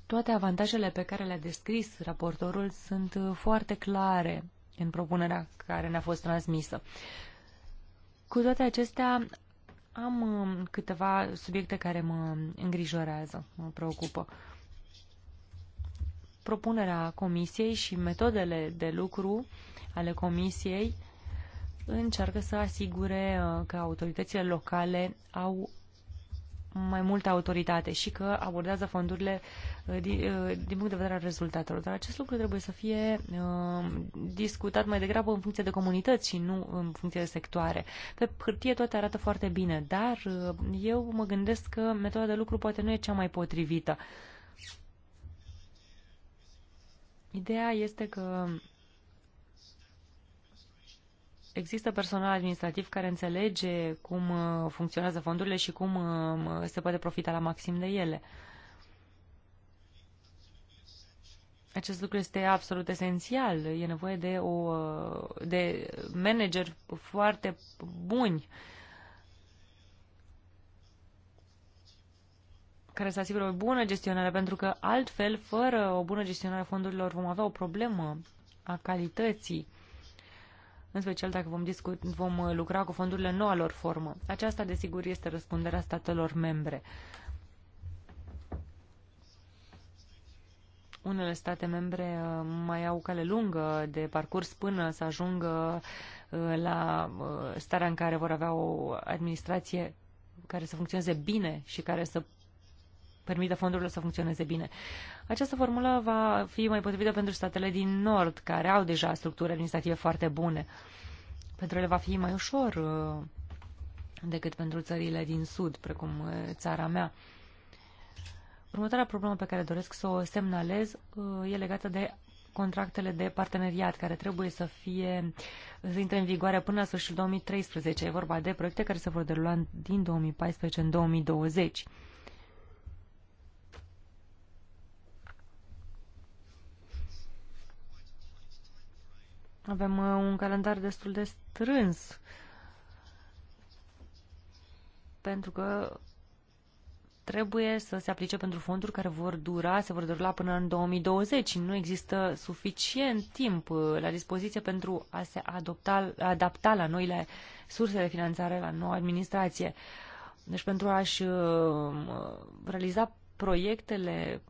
toate avantajele pe care le-a descris raportorul sunt uh, foarte clare în propunerea care ne-a fost transmisă. Cu toate acestea, am um, câteva subiecte care mă îngrijorează, mă preocupă. Propunerea comisiei și metodele de lucru ale comisiei încearcă să asigure uh, că autoritățile locale au mai multă autoritate și că abordează fondurile uh, din, uh, din punct de vedere al rezultatelor. Dar acest lucru trebuie să fie uh, discutat mai degrabă în funcție de comunități și nu în funcție de sectoare. Pe hârtie toate arată foarte bine, dar eu mă gândesc că metoda de lucru poate nu e cea mai potrivită. Ideea este că există personal administrativ care înțelege cum uh, funcționează fondurile și cum uh, se poate profita la maxim de ele. Acest lucru este absolut esențial. E nevoie de, o, uh, de manager foarte buni care să asigure o bună gestionare, pentru că altfel, fără o bună gestionare a fondurilor, vom avea o problemă a calității în special dacă vom, discut, vom uh, lucra cu fondurile în noua lor formă. Aceasta, desigur, este răspunderea statelor membre. Unele state membre uh, mai au cale lungă de parcurs până să ajungă uh, la starea în care vor avea o administrație care să funcționeze bine și care să permite fondurilor să funcționeze bine. Această formulă va fi mai potrivită pentru statele din Nord, care au deja structuri administrative foarte bune. Pentru ele va fi mai ușor uh, decât pentru țările din Sud, precum uh, țara mea. Următoarea problemă pe care doresc să o semnalez uh, e legată de contractele de parteneriat care trebuie să fie să intre în vigoare până la sfârșitul 2013. E vorba de proiecte care se vor derula din 2014 în 2020. Avem uh, un calendar destul de strâns pentru că trebuie să se aplice pentru fonduri care vor dura, se vor dura până în 2020. Nu există suficient timp uh, la dispoziție pentru a se adopta, adapta la noile surse de finanțare, la noua administrație. Deci pentru a-și uh, realiza proiectele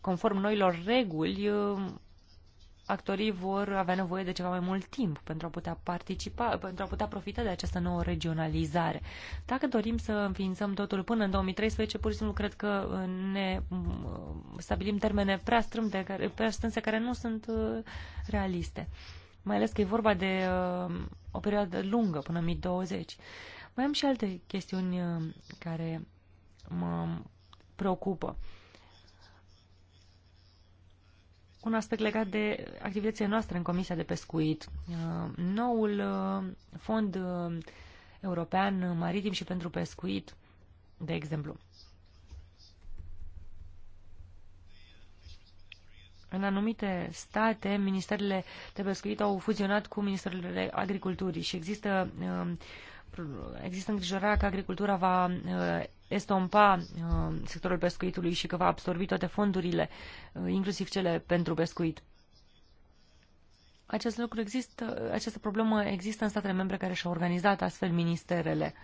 conform noilor reguli, actorii vor avea nevoie de ceva mai mult timp pentru a putea participa, pentru a putea profita de această nouă regionalizare. Dacă dorim să înființăm totul până în 2013, pur și simplu cred că uh, ne uh, stabilim termene prea, strânse care, prea strânse care nu sunt uh, realiste. Mai ales că e vorba de o perioadă lungă, până în 2020. Mai am și alte chestiuni care mă preocupă un aspect legat de activitățile noastre în Comisia de Pescuit. Uh, noul uh, fond uh, european maritim și pentru pescuit, de exemplu. În anumite state, ministerele de pescuit au fuzionat cu ministerele agriculturii și există, există îngrijorarea că agricultura va estompa uh, sectorul pescuitului și că va absorbi toate fondurile, uh, inclusiv cele pentru pescuit. Acest lucru există, această problemă există în statele membre care și-au organizat astfel ministerele.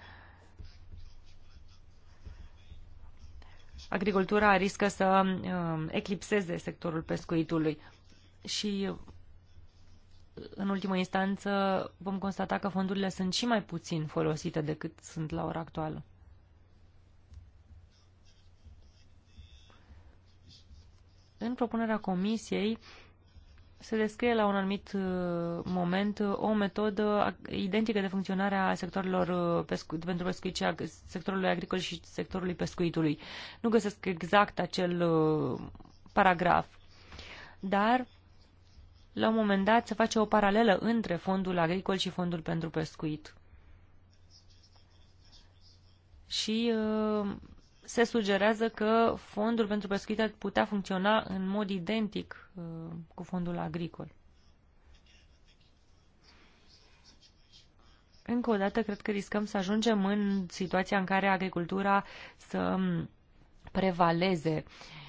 Agricultura riscă să uh, eclipseze sectorul pescuitului și în ultimă instanță vom constata că fondurile sunt și mai puțin folosite decât sunt la ora actuală. În propunerea comisiei se descrie la un anumit uh, moment uh, o metodă identică de funcționare a sectorilor uh, pescu- pentru pescuit și a sectorului agricol și sectorului pescuitului. Nu găsesc exact acel paragraf, dar la un moment dat se face o paralelă între fondul agricol și fondul pentru pescuit. Și se sugerează că fondul pentru pescuit ar putea funcționa în mod identic uh, cu fondul agricol. Încă o dată, cred că riscăm să ajungem în situația în care agricultura să mm, prevaleze uh,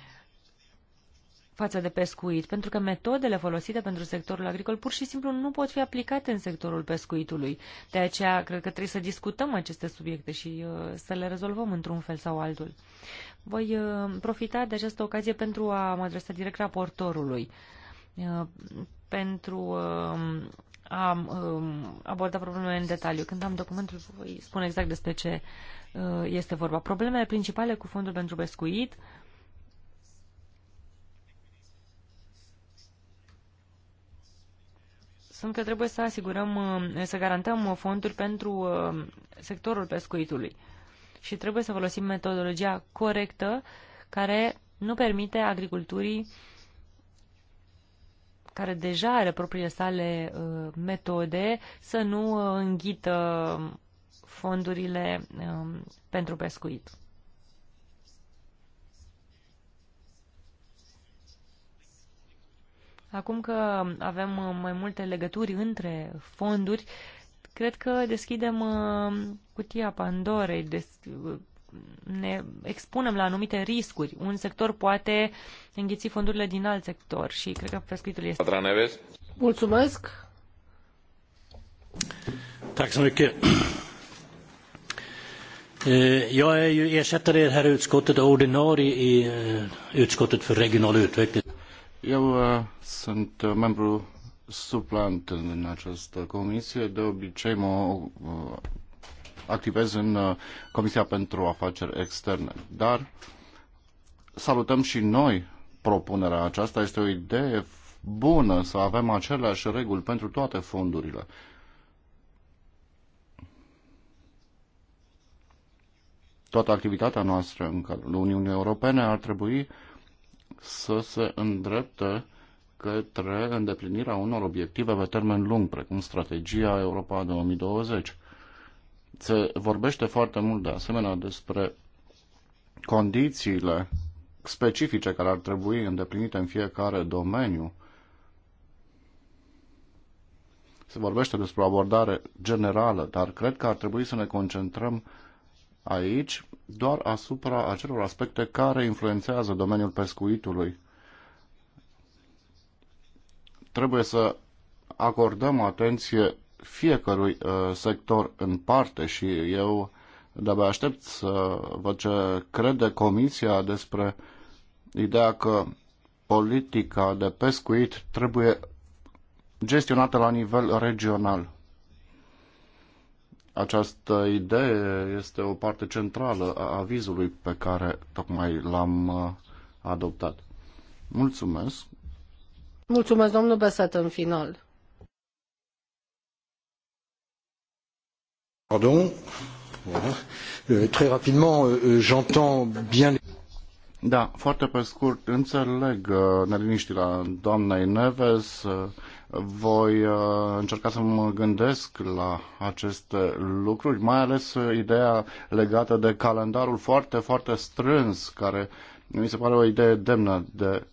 față de pescuit, pentru că metodele folosite pentru sectorul agricol pur și simplu nu pot fi aplicate în sectorul pescuitului. De aceea, cred că trebuie să discutăm aceste subiecte și uh, să le rezolvăm într-un fel sau altul. Voi uh, profita de această ocazie pentru a mă adresa direct raportorului, uh, pentru um, a um, aborda problemele în detaliu. Când am documentul, voi spun exact despre ce uh, este vorba. Problemele principale cu fondul pentru pescuit, uh, sunt că trebuie să asigurăm, uh, să garantăm fonduri pentru uh, sectorul pescuitului și trebuie să folosim metodologia corectă care nu permite agriculturii care deja are propriile sale uh, metode să nu înghită fondurile pentru pescuit. Acum că avem uh, mai multe legături între fonduri, cred că deschidem uh, cutia Pandorei, uh, ne expunem la anumite riscuri. Un sector poate înghiți fondurile din alt sector și cred că prescritul este... Patra Neves. Mulțumesc! Tack så mycket. Eh, jag är ju ersättare i det här utskottet och ordinarie i eh, utskottet för regional utveckling. Eu uh, sunt uh, membru suplant în această comisie. De obicei mă uh, activez în Comisia pentru Afaceri Externe. Dar salutăm și noi propunerea aceasta. Este o idee bună să avem aceleași reguli pentru toate fondurile. Toată activitatea noastră în cadrul Uniunii Europene ar trebui uh, să se îndrepte către îndeplinirea unor obiective pe termen lung, precum strategia Europa 2020. Se vorbește foarte mult de asemenea despre condițiile specifice care ar trebui îndeplinite în fiecare domeniu. Se vorbește despre o abordare generală, dar cred că ar trebui să ne concentrăm uh, aici doar asupra acelor aspecte care influențează domeniul pescuitului. Trebuie să acordăm atenție fiecărui uh, sector în parte și eu de-abia aștept să văd ce crede Comisia despre ideea că politica de pescuit trebuie gestionată la nivel regional. Această idee este o parte centrală a avizului pe care tocmai l-am uh, adoptat. Mulțumesc! Mulțumesc, domnul Beset, în final. Pardon. Euh, très rapidement, euh, euh, j'entends bien. Da, foarte pe scurt, înțeleg uh, neliniștila doamnei Neves, uh, voi uh, încerca să mă gândesc la aceste lucruri, mai ales ideea legată de calendarul foarte, foarte strâns, care mi se pare o idee demnă de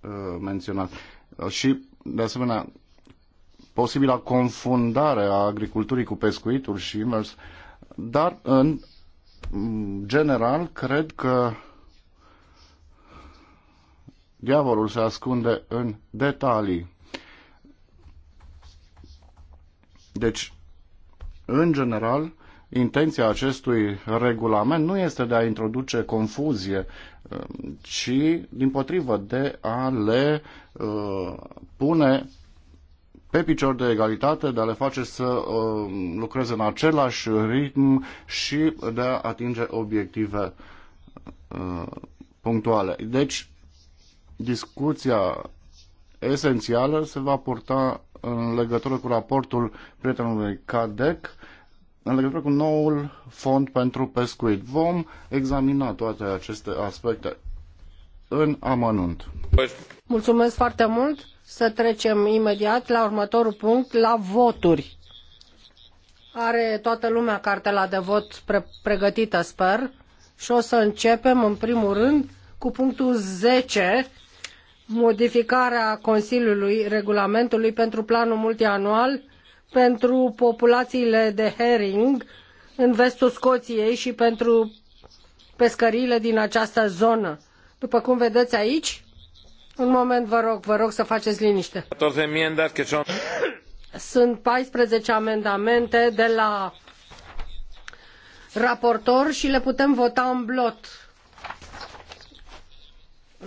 uh, menționat. Uh, și, de asemenea, posibila confundare a agriculturii cu pescuitul și imers, Dar, în general, cred că Diavolul se ascunde în detalii. Deci, în general, intenția acestui regulament nu este de a introduce confuzie, ci, din potrivă, de a le uh, pune pe picior de egalitate, de a le face să uh, lucreze în același ritm și de a atinge obiective uh, punctuale. Deci, discuția esențială se va purta în legătură cu raportul prietenului CADEC în legătură cu noul fond pentru pescuit. Vom examina toate aceste aspecte în amănunt. Mulțumesc foarte mult. Să trecem imediat la următorul punct, la voturi. Are toată lumea cartela de vot pre- pregătită, sper, și o să începem în primul rând cu punctul 10 modificarea Consiliului regulamentului pentru planul multianual pentru populațiile de herring în vestul Scoției și pentru pescăriile din această zonă. După cum vedeți aici, un moment vă rog, vă rog să faceți liniște. Sunt 14 amendamente de la raportor și le putem vota în blot.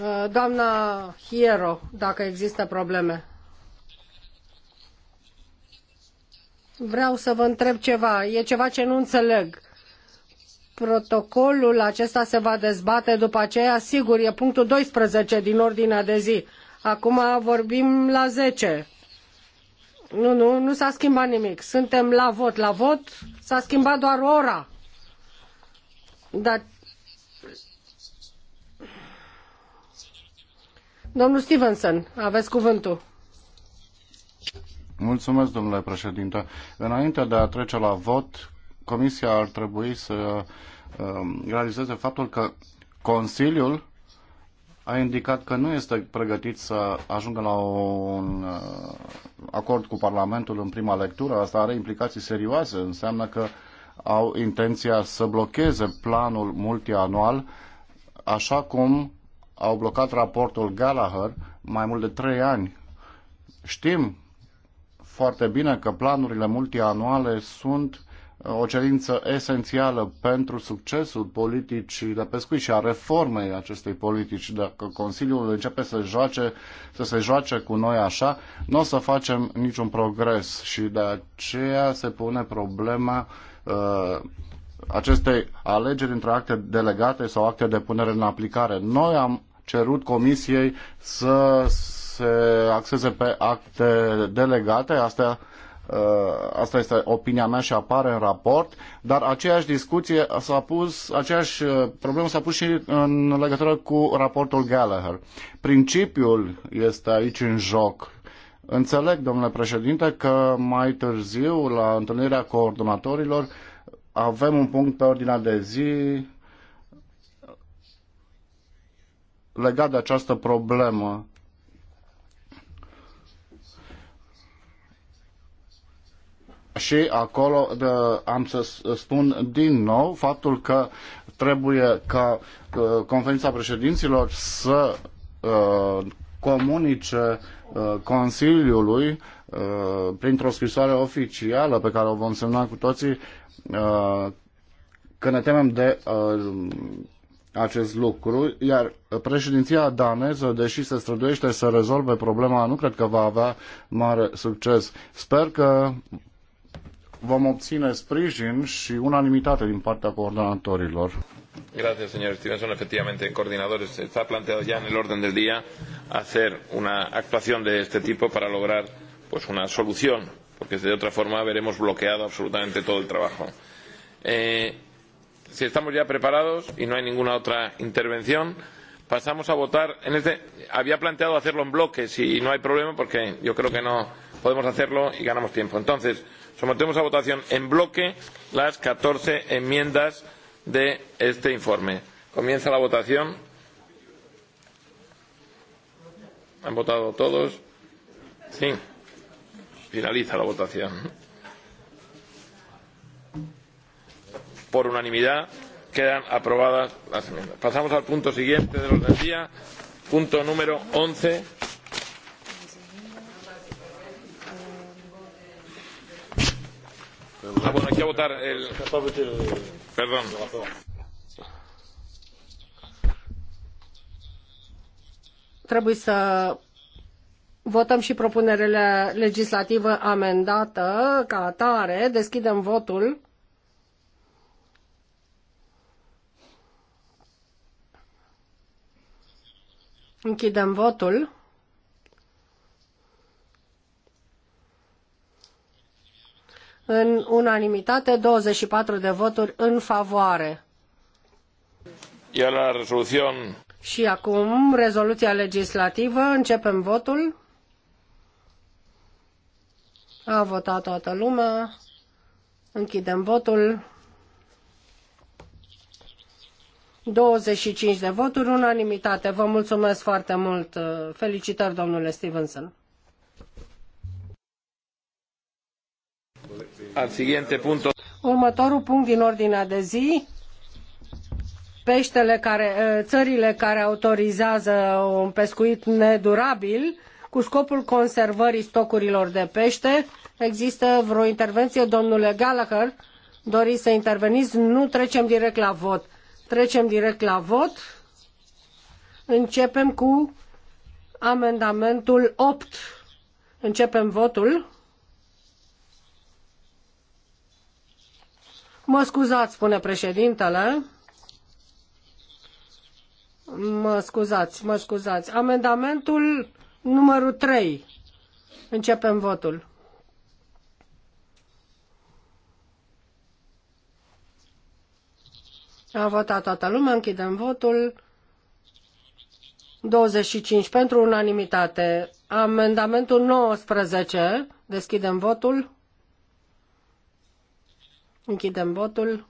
Uh, doamna Hiero, dacă există probleme. Vreau să vă întreb ceva. E ceva ce nu înțeleg. Protocolul acesta se va dezbate după aceea, sigur, e punctul 12 din ordinea de zi. Acum vorbim la 10. Nu, nu, nu s-a schimbat nimic. Suntem la vot. La vot s-a schimbat doar ora. Dar Domnul Stevenson, aveți cuvântul. Mulțumesc, domnule președinte. Înainte de a trece la vot, Comisia ar trebui să um, realizeze faptul că Consiliul a indicat că nu este pregătit să ajungă la un uh, acord cu Parlamentul în prima lectură. Asta are implicații serioase. Înseamnă că au intenția să blocheze planul multianual așa cum au blocat raportul Gallagher mai mult de trei ani. Știm foarte bine că planurile multianuale sunt uh, o cerință esențială pentru succesul politicii de pescuit și a reformei acestei politici. Dacă Consiliul începe să, joace, să se joace cu noi așa, nu o să facem niciun progres și de aceea se pune problema uh, acestei alegeri între acte delegate sau acte de punere în aplicare. Noi am cerut Comisiei să se axeze pe acte delegate. Astea uh, asta este opinia mea și apare în raport, dar aceeași discuție s-a pus, aceeași uh, problemă s-a pus și în legătură cu raportul Gallagher. Principiul este aici în joc. Înțeleg, domnule președinte, că mai târziu, la întâlnirea coordonatorilor, avem un punct pe ordinea de zi legat de această problemă. Și acolo de, am să spun din nou faptul că trebuie ca conferința președinților să uh, comunice uh, Consiliului uh, printr-o scrisoare oficială pe care o vom semna cu toții uh, că ne temem de uh, acest lucru, iar președinția daneză, deși se străduiește să rezolve problema, nu cred că va avea mare succes. Sper că vom obține sprijin și unanimitate din partea coordonatorilor. Gracias, señor Stevenson. Efectivamente, coordinadores se está planteado ya en el orden del día hacer una actuación de este tipo para lograr pues una solución, porque de otra forma veremos bloqueado absolutamente todo el trabajo. Eh, si estamos ya preparados y no hay ninguna otra intervención, pasamos a votar. En este, había planteado hacerlo en bloques si no hay problema, porque yo creo que no podemos hacerlo y ganamos tiempo. Entonces, sometemos a votación en bloque las 14 enmiendas de este informe. Comienza la votación. ¿Han votado todos? Sí. Finaliza la votación. por unanimidad. Quedan aprobadas las enmiendas. Pasamos al punto siguiente del orden del día, punto número 11. Ah, bueno, hay que votar el. Perdón. Trebuie să votăm și propunerea legislativă amendată ca atare. Deschidem votul. Închidem votul. În unanimitate, 24 de voturi în favoare. Iar la rezoluțion. Și acum, rezoluția legislativă. Începem votul. A votat toată lumea. Închidem votul. 25 de voturi, unanimitate. Vă mulțumesc foarte mult. Felicitări, domnule Stevenson. Al siguiente punto. Următorul punct din ordinea de zi peștele care, eh, țările care autorizează un pescuit nedurabil cu scopul conservării stocurilor de pește. Există vreo intervenție, domnule Gallagher? Doriți să interveniți? Nu trecem direct la vot. Trecem direct la vot. Începem cu amendamentul 8. Începem votul. Mă scuzați, spune președintele. Mă scuzați, mă scuzați. Amendamentul numărul 3. Începem votul. A votat toată lumea, închidem votul. 25 pentru unanimitate. Amendamentul 19, deschidem votul. Închidem votul.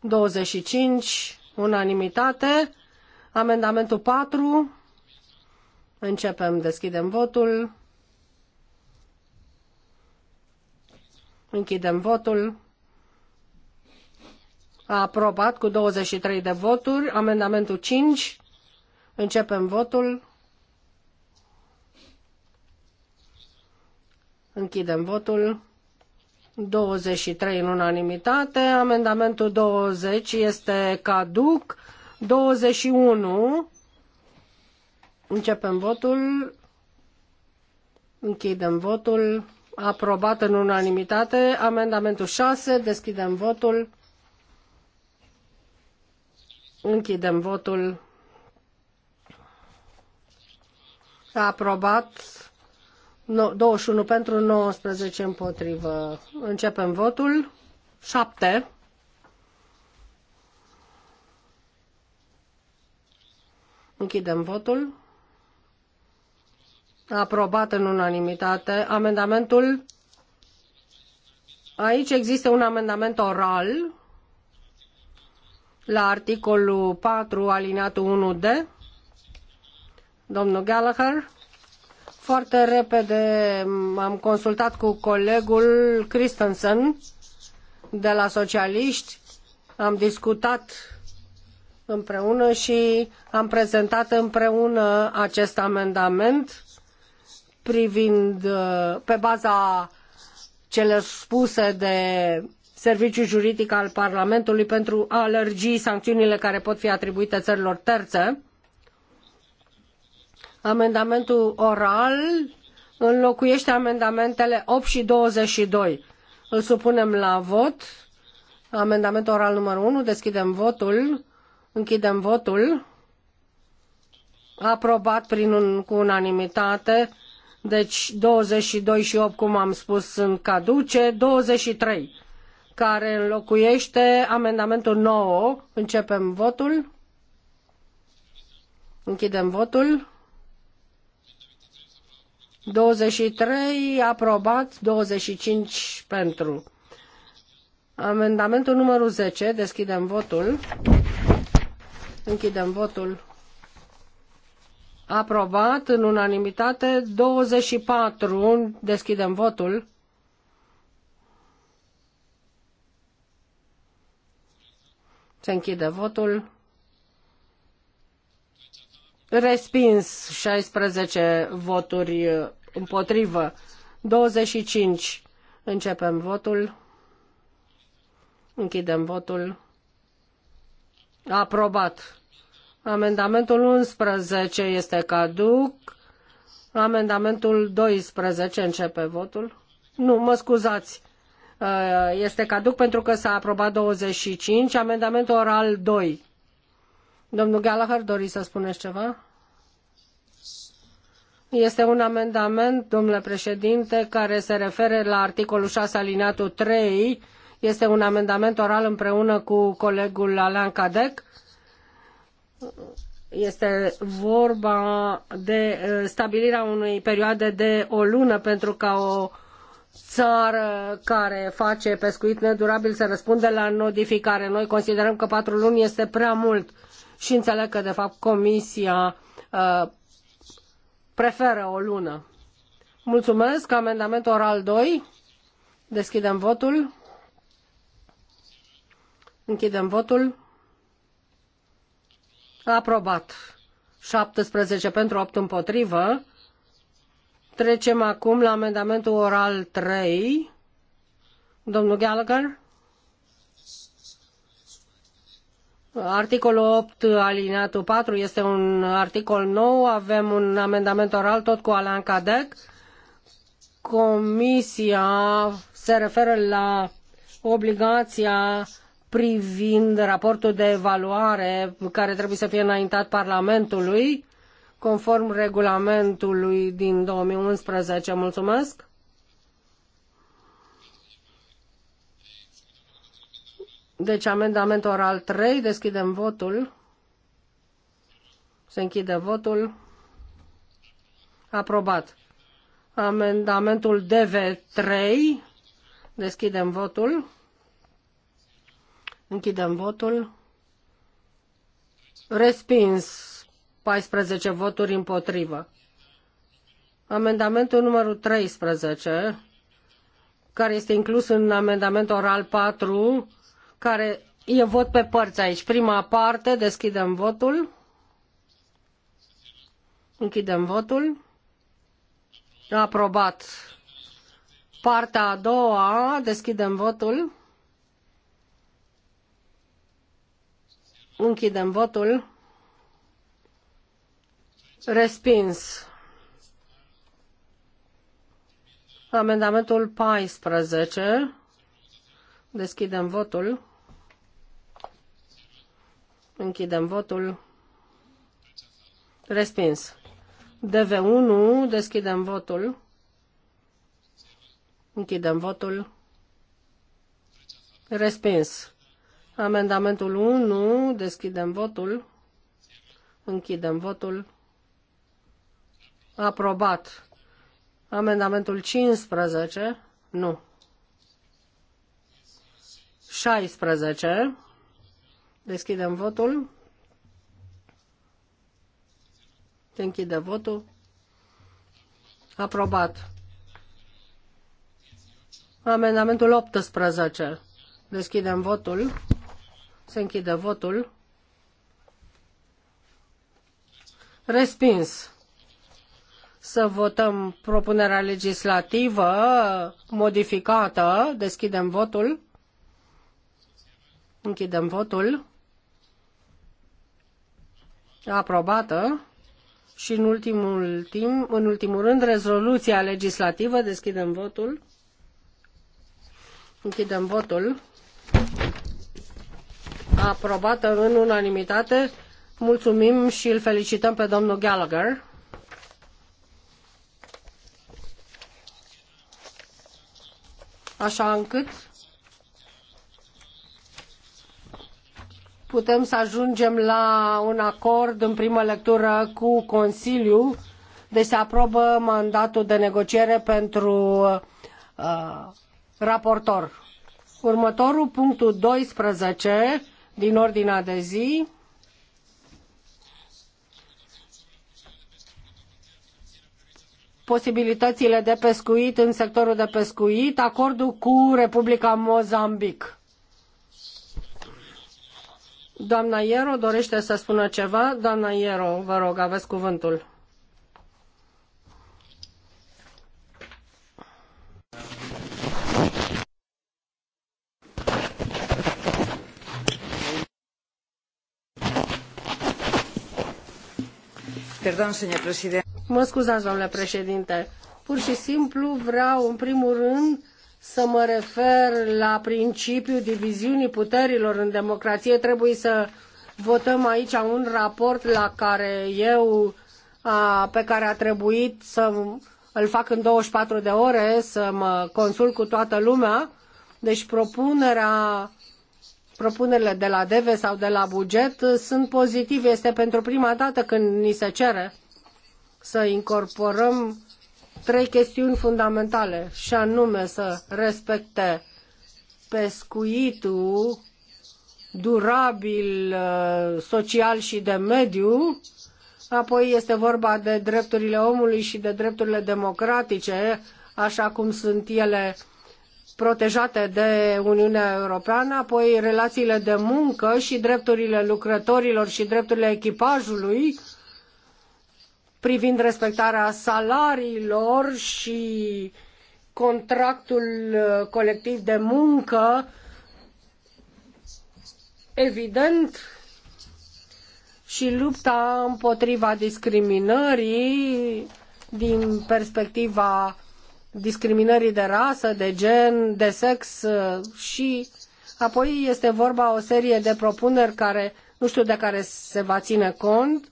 25, unanimitate. Amendamentul 4. Începem, deschidem votul. Închidem votul. Aprobat cu 23 de voturi. Amendamentul 5. Începem votul. Închidem votul. 23 în unanimitate. Amendamentul 20 este caduc. 21. Începem votul. Închidem votul. Aprobat în unanimitate. Amendamentul 6. Deschidem votul. Închidem votul. S-a aprobat 21 pentru 19 împotrivă. Începem votul. 7. Închidem votul. Aprobat în unanimitate. Amendamentul. Aici există un amendament oral la articolul 4, alineatul 1D. Domnul Gallagher, foarte repede am consultat cu colegul Christensen de la socialiști, am discutat împreună și am prezentat împreună acest amendament privind pe baza celor spuse de serviciul juridic al Parlamentului pentru a alergi sancțiunile care pot fi atribuite țărilor terțe. Amendamentul oral înlocuiește amendamentele 8 și 22. Îl supunem la vot. Amendamentul oral numărul 1. Deschidem votul. Închidem votul. Aprobat prin un, cu unanimitate. Deci 22 și 8, cum am spus, sunt caduce. 23 care înlocuiește amendamentul 9. Începem votul. Închidem votul. 23 aprobat, 25 pentru. Amendamentul numărul 10, deschidem votul. Închidem votul. Aprobat în unanimitate 24, deschidem votul. Se închide votul. Respins 16 voturi uh, împotrivă, 25. Începem votul. Închidem votul. Aprobat. Amendamentul 11 este caduc. Amendamentul 12 începe votul. Nu, mă scuzați. Uh, este caduc pentru că s-a aprobat 25, amendamentul oral 2. Domnul Gallagher, doriți să spuneți ceva? Este un amendament, domnule președinte, care se referă la articolul 6 alineatul 3. Este un amendament oral împreună cu colegul Alan Cadec. Este vorba de uh, stabilirea unei perioade de o lună pentru ca o țară care face pescuit nedurabil să răspunde la notificare. Noi considerăm că patru luni este prea mult și înțeleg că, de fapt, Comisia uh, preferă o lună. Mulțumesc. Amendament oral 2. Deschidem votul. Închidem votul. Aprobat. 17 pentru 8 împotrivă. Trecem acum la amendamentul oral 3. Domnul Gallagher? Articolul 8, alineatul 4, este un articol nou. Avem un amendament oral tot cu Alan Cadec. Comisia se referă la obligația privind raportul de evaluare care trebuie să fie înaintat Parlamentului conform regulamentului din 2011. Mulțumesc! Deci amendament oral 3, deschidem votul. Se închide votul. Aprobat. Amendamentul DV3, deschidem votul. Închidem votul. Respins 14 voturi împotrivă. Amendamentul numărul 13, care este inclus în amendament oral 4, care e vot pe părți aici. Prima parte, deschidem votul. Închidem votul. Aprobat. Partea a doua, deschidem votul. Închidem votul. Respins. Amendamentul 14. Deschidem votul. Închidem votul. Respins. DV1. Deschidem votul. Închidem votul. Respins. Amendamentul 1. Deschidem votul. Închidem votul. Aprobat. Amendamentul 15. Nu. 16. Deschidem votul. Se închide votul. Aprobat. Amendamentul 18. Deschidem votul. Se închide votul. Respins să votăm propunerea legislativă modificată. Deschidem votul. Închidem votul. Aprobată. Și în ultimul, timp, în ultimul rând, rezoluția legislativă. Deschidem votul. Închidem votul. Aprobată în unanimitate. Mulțumim și îl felicităm pe domnul Gallagher. așa încât putem să ajungem la un acord în primă lectură cu Consiliul, deci se aprobă mandatul de negociere pentru uh, raportor. Următorul, punctul 12 din ordinea de zi, posibilitățile de pescuit în sectorul de pescuit, acordul cu Republica Mozambic. Doamna Iero dorește să spună ceva. Doamna Iero, vă rog, aveți cuvântul. Perdón, señor presidente. Mă scuzați, domnule președinte. Pur și simplu vreau, în primul rând, să mă refer la principiul diviziunii puterilor în democrație. Trebuie să votăm aici un raport la care eu, a, pe care a trebuit să îl fac în 24 de ore, să mă consult cu toată lumea. Deci propunerea propunerile de la DEVE sau de la buget sunt pozitive. Este pentru prima dată când ni se cere să incorporăm trei chestiuni fundamentale și anume să respecte pescuitul durabil, uh, social și de mediu, apoi este vorba de drepturile omului și de drepturile democratice, așa cum sunt ele protejate de Uniunea Europeană, apoi relațiile de muncă și drepturile lucrătorilor și drepturile echipajului, privind respectarea salariilor și contractul uh, colectiv de muncă, evident, și lupta împotriva discriminării din perspectiva discriminării de rasă, de gen, de sex uh, și apoi este vorba o serie de propuneri care nu știu de care se va ține cont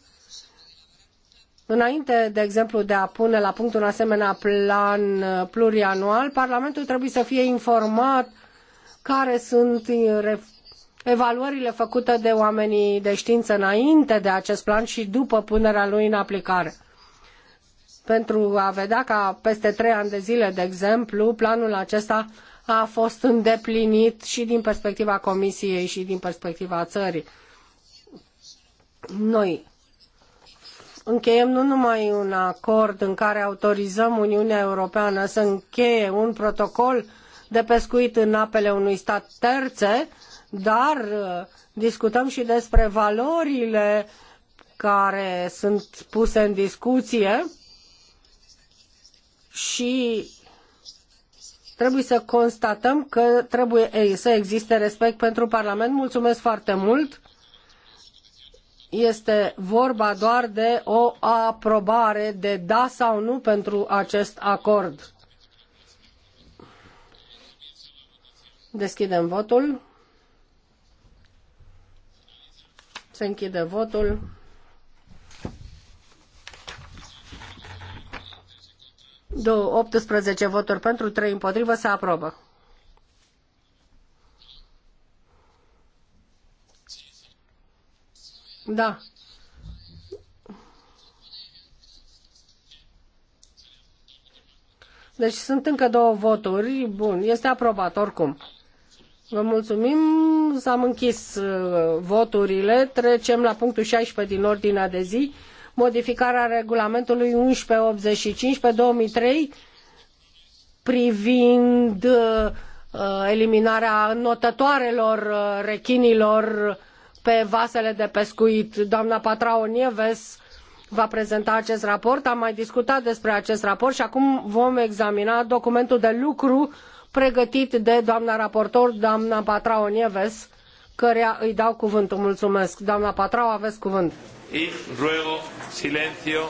Înainte, de exemplu, de a pune la punct un asemenea plan uh, plurianual, Parlamentul trebuie să fie informat care sunt uh, evaluările făcute de oamenii de știință înainte de acest plan și după punerea lui în aplicare. Pentru a vedea că peste trei ani de zile, de exemplu, planul acesta a fost îndeplinit și din perspectiva Comisiei și din perspectiva țării. Noi încheiem nu numai un acord în care autorizăm Uniunea Europeană să încheie un protocol de pescuit în apele unui stat terțe, dar uh, discutăm și despre valorile care sunt puse în discuție și trebuie să constatăm că trebuie să existe respect pentru Parlament. Mulțumesc foarte mult! este vorba doar de o aprobare de da sau nu pentru acest acord. Deschidem votul. Se închide votul. Două, 18 voturi pentru, 3 împotrivă, se aprobă. Da. Deci sunt încă două voturi. Bun, este aprobat oricum. Vă mulțumim, s-am închis uh, voturile. Trecem la punctul 16 din ordinea de zi, modificarea regulamentului 1185 pe 2003 privind uh, eliminarea notătoarelor uh, rechinilor pe vasele de pescuit. Doamna Patrao Nieves va prezenta acest raport. Am mai discutat despre acest raport și acum vom examina documentul de lucru pregătit de doamna raportor, doamna Patrao Nieves, căreia îi dau cuvântul. Mulțumesc. Doamna Patrao, aveți cuvânt. Y ruego silencio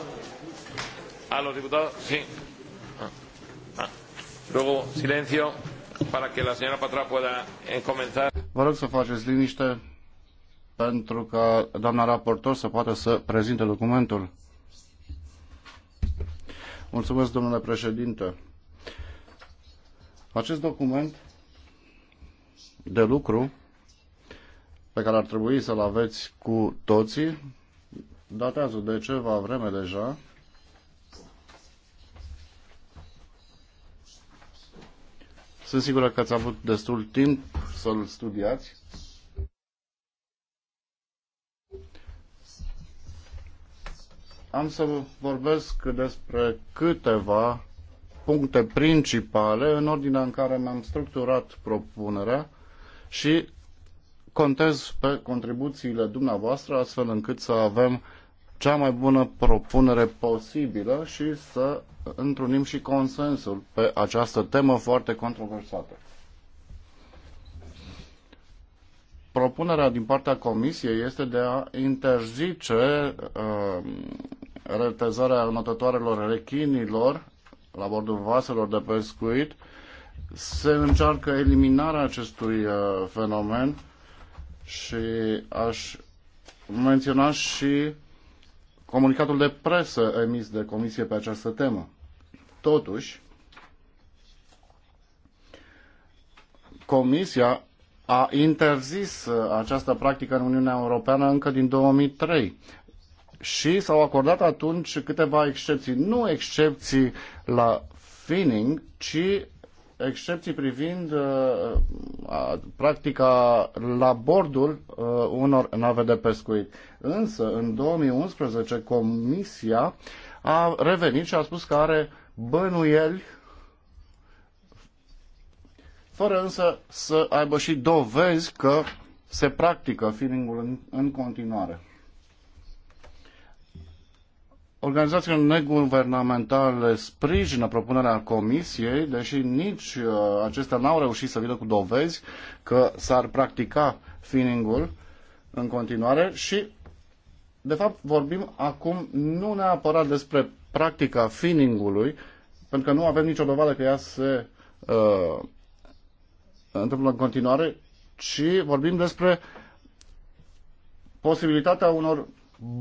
a los diputados. Sí. Ah. ah. Ruego silencio para que la señora Patrao pueda comenzar. Vă rog să faceți liniște pentru ca doamna raportor să poată să prezinte documentul. Mulțumesc, domnule președinte. Acest document de lucru pe care ar trebui să-l aveți cu toții datează de ceva vreme deja. Sunt sigură că ați avut destul timp să-l studiați. Am să vorbesc despre câteva puncte principale în ordinea în care mi-am structurat propunerea și contez pe contribuțiile dumneavoastră astfel încât să avem cea mai bună propunere posibilă și să întrunim și consensul pe această temă foarte controversată. Propunerea din partea Comisiei este de a interzice uh, retezarea notătoarelor rechinilor la bordul vaselor de pescuit, se încearcă eliminarea acestui uh, fenomen și aș menționa și comunicatul de presă emis de comisie pe această temă. Totuși, comisia a interzis uh, această practică în Uniunea Europeană încă din 2003 și s-au acordat atunci câteva excepții. Nu excepții la finning, ci excepții privind uh, practica la bordul uh, unor nave de pescuit. Însă, în 2011, Comisia a revenit și a spus că are bănuieli fără însă să aibă și dovezi că se practică feeling-ul în, în continuare. Organizațiile neguvernamentale sprijină propunerea Comisiei, deși nici uh, acestea n-au reușit să vină cu dovezi că s-ar practica finning-ul în continuare și, de fapt, vorbim acum nu neapărat despre practica finning-ului, pentru că nu avem nicio dovadă că ea se uh, întâmplă în continuare, ci vorbim despre posibilitatea unor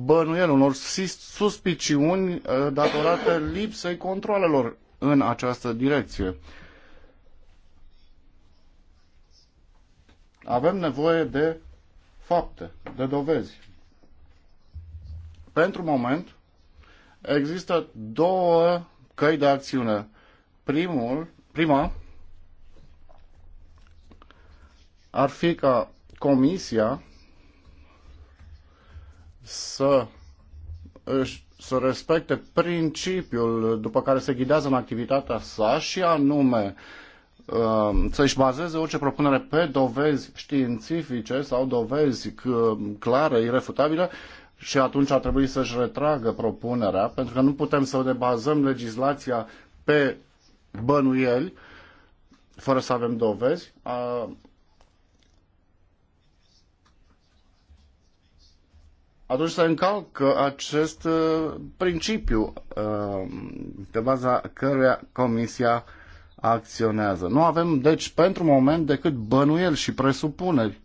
bănuieli, unor suspiciuni uh, datorate lipsei controlelor în această direcție. Avem nevoie de fapte, de dovezi. Pentru moment, există două căi de acțiune. Primul, prima ar fi ca Comisia să să respecte principiul după care se ghidează în activitatea sa și anume um, să-și bazeze orice propunere pe dovezi științifice sau dovezi clare, irefutabile și atunci ar trebui să-și retragă propunerea, pentru că nu putem să ne bazăm legislația pe bănuieli fără să avem dovezi. atunci se încalcă acest uh, principiu uh, pe baza căruia Comisia acționează. Nu avem, deci, pentru moment, decât bănuieli și presupuneri.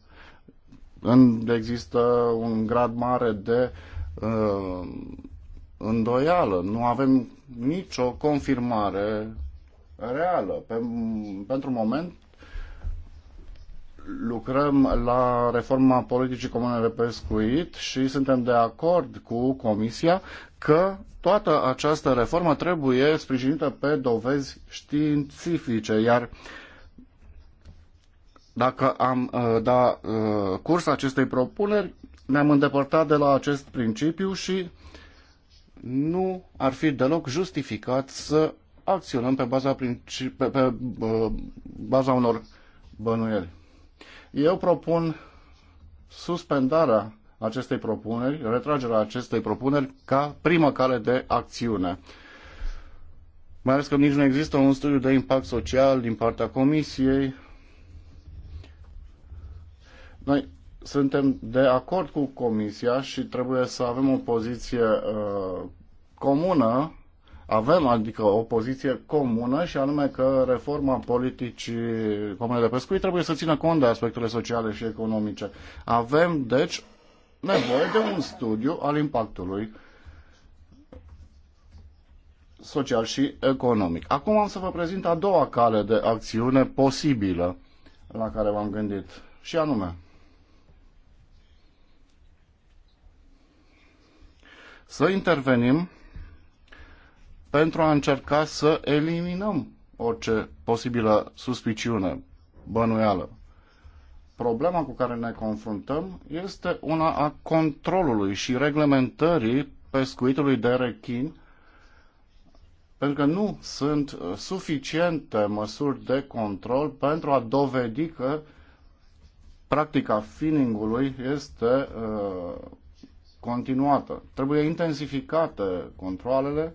În, există un grad mare de uh, îndoială. Nu avem nicio confirmare reală. Pe, pentru moment, lucrăm la reforma politicii comune de pescuit și suntem de acord cu Comisia că toată această reformă trebuie sprijinită pe dovezi științifice, iar dacă am uh, da, uh curs acestei propuneri, ne-am îndepărtat de la acest principiu și nu ar fi deloc justificat să acționăm pe baza, principi- pe, pe, uh, baza unor bănuieli. Eu propun suspendarea acestei propuneri, retragerea acestei propuneri ca primă cale de acțiune. Mai ales că nici nu există un studiu de impact social din partea Comisiei. Noi suntem de acord cu Comisia și trebuie să avem o poziție uh, comună avem adică o poziție comună și anume că reforma politicii comune de pescuit trebuie să țină cont de aspectele sociale și economice. Avem, deci, nevoie de un studiu al impactului social și economic. Acum am să vă prezint a doua cale de acțiune posibilă la care v-am gândit, și anume să intervenim pentru a încerca să eliminăm orice posibilă suspiciune, bănuială. Problema cu care ne confruntăm este una a controlului și reglementării pescuitului de rechin, pentru că nu sunt suficiente măsuri de control pentru a dovedi că practica finingului este uh, continuată. Trebuie intensificate controlele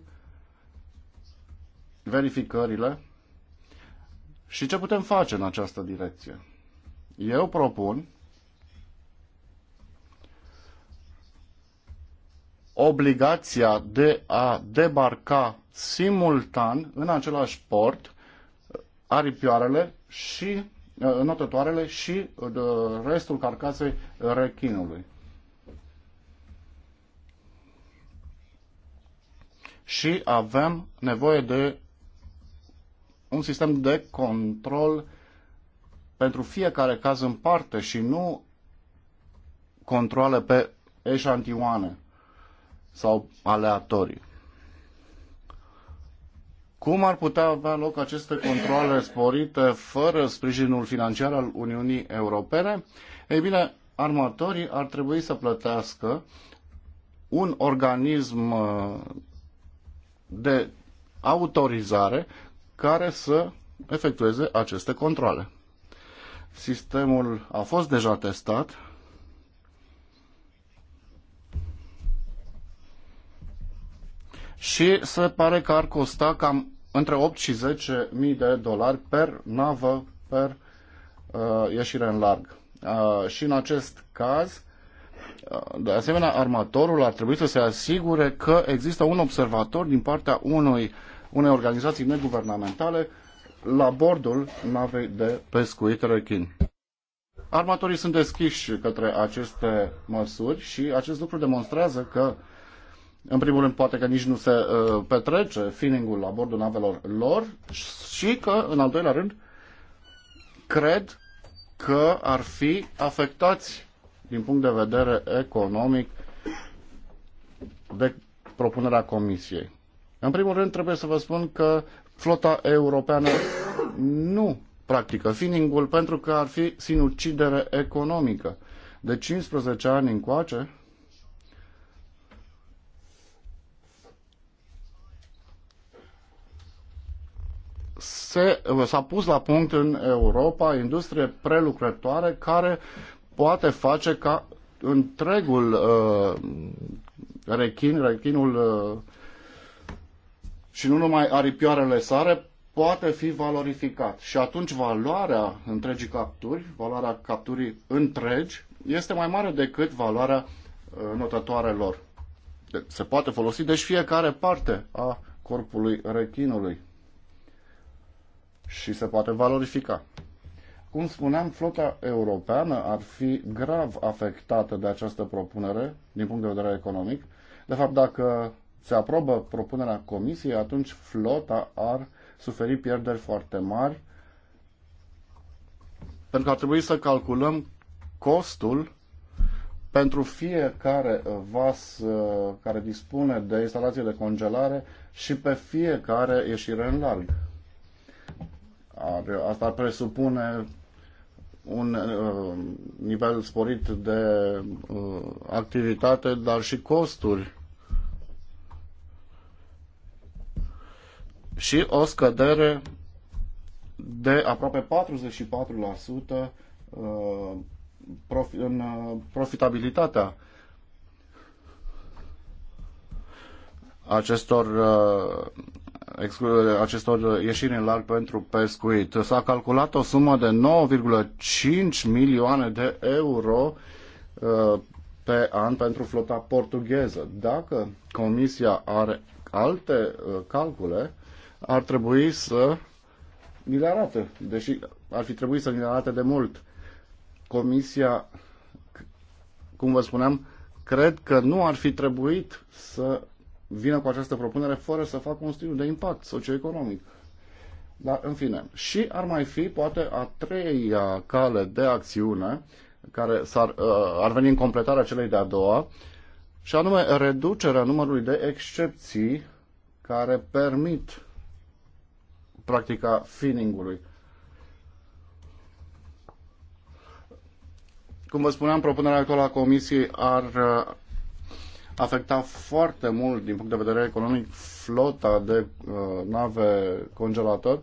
verificările și ce putem face în această direcție. Eu propun obligația de a debarca simultan în același port aripioarele și uh, notătoarele și uh, restul carcasei rechinului. Și avem nevoie de un sistem de control pentru fiecare caz în parte și nu controle pe eșantioane sau aleatorii. Cum ar putea avea loc aceste controle sporite fără sprijinul financiar al Uniunii Europene? Ei bine, armatorii ar trebui să plătească un organism uh, de autorizare care să efectueze aceste controle. Sistemul a fost deja testat și se pare că ar costa cam între 8 și 10 mii de dolari per navă, per uh, ieșire în larg. Uh, și în acest caz, uh, de asemenea, armatorul ar trebui să se asigure că există un observator din partea unui uh, unei organizații neguvernamentale la bordul navei de pescuit rechin. Armatorii sunt deschiși către aceste măsuri și acest lucru demonstrează că, în primul rând, poate că nici nu se uh, petrece finingul la bordul navelor lor și că, în al doilea rând, cred că ar fi afectați din punct de vedere economic de propunerea Comisiei. În primul rând trebuie să vă spun că flota europeană nu practică finingul pentru că ar fi sinucidere economică. De 15 ani încoace, se, s-a pus la punct în Europa industrie prelucrătoare care poate face ca întregul uh, rechin, rechinul uh, și nu numai aripioarele sare, poate fi valorificat. Și atunci valoarea întregii capturi, valoarea capturii întregi, este mai mare decât valoarea uh, notătoarelor. Se poate folosi, deci, fiecare parte a corpului rechinului și se poate valorifica. Cum spuneam, flota europeană ar fi grav afectată de această propunere din punct de vedere economic. De fapt, dacă se aprobă propunerea comisiei, atunci flota ar suferi pierderi foarte mari, pentru că ar trebui să calculăm costul pentru fiecare vas uh, care dispune de instalație de congelare și pe fiecare ieșire în larg. asta ar presupune un uh, nivel sporit de uh, activitate, dar și costuri și o scădere de aproape 44% uh, în uh, profitabilitatea acestor, uh, acestor ieșiri în larg pentru pescuit. S-a calculat o sumă de 9,5 milioane de euro pe an pentru flota portugheză. Dacă Comisia are alte calcule, ar trebui să ni le arate, deși ar fi trebuit să ni le arate de mult. Comisia, cum vă spuneam, cred că nu ar fi trebuit să vină cu această propunere fără să facă un studiu de impact socioeconomic. Dar, în fine, și ar mai fi poate a treia cale de acțiune care s-ar, uh, ar veni în completarea celei de-a doua, și anume reducerea numărului de excepții care permit practica finning-ului. Cum vă spuneam, propunerea actuală a Comisiei ar uh, afecta foarte mult din punct de vedere economic flota de uh, nave congelator.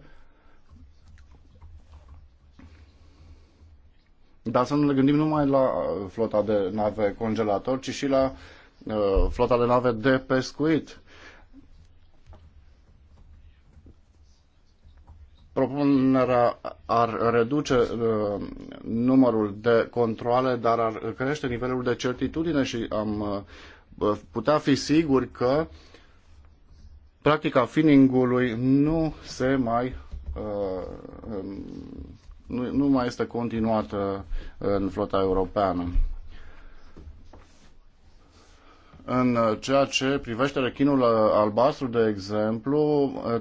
Dar să nu ne gândim numai la uh, flota de nave congelator, ci și la uh, flota de nave de pescuit. Propunerea ar reduce uh, numărul de controle, dar ar crește nivelul de certitudine și am uh, putea fi siguri că practica finingului nu se mai uh, um, nu, nu mai este continuată în flota europeană. În uh, ceea ce privește rechinul uh, albastru, de exemplu, uh,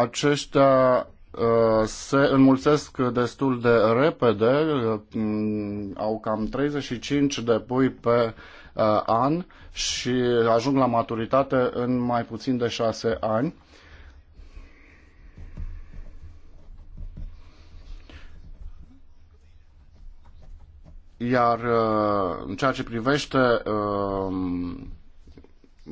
aceștia uh, se înmulțesc destul de repede, uh, au cam 35 de pui pe uh, an și ajung la maturitate în mai puțin de 6 ani. Iar în ceea ce privește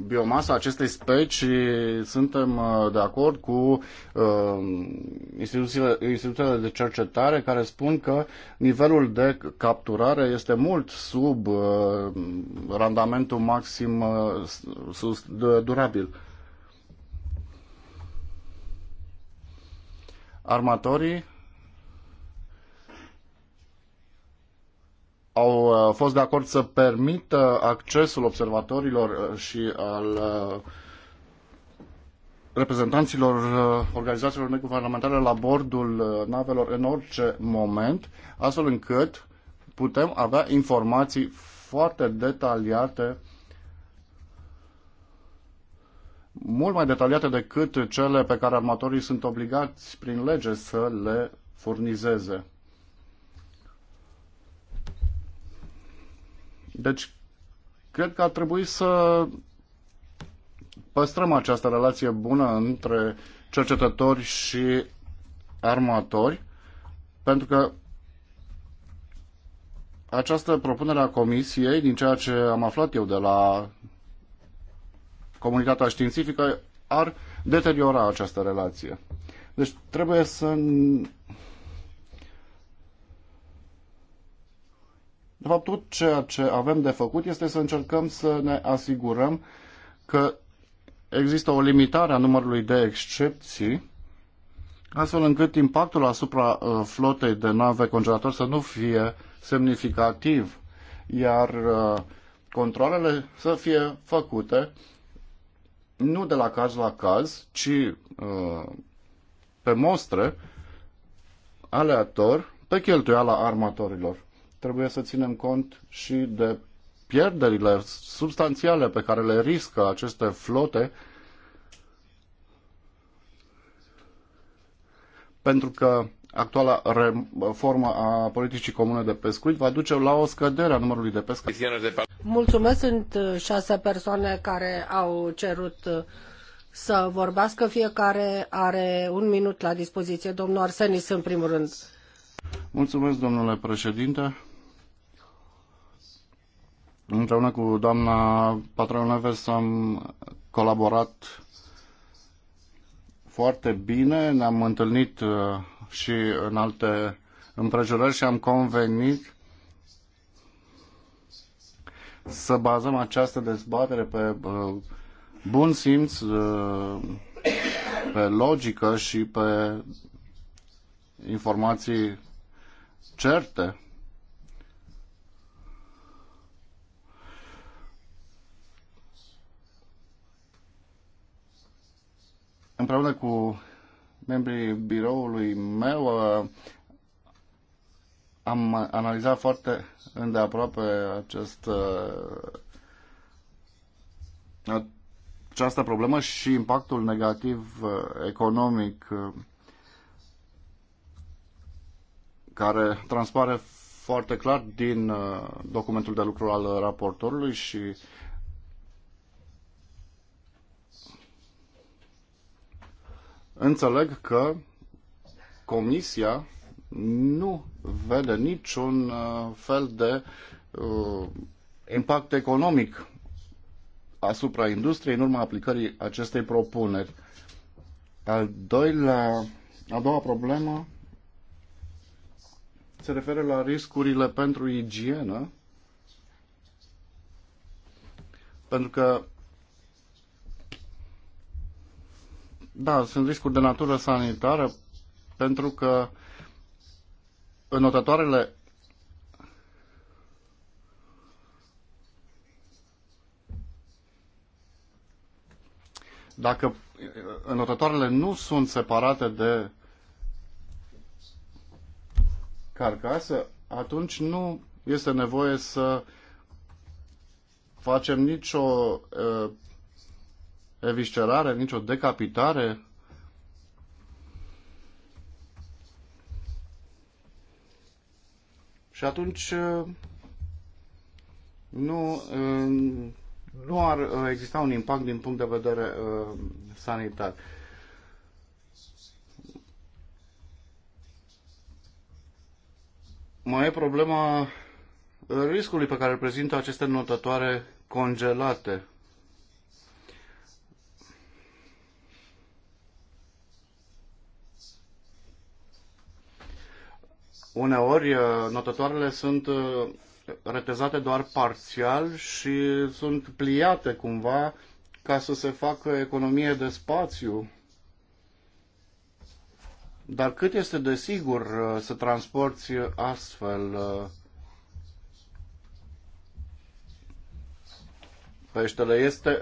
biomasa acestei specii, suntem uh, de acord cu uh, instituțiile, instituțiile de cercetare care spun că nivelul de capturare este mult sub uh, randamentul maxim sus durabil. Armatorii au uh, fost de acord să permită accesul observatorilor uh, și al uh, reprezentanților organizațiilor neguvernamentale la bordul navelor în orice moment, astfel încât putem avea informații foarte detaliate mult mai detaliate decât cele pe care armatorii sunt obligați prin lege să le furnizeze. Deci, cred că ar trebui să păstrăm această relație bună între cercetători și armatori, pentru că această propunere a Comisiei, din ceea ce am aflat eu de la comunitatea științifică, ar deteriora această relație. Deci trebuie să De fapt, tot ceea ce avem de făcut este să încercăm să ne asigurăm că există o limitare a numărului de excepții, astfel încât impactul asupra uh, flotei de nave congelator să nu fie semnificativ, iar uh, controlele să fie făcute nu de la caz la caz, ci uh, pe mostre, aleator, pe cheltuiala armatorilor trebuie să ținem cont și de pierderile substanțiale pe care le riscă aceste flote pentru că actuala reformă a politicii comune de pescuit va duce la o scădere a numărului de pescari. Mulțumesc, sunt uh, șase persoane care au cerut uh, să vorbească. Fiecare are un minut la dispoziție. Domnul Arsenis, în primul rând. Mulțumesc, domnule președinte. Împreună cu doamna Patron Neves am colaborat foarte bine, ne-am întâlnit uh, și în alte împrejurări și am convenit să bazăm această dezbatere pe uh, bun simț, uh, pe logică și pe informații certe împreună cu membrii biroului meu uh, am analizat foarte îndeaproape acest, uh, această problemă și impactul negativ uh, economic care transpare foarte clar din documentul de lucru al raportorului și înțeleg că Comisia nu vede niciun uh, fel de uh, impact economic asupra industriei în urma aplicării acestei propuneri. Al doilea, a doua problemă se referă la riscurile pentru igienă, pentru că Da, sunt riscuri de natură sanitară pentru că înotătoarele dacă înotătoarele nu sunt separate de carcasă, atunci nu este nevoie să facem nicio uh, eviscerare, nicio decapitare. Și atunci uh, nu, uh, nu ar uh, exista un impact din punct de vedere sanitar. Mai e problema riscului pe care îl prezintă aceste notătoare congelate. Uneori, uh, notătoarele sunt uh, retezate doar parțial și sunt pliate cumva ca să se facă economie de spațiu. Dar cât este de sigur uh, să transporti astfel peștele? Este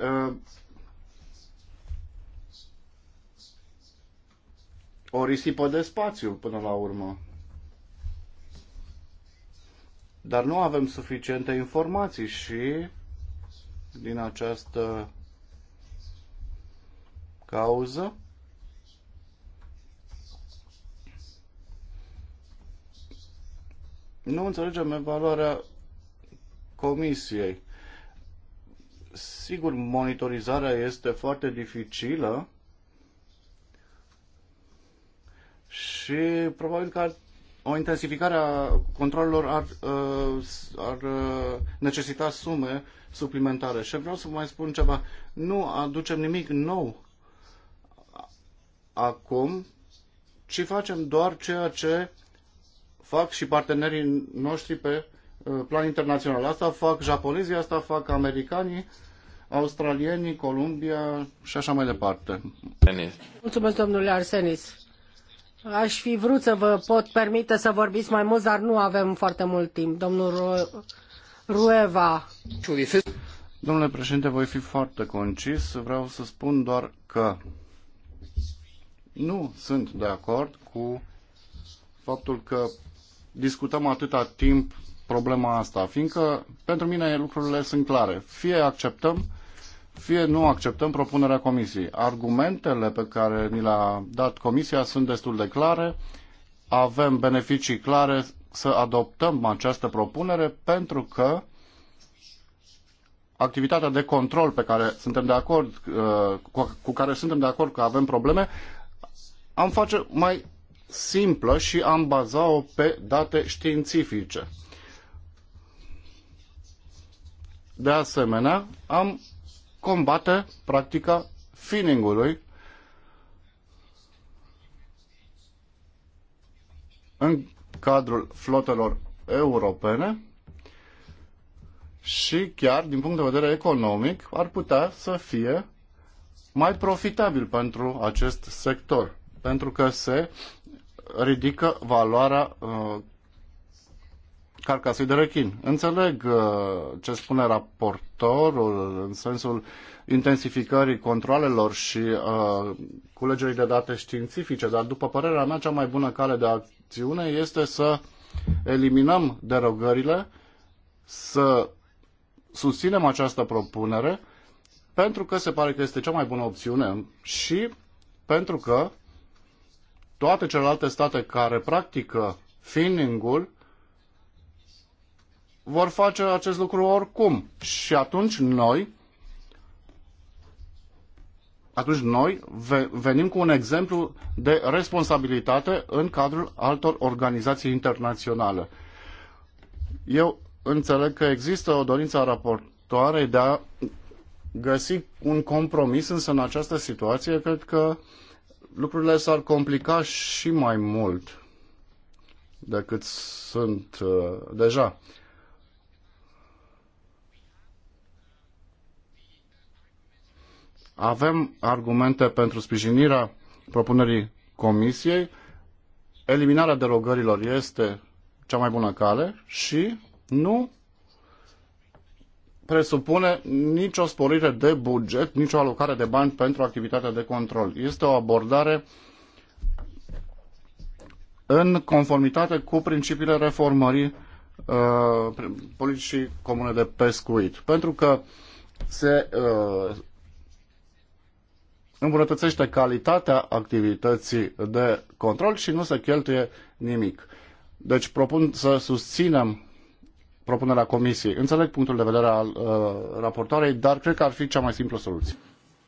o risipă de spațiu până la urmă. Dar nu avem suficiente informații și din această cauză nu înțelegem evaluarea comisiei. Sigur, monitorizarea este foarte dificilă și probabil că ar o intensificare a controlelor ar, uh, ar uh, necesita sume suplimentare. Și vreau să vă mai spun ceva. Nu aducem nimic nou acum, ci facem doar ceea ce fac și partenerii noștri pe uh, plan internațional. Asta fac japonezii, asta fac americanii, australienii, Columbia și așa mai departe. Mulțumesc, domnule Arsenis. Aș fi vrut să vă pot permite să vorbiți mai mult, dar nu avem foarte mult timp. Domnul Rueva. Domnule președinte, voi fi foarte concis. Vreau să spun doar că nu sunt de acord cu faptul că discutăm atâta timp problema asta, fiindcă pentru mine lucrurile sunt clare. Fie acceptăm fie nu acceptăm propunerea Comisiei. Argumentele pe care ni le-a dat Comisia sunt destul de clare. Avem beneficii clare să adoptăm această propunere pentru că activitatea de control pe care suntem de acord, uh, cu care suntem de acord că avem probleme, am face mai simplă și am baza-o pe date științifice. De asemenea, am combate practica finningului în cadrul flotelor europene și chiar din punct de vedere economic ar putea să fie mai profitabil pentru acest sector, pentru că se ridică valoarea uh, carcasă de rechin. Înțeleg uh, ce spune raportorul în sensul intensificării controlelor și uh, culegerii de date științifice, dar după părerea mea cea mai bună cale de acțiune este să eliminăm derogările, să susținem această propunere pentru că se pare că este cea mai bună opțiune și pentru că toate celelalte state care practică finning-ul vor face acest lucru oricum. Și atunci noi atunci noi venim cu un exemplu de responsabilitate în cadrul altor organizații internaționale. Eu înțeleg că există o dorință a raportoarei de a găsi un compromis, însă în această situație cred că lucrurile s-ar complica și mai mult decât sunt uh, deja. Avem argumente pentru sprijinirea propunerii Comisiei. Eliminarea derogărilor este cea mai bună cale și nu presupune nicio sporire de buget, nicio alocare de bani pentru activitatea de control. Este o abordare în conformitate cu principiile reformării uh, politicii comune de pescuit. Pentru că se uh, îmbunătățește calitatea activității de control și nu se cheltuie nimic. Deci propun să susținem propunerea comisiei. Înțeleg punctul de vedere al uh, raportoarei, dar cred că ar fi cea mai simplă soluție.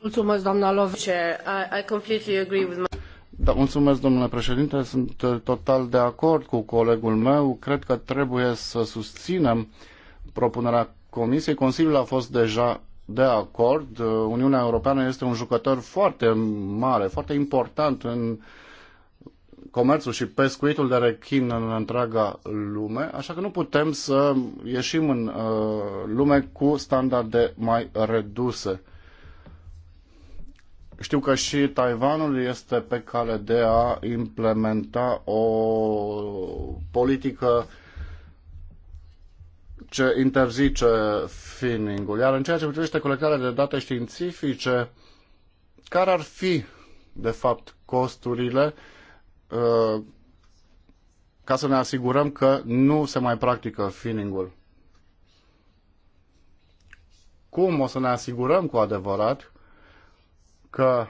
Mulțumesc, doamna Lovice. I, I completely agree with my... Da, mulțumesc, domnule președinte. Sunt uh, total de acord cu colegul meu. Cred că trebuie să susținem propunerea Comisiei. Consiliul a fost deja de acord. Uniunea Europeană este un jucător foarte mare, foarte important în comerțul și pescuitul de rechin în întreaga lume, așa că nu putem să ieșim în uh, lume cu standarde mai reduse. Știu că și Taiwanul este pe cale de a implementa o politică uh, ce interzice finning-ul. Iar în ceea ce privește colectarea de date științifice, care ar fi, de fapt, costurile uh, ca să ne asigurăm că nu se mai practică finning-ul? Cum o să ne asigurăm cu adevărat că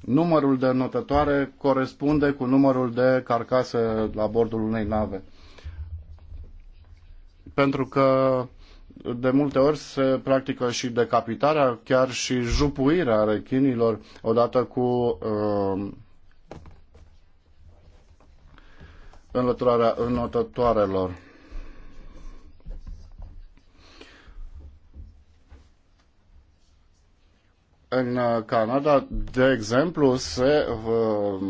numărul de notătoare corespunde cu numărul de carcase la bordul unei nave? pentru că de multe ori se practică și decapitarea, chiar și jupuirea rechinilor odată cu uh, înlăturarea înotătoarelor. În Canada, de exemplu, se uh,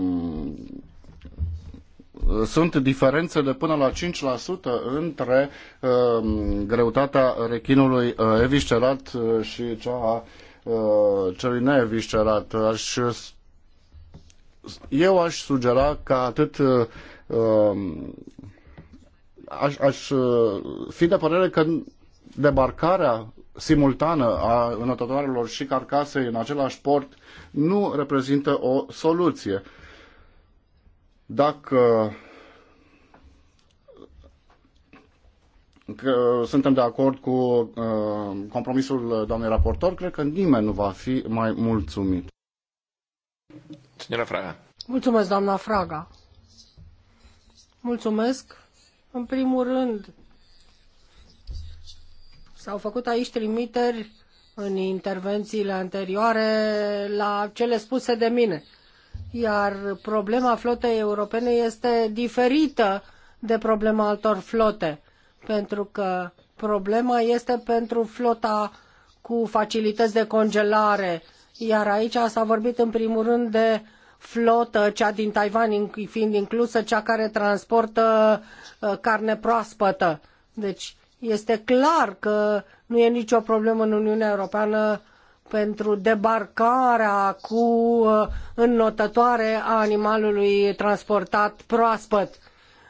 sunt diferențe de până la 5% între uh, greutatea rechinului uh, eviscerat uh, și cea a celui neeviscerat. Aș, eu aș sugera ca atât um, aș, aș fi de părere că debarcarea simultană a înotătoarelor și carcasei în același port nu reprezintă o soluție. Uh, dacă că suntem de acord cu uh, compromisul doamnei raportor, cred că nimeni nu va fi mai mulțumit. Signora Fraga. Mulțumesc, doamna Fraga. Mulțumesc. În primul rând, s-au făcut aici trimiteri în intervențiile anterioare la cele spuse de mine iar problema flotei europene este diferită de problema altor flote, pentru că problema este pentru flota cu facilități de congelare, iar aici s-a vorbit în primul rând de flotă, cea din Taiwan fiind inclusă, cea care transportă uh, carne proaspătă. Deci este clar că nu e nicio problemă în Uniunea Europeană uh, pentru debarcarea cu uh, înnotătoare a animalului transportat proaspăt.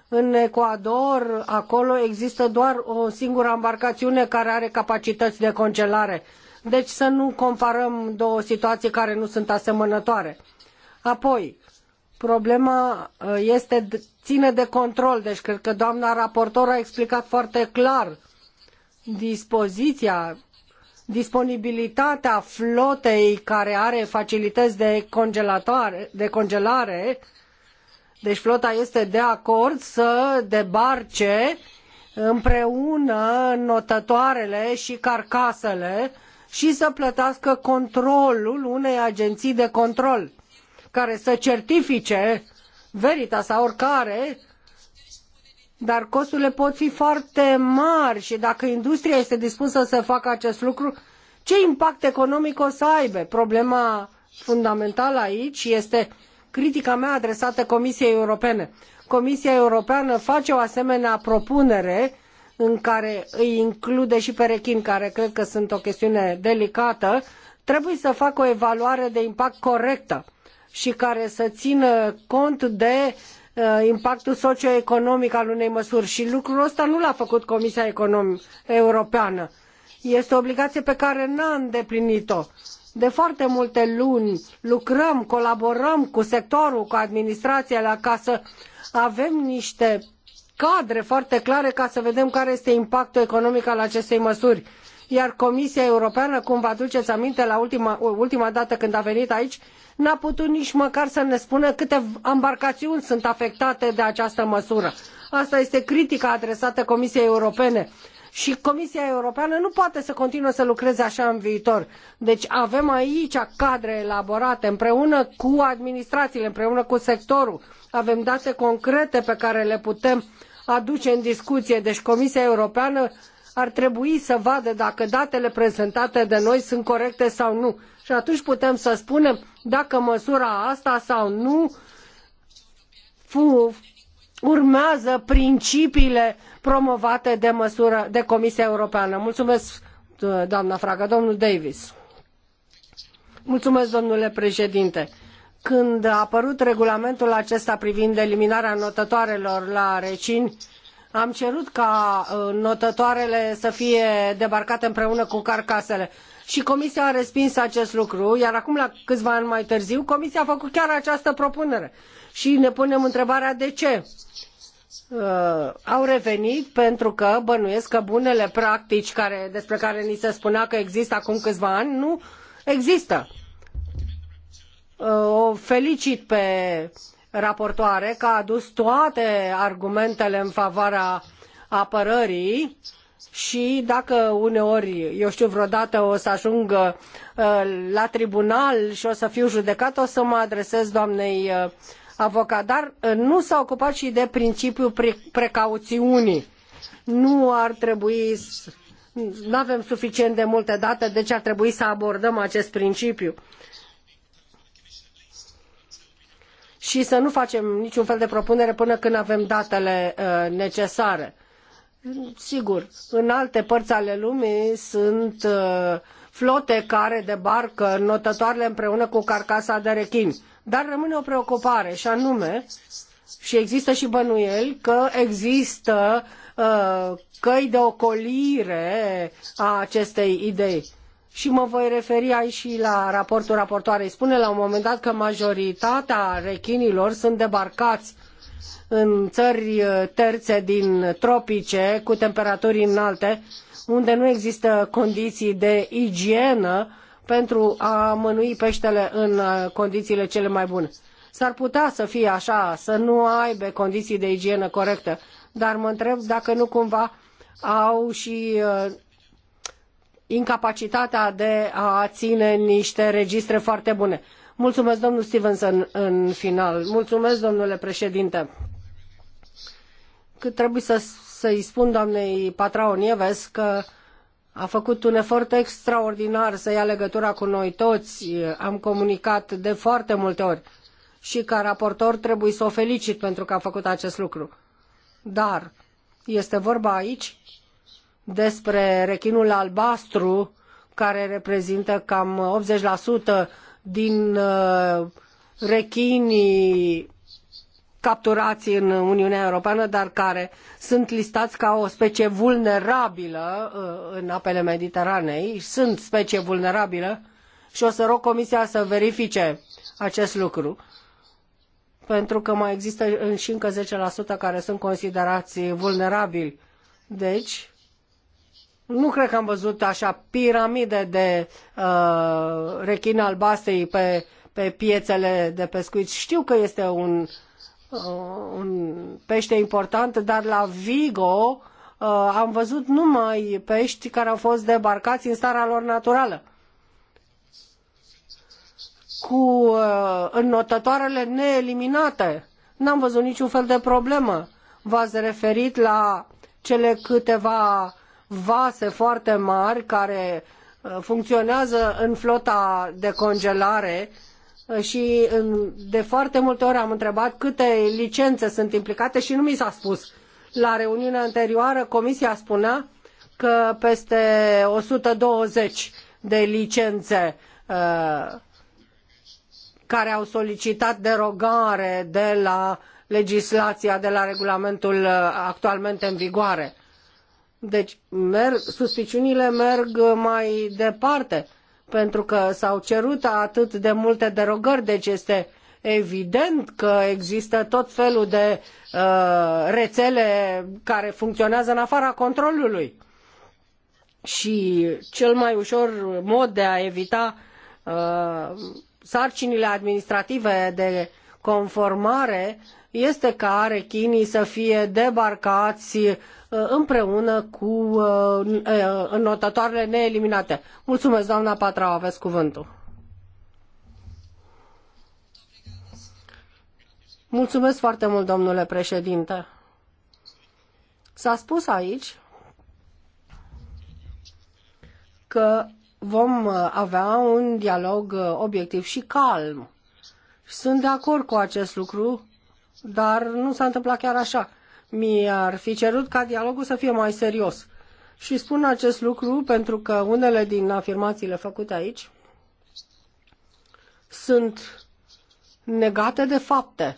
În Ecuador, acolo există doar o singură embarcațiune care are capacități de congelare. Deci să nu comparăm două situații care nu sunt asemănătoare. Apoi, problema uh, este, ține de control, deci cred că doamna raportor a explicat foarte clar dispoziția disponibilitatea flotei care are facilități de, de congelare, deci flota este de acord să debarce împreună notătoarele și carcasele și să plătească controlul unei agenții de control care să certifice Veritas sau oricare dar costurile pot fi foarte mari și dacă industria este dispusă să facă acest lucru, ce impact economic o să aibă? Problema fundamentală aici este critica mea adresată Comisiei Europene. Comisia Europeană face o asemenea propunere în care îi include și pe rechin, care cred că sunt o chestiune delicată, trebuie să facă o evaluare de impact corectă și care să țină cont de Uh, impactul socioeconomic al unei măsuri și lucrul ăsta nu l-a făcut Comisia Econom Europeană. Este o obligație pe care n-a îndeplinit-o. De foarte multe luni lucrăm, colaborăm cu sectorul, cu administrația la ca să avem niște cadre foarte clare ca să vedem care este impactul economic al acestei măsuri iar Comisia Europeană, cum vă aduceți aminte la ultima, ultima dată când a venit aici, n-a putut nici măcar să ne spună câte embarcațiuni sunt afectate de această măsură. Asta este critica adresată Comisiei Europene și Comisia Europeană nu poate să continue să lucreze așa în viitor. Deci avem aici cadre elaborate împreună cu administrațiile, împreună cu sectorul. Avem date concrete pe care le putem aduce în discuție. Deci Comisia Europeană ar trebui să vadă dacă datele prezentate de noi sunt corecte sau nu. Și atunci putem să spunem dacă măsura asta sau nu urmează principiile promovate de, măsură, de Comisia Europeană. Mulțumesc, doamna Fraga. Domnul Davis. Mulțumesc, domnule președinte. Când a apărut regulamentul acesta privind eliminarea notătoarelor la recini, am cerut ca uh, notătoarele să fie debarcate împreună cu carcasele și Comisia a respins acest lucru, iar acum, la câțiva ani mai târziu, Comisia a făcut chiar această propunere. Și ne punem întrebarea de ce. Uh, au revenit pentru că bănuiesc că bunele practici care, despre care ni se spunea că există acum câțiva ani nu există. Uh, o felicit pe uh, raportoare că a adus toate argumentele în favoarea apărării și dacă uneori, eu știu, vreodată o să ajung uh, la tribunal și o să fiu judecat, o să mă adresez doamnei uh, avocat. Dar uh, nu s-a ocupat și de principiul pre- precauțiunii. Nu ar trebui nu avem suficient de multe date, deci ar trebui să abordăm acest principiu. și să nu facem niciun fel de propunere până când avem datele uh, necesare. Sigur, în alte părți ale lumii sunt uh, flote care debarcă notătoarele împreună cu carcasa de rechin. Dar rămâne o preocupare și anume, și există și bănuieli, că există uh, căi de ocolire a acestei idei și mă voi referi aici și la raportul raportoarei. Spune la un moment dat că majoritatea rechinilor sunt debarcați în țări uh, terțe din tropice cu temperaturi înalte, unde nu există condiții de igienă pentru a mănui peștele în uh, condițiile cele mai bune. S-ar putea să fie așa, să nu aibă condiții de igienă corectă, dar mă întreb dacă nu cumva au și uh, incapacitatea de a ține niște registre foarte bune. Mulțumesc, domnul Stevenson, în final. Mulțumesc, domnule președinte. Cât trebuie să, să-i spun doamnei Patraon Nieves că a făcut un efort extraordinar să ia legătura cu noi toți. Am comunicat de foarte multe ori și ca raportor trebuie să o felicit pentru că a făcut acest lucru. Dar este vorba aici despre rechinul albastru, care reprezintă cam 80% din uh, rechinii capturați în Uniunea Europeană, dar care sunt listați ca o specie vulnerabilă uh, în apele Mediteranei, sunt specie vulnerabilă și o să rog Comisia să verifice acest lucru pentru că mai există și încă 10% care sunt considerați vulnerabili. Deci, nu cred că am văzut așa piramide de uh, rechini albastei pe, pe piețele de pescuit. Știu că este un, uh, un pește important, dar la Vigo uh, am văzut numai pești care au fost debarcați în starea lor naturală cu uh, înnotătoarele neeliminate. N-am văzut niciun fel de problemă. V-ați referit la cele câteva vase foarte mari care uh, funcționează în flota de congelare uh, și de foarte multe ori am întrebat câte licențe sunt implicate și nu mi s-a spus. La reuniunea anterioară comisia spunea că peste 120 de licențe uh, care au solicitat derogare de la legislația, de la regulamentul actualmente în vigoare deci merg, suspiciunile merg mai departe, pentru că s-au cerut atât de multe derogări, deci este evident că există tot felul de uh, rețele care funcționează în afara controlului. Și cel mai ușor mod de a evita uh, sarcinile administrative de conformare este ca arechinii să fie debarcați Uh, împreună cu uh, uh, notatoarele neeliminate. Mulțumesc, doamna Patrao, aveți cuvântul. Mulțumesc foarte mult, domnule președinte. S-a spus aici că vom avea un dialog obiectiv și calm. Sunt de acord cu acest lucru, dar nu s-a întâmplat chiar așa. Mi-ar fi cerut ca dialogul să fie mai serios. Și spun acest lucru pentru că unele din afirmațiile făcute aici sunt negate de fapte.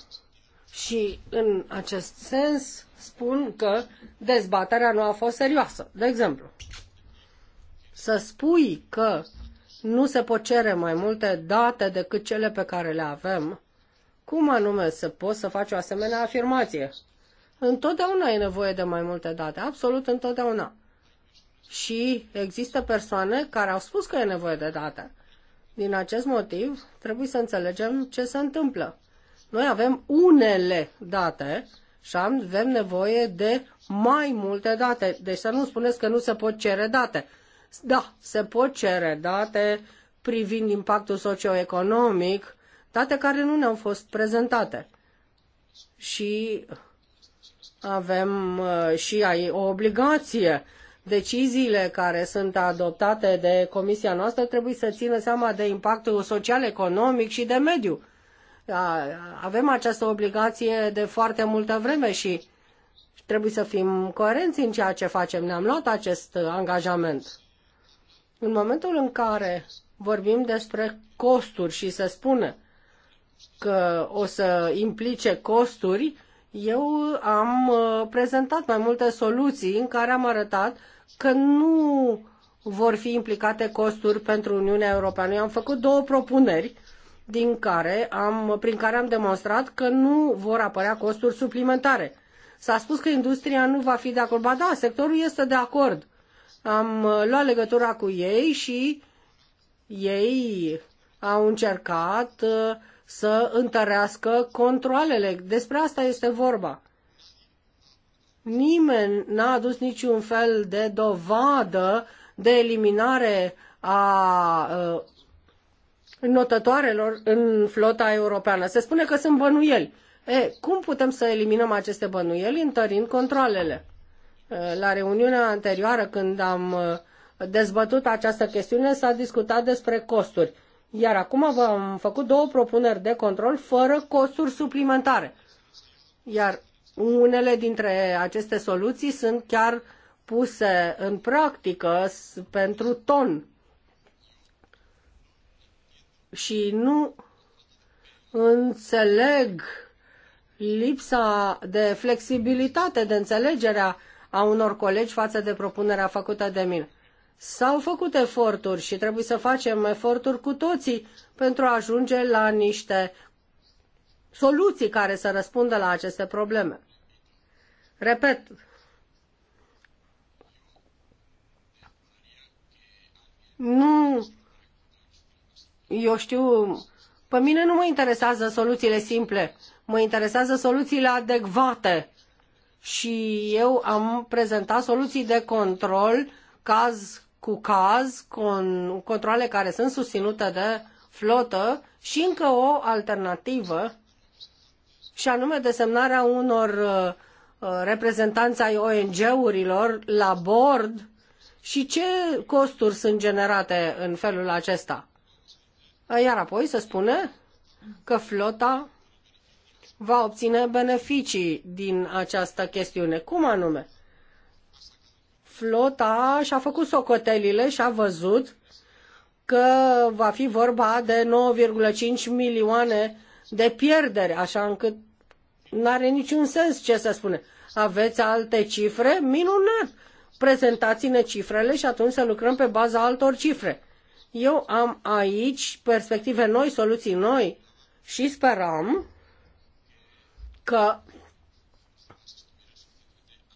Și în acest sens spun că dezbaterea nu a fost serioasă. De exemplu, să spui că nu se pot cere mai multe date decât cele pe care le avem, cum anume să poți să faci o asemenea afirmație? Întotdeauna e nevoie de mai multe date, absolut întotdeauna. Și există persoane care au spus că e nevoie de date. Din acest motiv, trebuie să înțelegem ce se întâmplă. Noi avem unele date și avem nevoie de mai multe date. Deci să nu spuneți că nu se pot cere date. Da, se pot cere date privind impactul socioeconomic, date care nu ne-au fost prezentate. Și avem uh, și o obligație. Deciziile care sunt adoptate de comisia noastră trebuie să țină seama de impactul social, economic și de mediu. Avem această obligație de foarte multă vreme și trebuie să fim coerenți în ceea ce facem. Ne-am luat acest angajament. În momentul în care vorbim despre costuri și se spune că o să implice costuri, eu am uh, prezentat mai multe soluții în care am arătat că nu vor fi implicate costuri pentru Uniunea Europeană. Eu am făcut două propuneri din care am, prin care am demonstrat că nu vor apărea costuri suplimentare. S-a spus că industria nu va fi de acord. Ba da, sectorul este de acord. Am uh, luat legătura cu ei și ei au încercat uh, să întărească controlele. Despre asta este vorba. Nimeni n-a adus niciun fel de dovadă de eliminare a uh, notătoarelor în flota europeană. Se spune că sunt bănuieli. E, cum putem să eliminăm aceste bănuieli întărind controlele? Uh, la reuniunea anterioară, când am uh, dezbătut această chestiune, s-a discutat despre costuri. Iar acum v-am făcut două propuneri de control fără costuri suplimentare. Iar unele dintre aceste soluții sunt chiar puse în practică pentru ton și nu înțeleg lipsa de flexibilitate, de înțelegerea a unor colegi față de propunerea făcută de mine. S-au făcut eforturi și trebuie să facem eforturi cu toții pentru a ajunge la niște soluții care să răspundă la aceste probleme. Repet, nu, eu știu, pe mine nu mă interesează soluțiile simple, mă interesează soluțiile adecvate și eu am prezentat soluții de control caz cu caz, cu controle care sunt susținute de flotă și încă o alternativă, și anume desemnarea unor uh, uh, reprezentanți ai ONG-urilor la bord și ce costuri sunt generate în felul acesta. Iar apoi se spune că flota va obține beneficii din această chestiune. Cum anume? flota și-a făcut socotelile și a văzut că va fi vorba de 9,5 milioane de pierdere, așa încât nu are niciun sens ce să spune. Aveți alte cifre? Minunat! Prezentați-ne cifrele și atunci să lucrăm pe baza altor cifre. Eu am aici perspective noi, soluții noi și sperăm că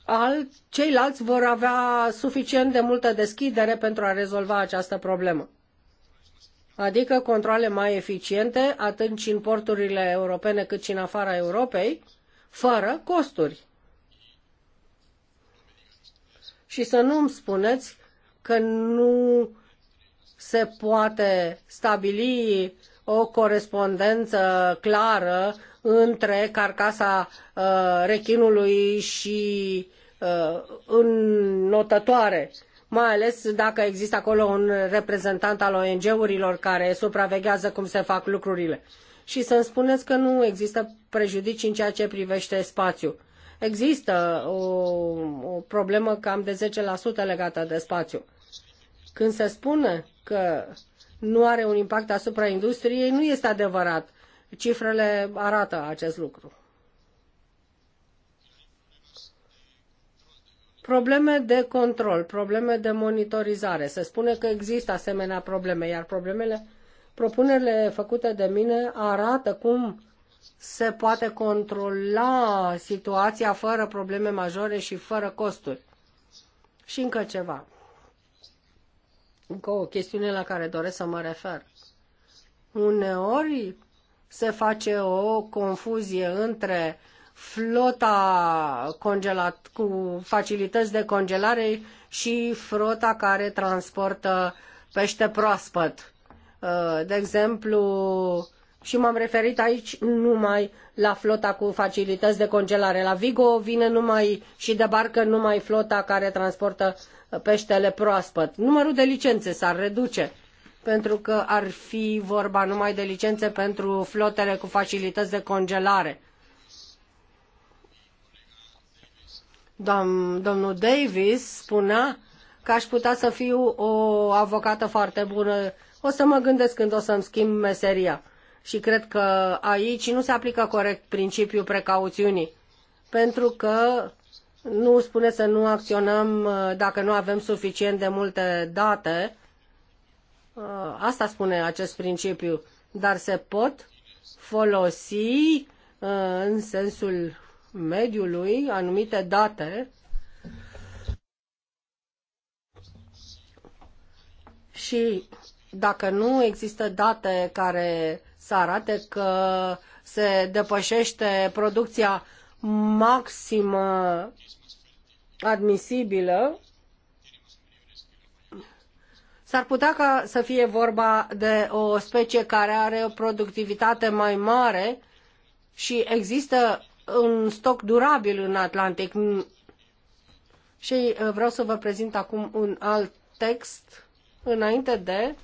al, ceilalți vor avea suficient de multă deschidere pentru a rezolva această problemă. Adică controle mai eficiente, atât și în porturile europene cât și în afara Europei, fără costuri. Și să nu îmi spuneți că nu se poate stabili o corespondență clară între carcasa uh, rechinului și uh, înnotătoare mai ales dacă există acolo un reprezentant al ONG-urilor care supraveghează cum se fac lucrurile. Și să-mi spuneți că nu există prejudicii în ceea ce privește spațiul. Există o, o problemă cam de 10% legată de spațiu. Când se spune că nu are un impact asupra industriei, nu este adevărat. Cifrele arată acest lucru. Probleme de control, probleme de monitorizare. Se spune că există asemenea probleme, iar problemele, propunerile făcute de mine arată cum se poate controla situația fără probleme majore și fără costuri. Și încă ceva. Încă o chestiune la care doresc să mă refer. Uneori se face o confuzie între flota congelat, cu facilități de congelare și flota care transportă pește proaspăt. Uh, de exemplu, și m-am referit aici numai la flota cu facilități de congelare. La Vigo vine numai și debarcă numai flota care transportă peștele proaspăt. Numărul de licențe s-ar reduce pentru că ar fi vorba numai de licențe pentru flotele cu facilități de congelare. domnul Davis spunea că aș putea să fiu o avocată foarte bună. O să mă gândesc când o să-mi schimb meseria. Și cred că aici nu se aplică corect principiul precauțiunii, pentru că nu spune să nu acționăm uh, dacă nu avem suficient de multe date Uh, asta spune acest principiu, dar se pot folosi uh, în sensul mediului anumite date și dacă nu există date care să arate că se depășește producția maximă admisibilă, S-ar putea ca să fie vorba de o specie care are o productivitate mai mare și există un stoc durabil în Atlantic. Și uh, vreau să vă prezint acum un alt text înainte de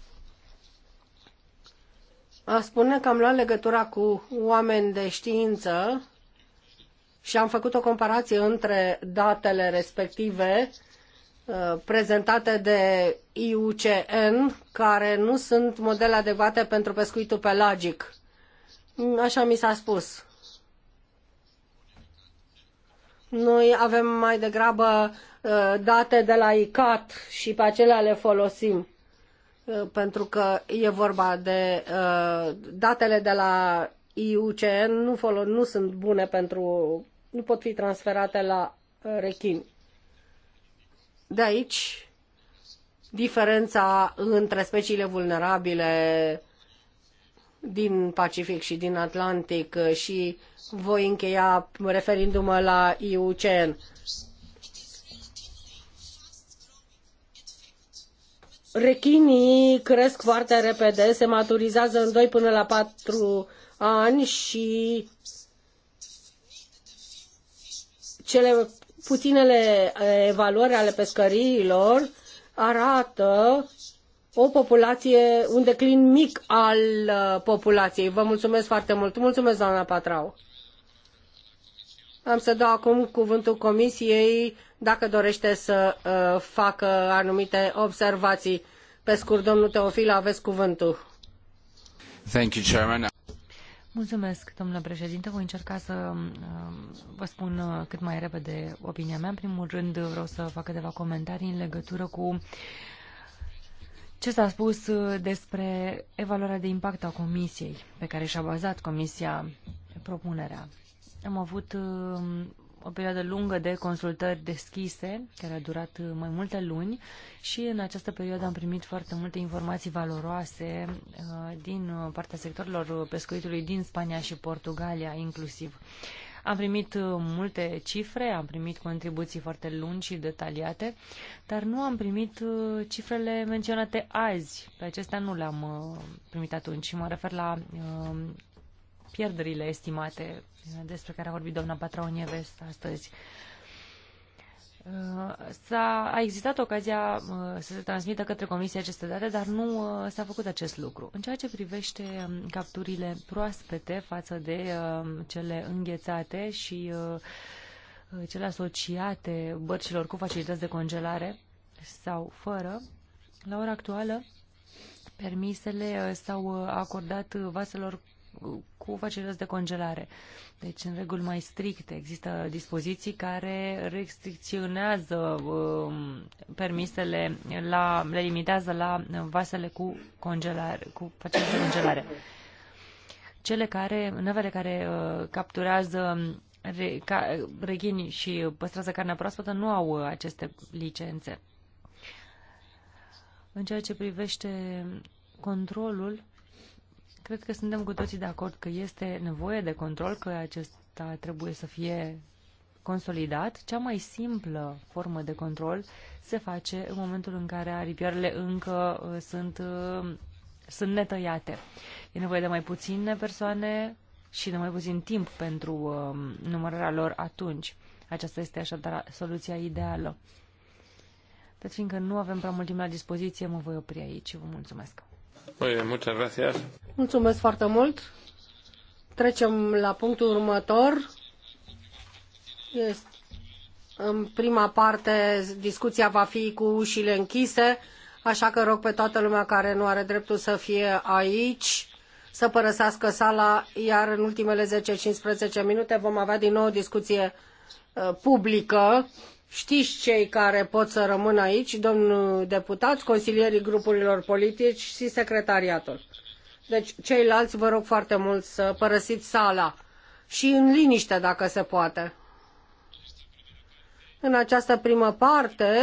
a spune că am luat legătura cu oameni de știință și am făcut o comparație între datele respective Uh, prezentate de IUCN, care nu sunt modele adecvate pentru pescuitul pelagic. Așa mi s-a spus. Noi avem mai degrabă uh, date de la ICAT și pe acelea le folosim uh, pentru că e vorba de datele de la IUCN nu, folo- nu sunt bune pentru nu pot fi transferate la rechin. De aici diferența între speciile vulnerabile din Pacific și din Atlantic și voi încheia referindu-mă la IUCN. Rechinii cresc foarte repede, se maturizează în doi până la patru ani și cele puținele evaluări ale pescăriilor arată o populație, un declin mic al populației. Vă mulțumesc foarte mult. Mulțumesc, doamna Patrau. Am să dau acum cuvântul Comisiei dacă dorește să uh, facă anumite observații. Pe scurt, domnul Teofil, aveți cuvântul. Thank you, Chairman. Mulțumesc, domnule președinte. Voi încerca să um, vă spun uh, cât mai repede opinia mea. În primul rând vreau să fac câteva comentarii în legătură cu ce s-a spus uh, despre evaluarea de impact a Comisiei, pe care și-a bazat Comisia propunerea. Am avut um, o perioadă lungă de consultări deschise, care a durat mai multe luni și în această perioadă am primit foarte multe informații valoroase uh, din uh, partea sectorilor pescuitului din Spania și Portugalia inclusiv. Am primit uh, multe cifre, am primit contribuții foarte lungi și detaliate, dar nu am primit cifrele menționate azi. Pe acestea nu le-am primit atunci mă refer la pierderile estimate despre care a vorbit doamna Patraon Nieves astăzi. Uh, s-a, a existat ocazia uh, să se transmită către comisie aceste date, dar nu uh, s-a făcut acest lucru. În ceea ce privește um, capturile proaspete față de um, cele înghețate și cele asociate bărcilor cu facilități de congelare sau fără, la ora actuală permisele s-au acordat vaselor cu facilități de congelare. Deci, în reguli mai stricte, există dispoziții care restricționează um, permisele, la, le limitează la vasele cu, congelare, cu facilități de congelare. Cele care, navele care uh, capturează re, ca, reghini și păstrează carnea proaspătă nu au uh, aceste licențe. În ceea ce privește controlul, Cred că suntem cu toții de acord că este nevoie de control, că acesta trebuie să fie consolidat. Cea mai simplă formă de control se face în momentul în care aripioarele încă uh, sunt, uh, sunt netăiate. E nevoie de mai puține persoane și de mai puțin timp pentru uh, numărarea lor atunci. Aceasta este așadar soluția ideală. Deci, fiindcă nu avem prea mult timp la dispoziție, mă voi opri aici. Vă mulțumesc! Mulțumesc foarte mult. Trecem la punctul următor. Este în prima parte discuția va fi cu ușile închise, așa că rog pe toată lumea care nu are dreptul să fie aici să părăsească sala, iar în ultimele 10-15 minute vom avea din nou o discuție uh, publică Știți cei care pot să rămână aici, domnul deputat, consilierii grupurilor politici și secretariatul. Deci ceilalți vă rog foarte mult să părăsiți sala și în liniște dacă se poate. În această primă parte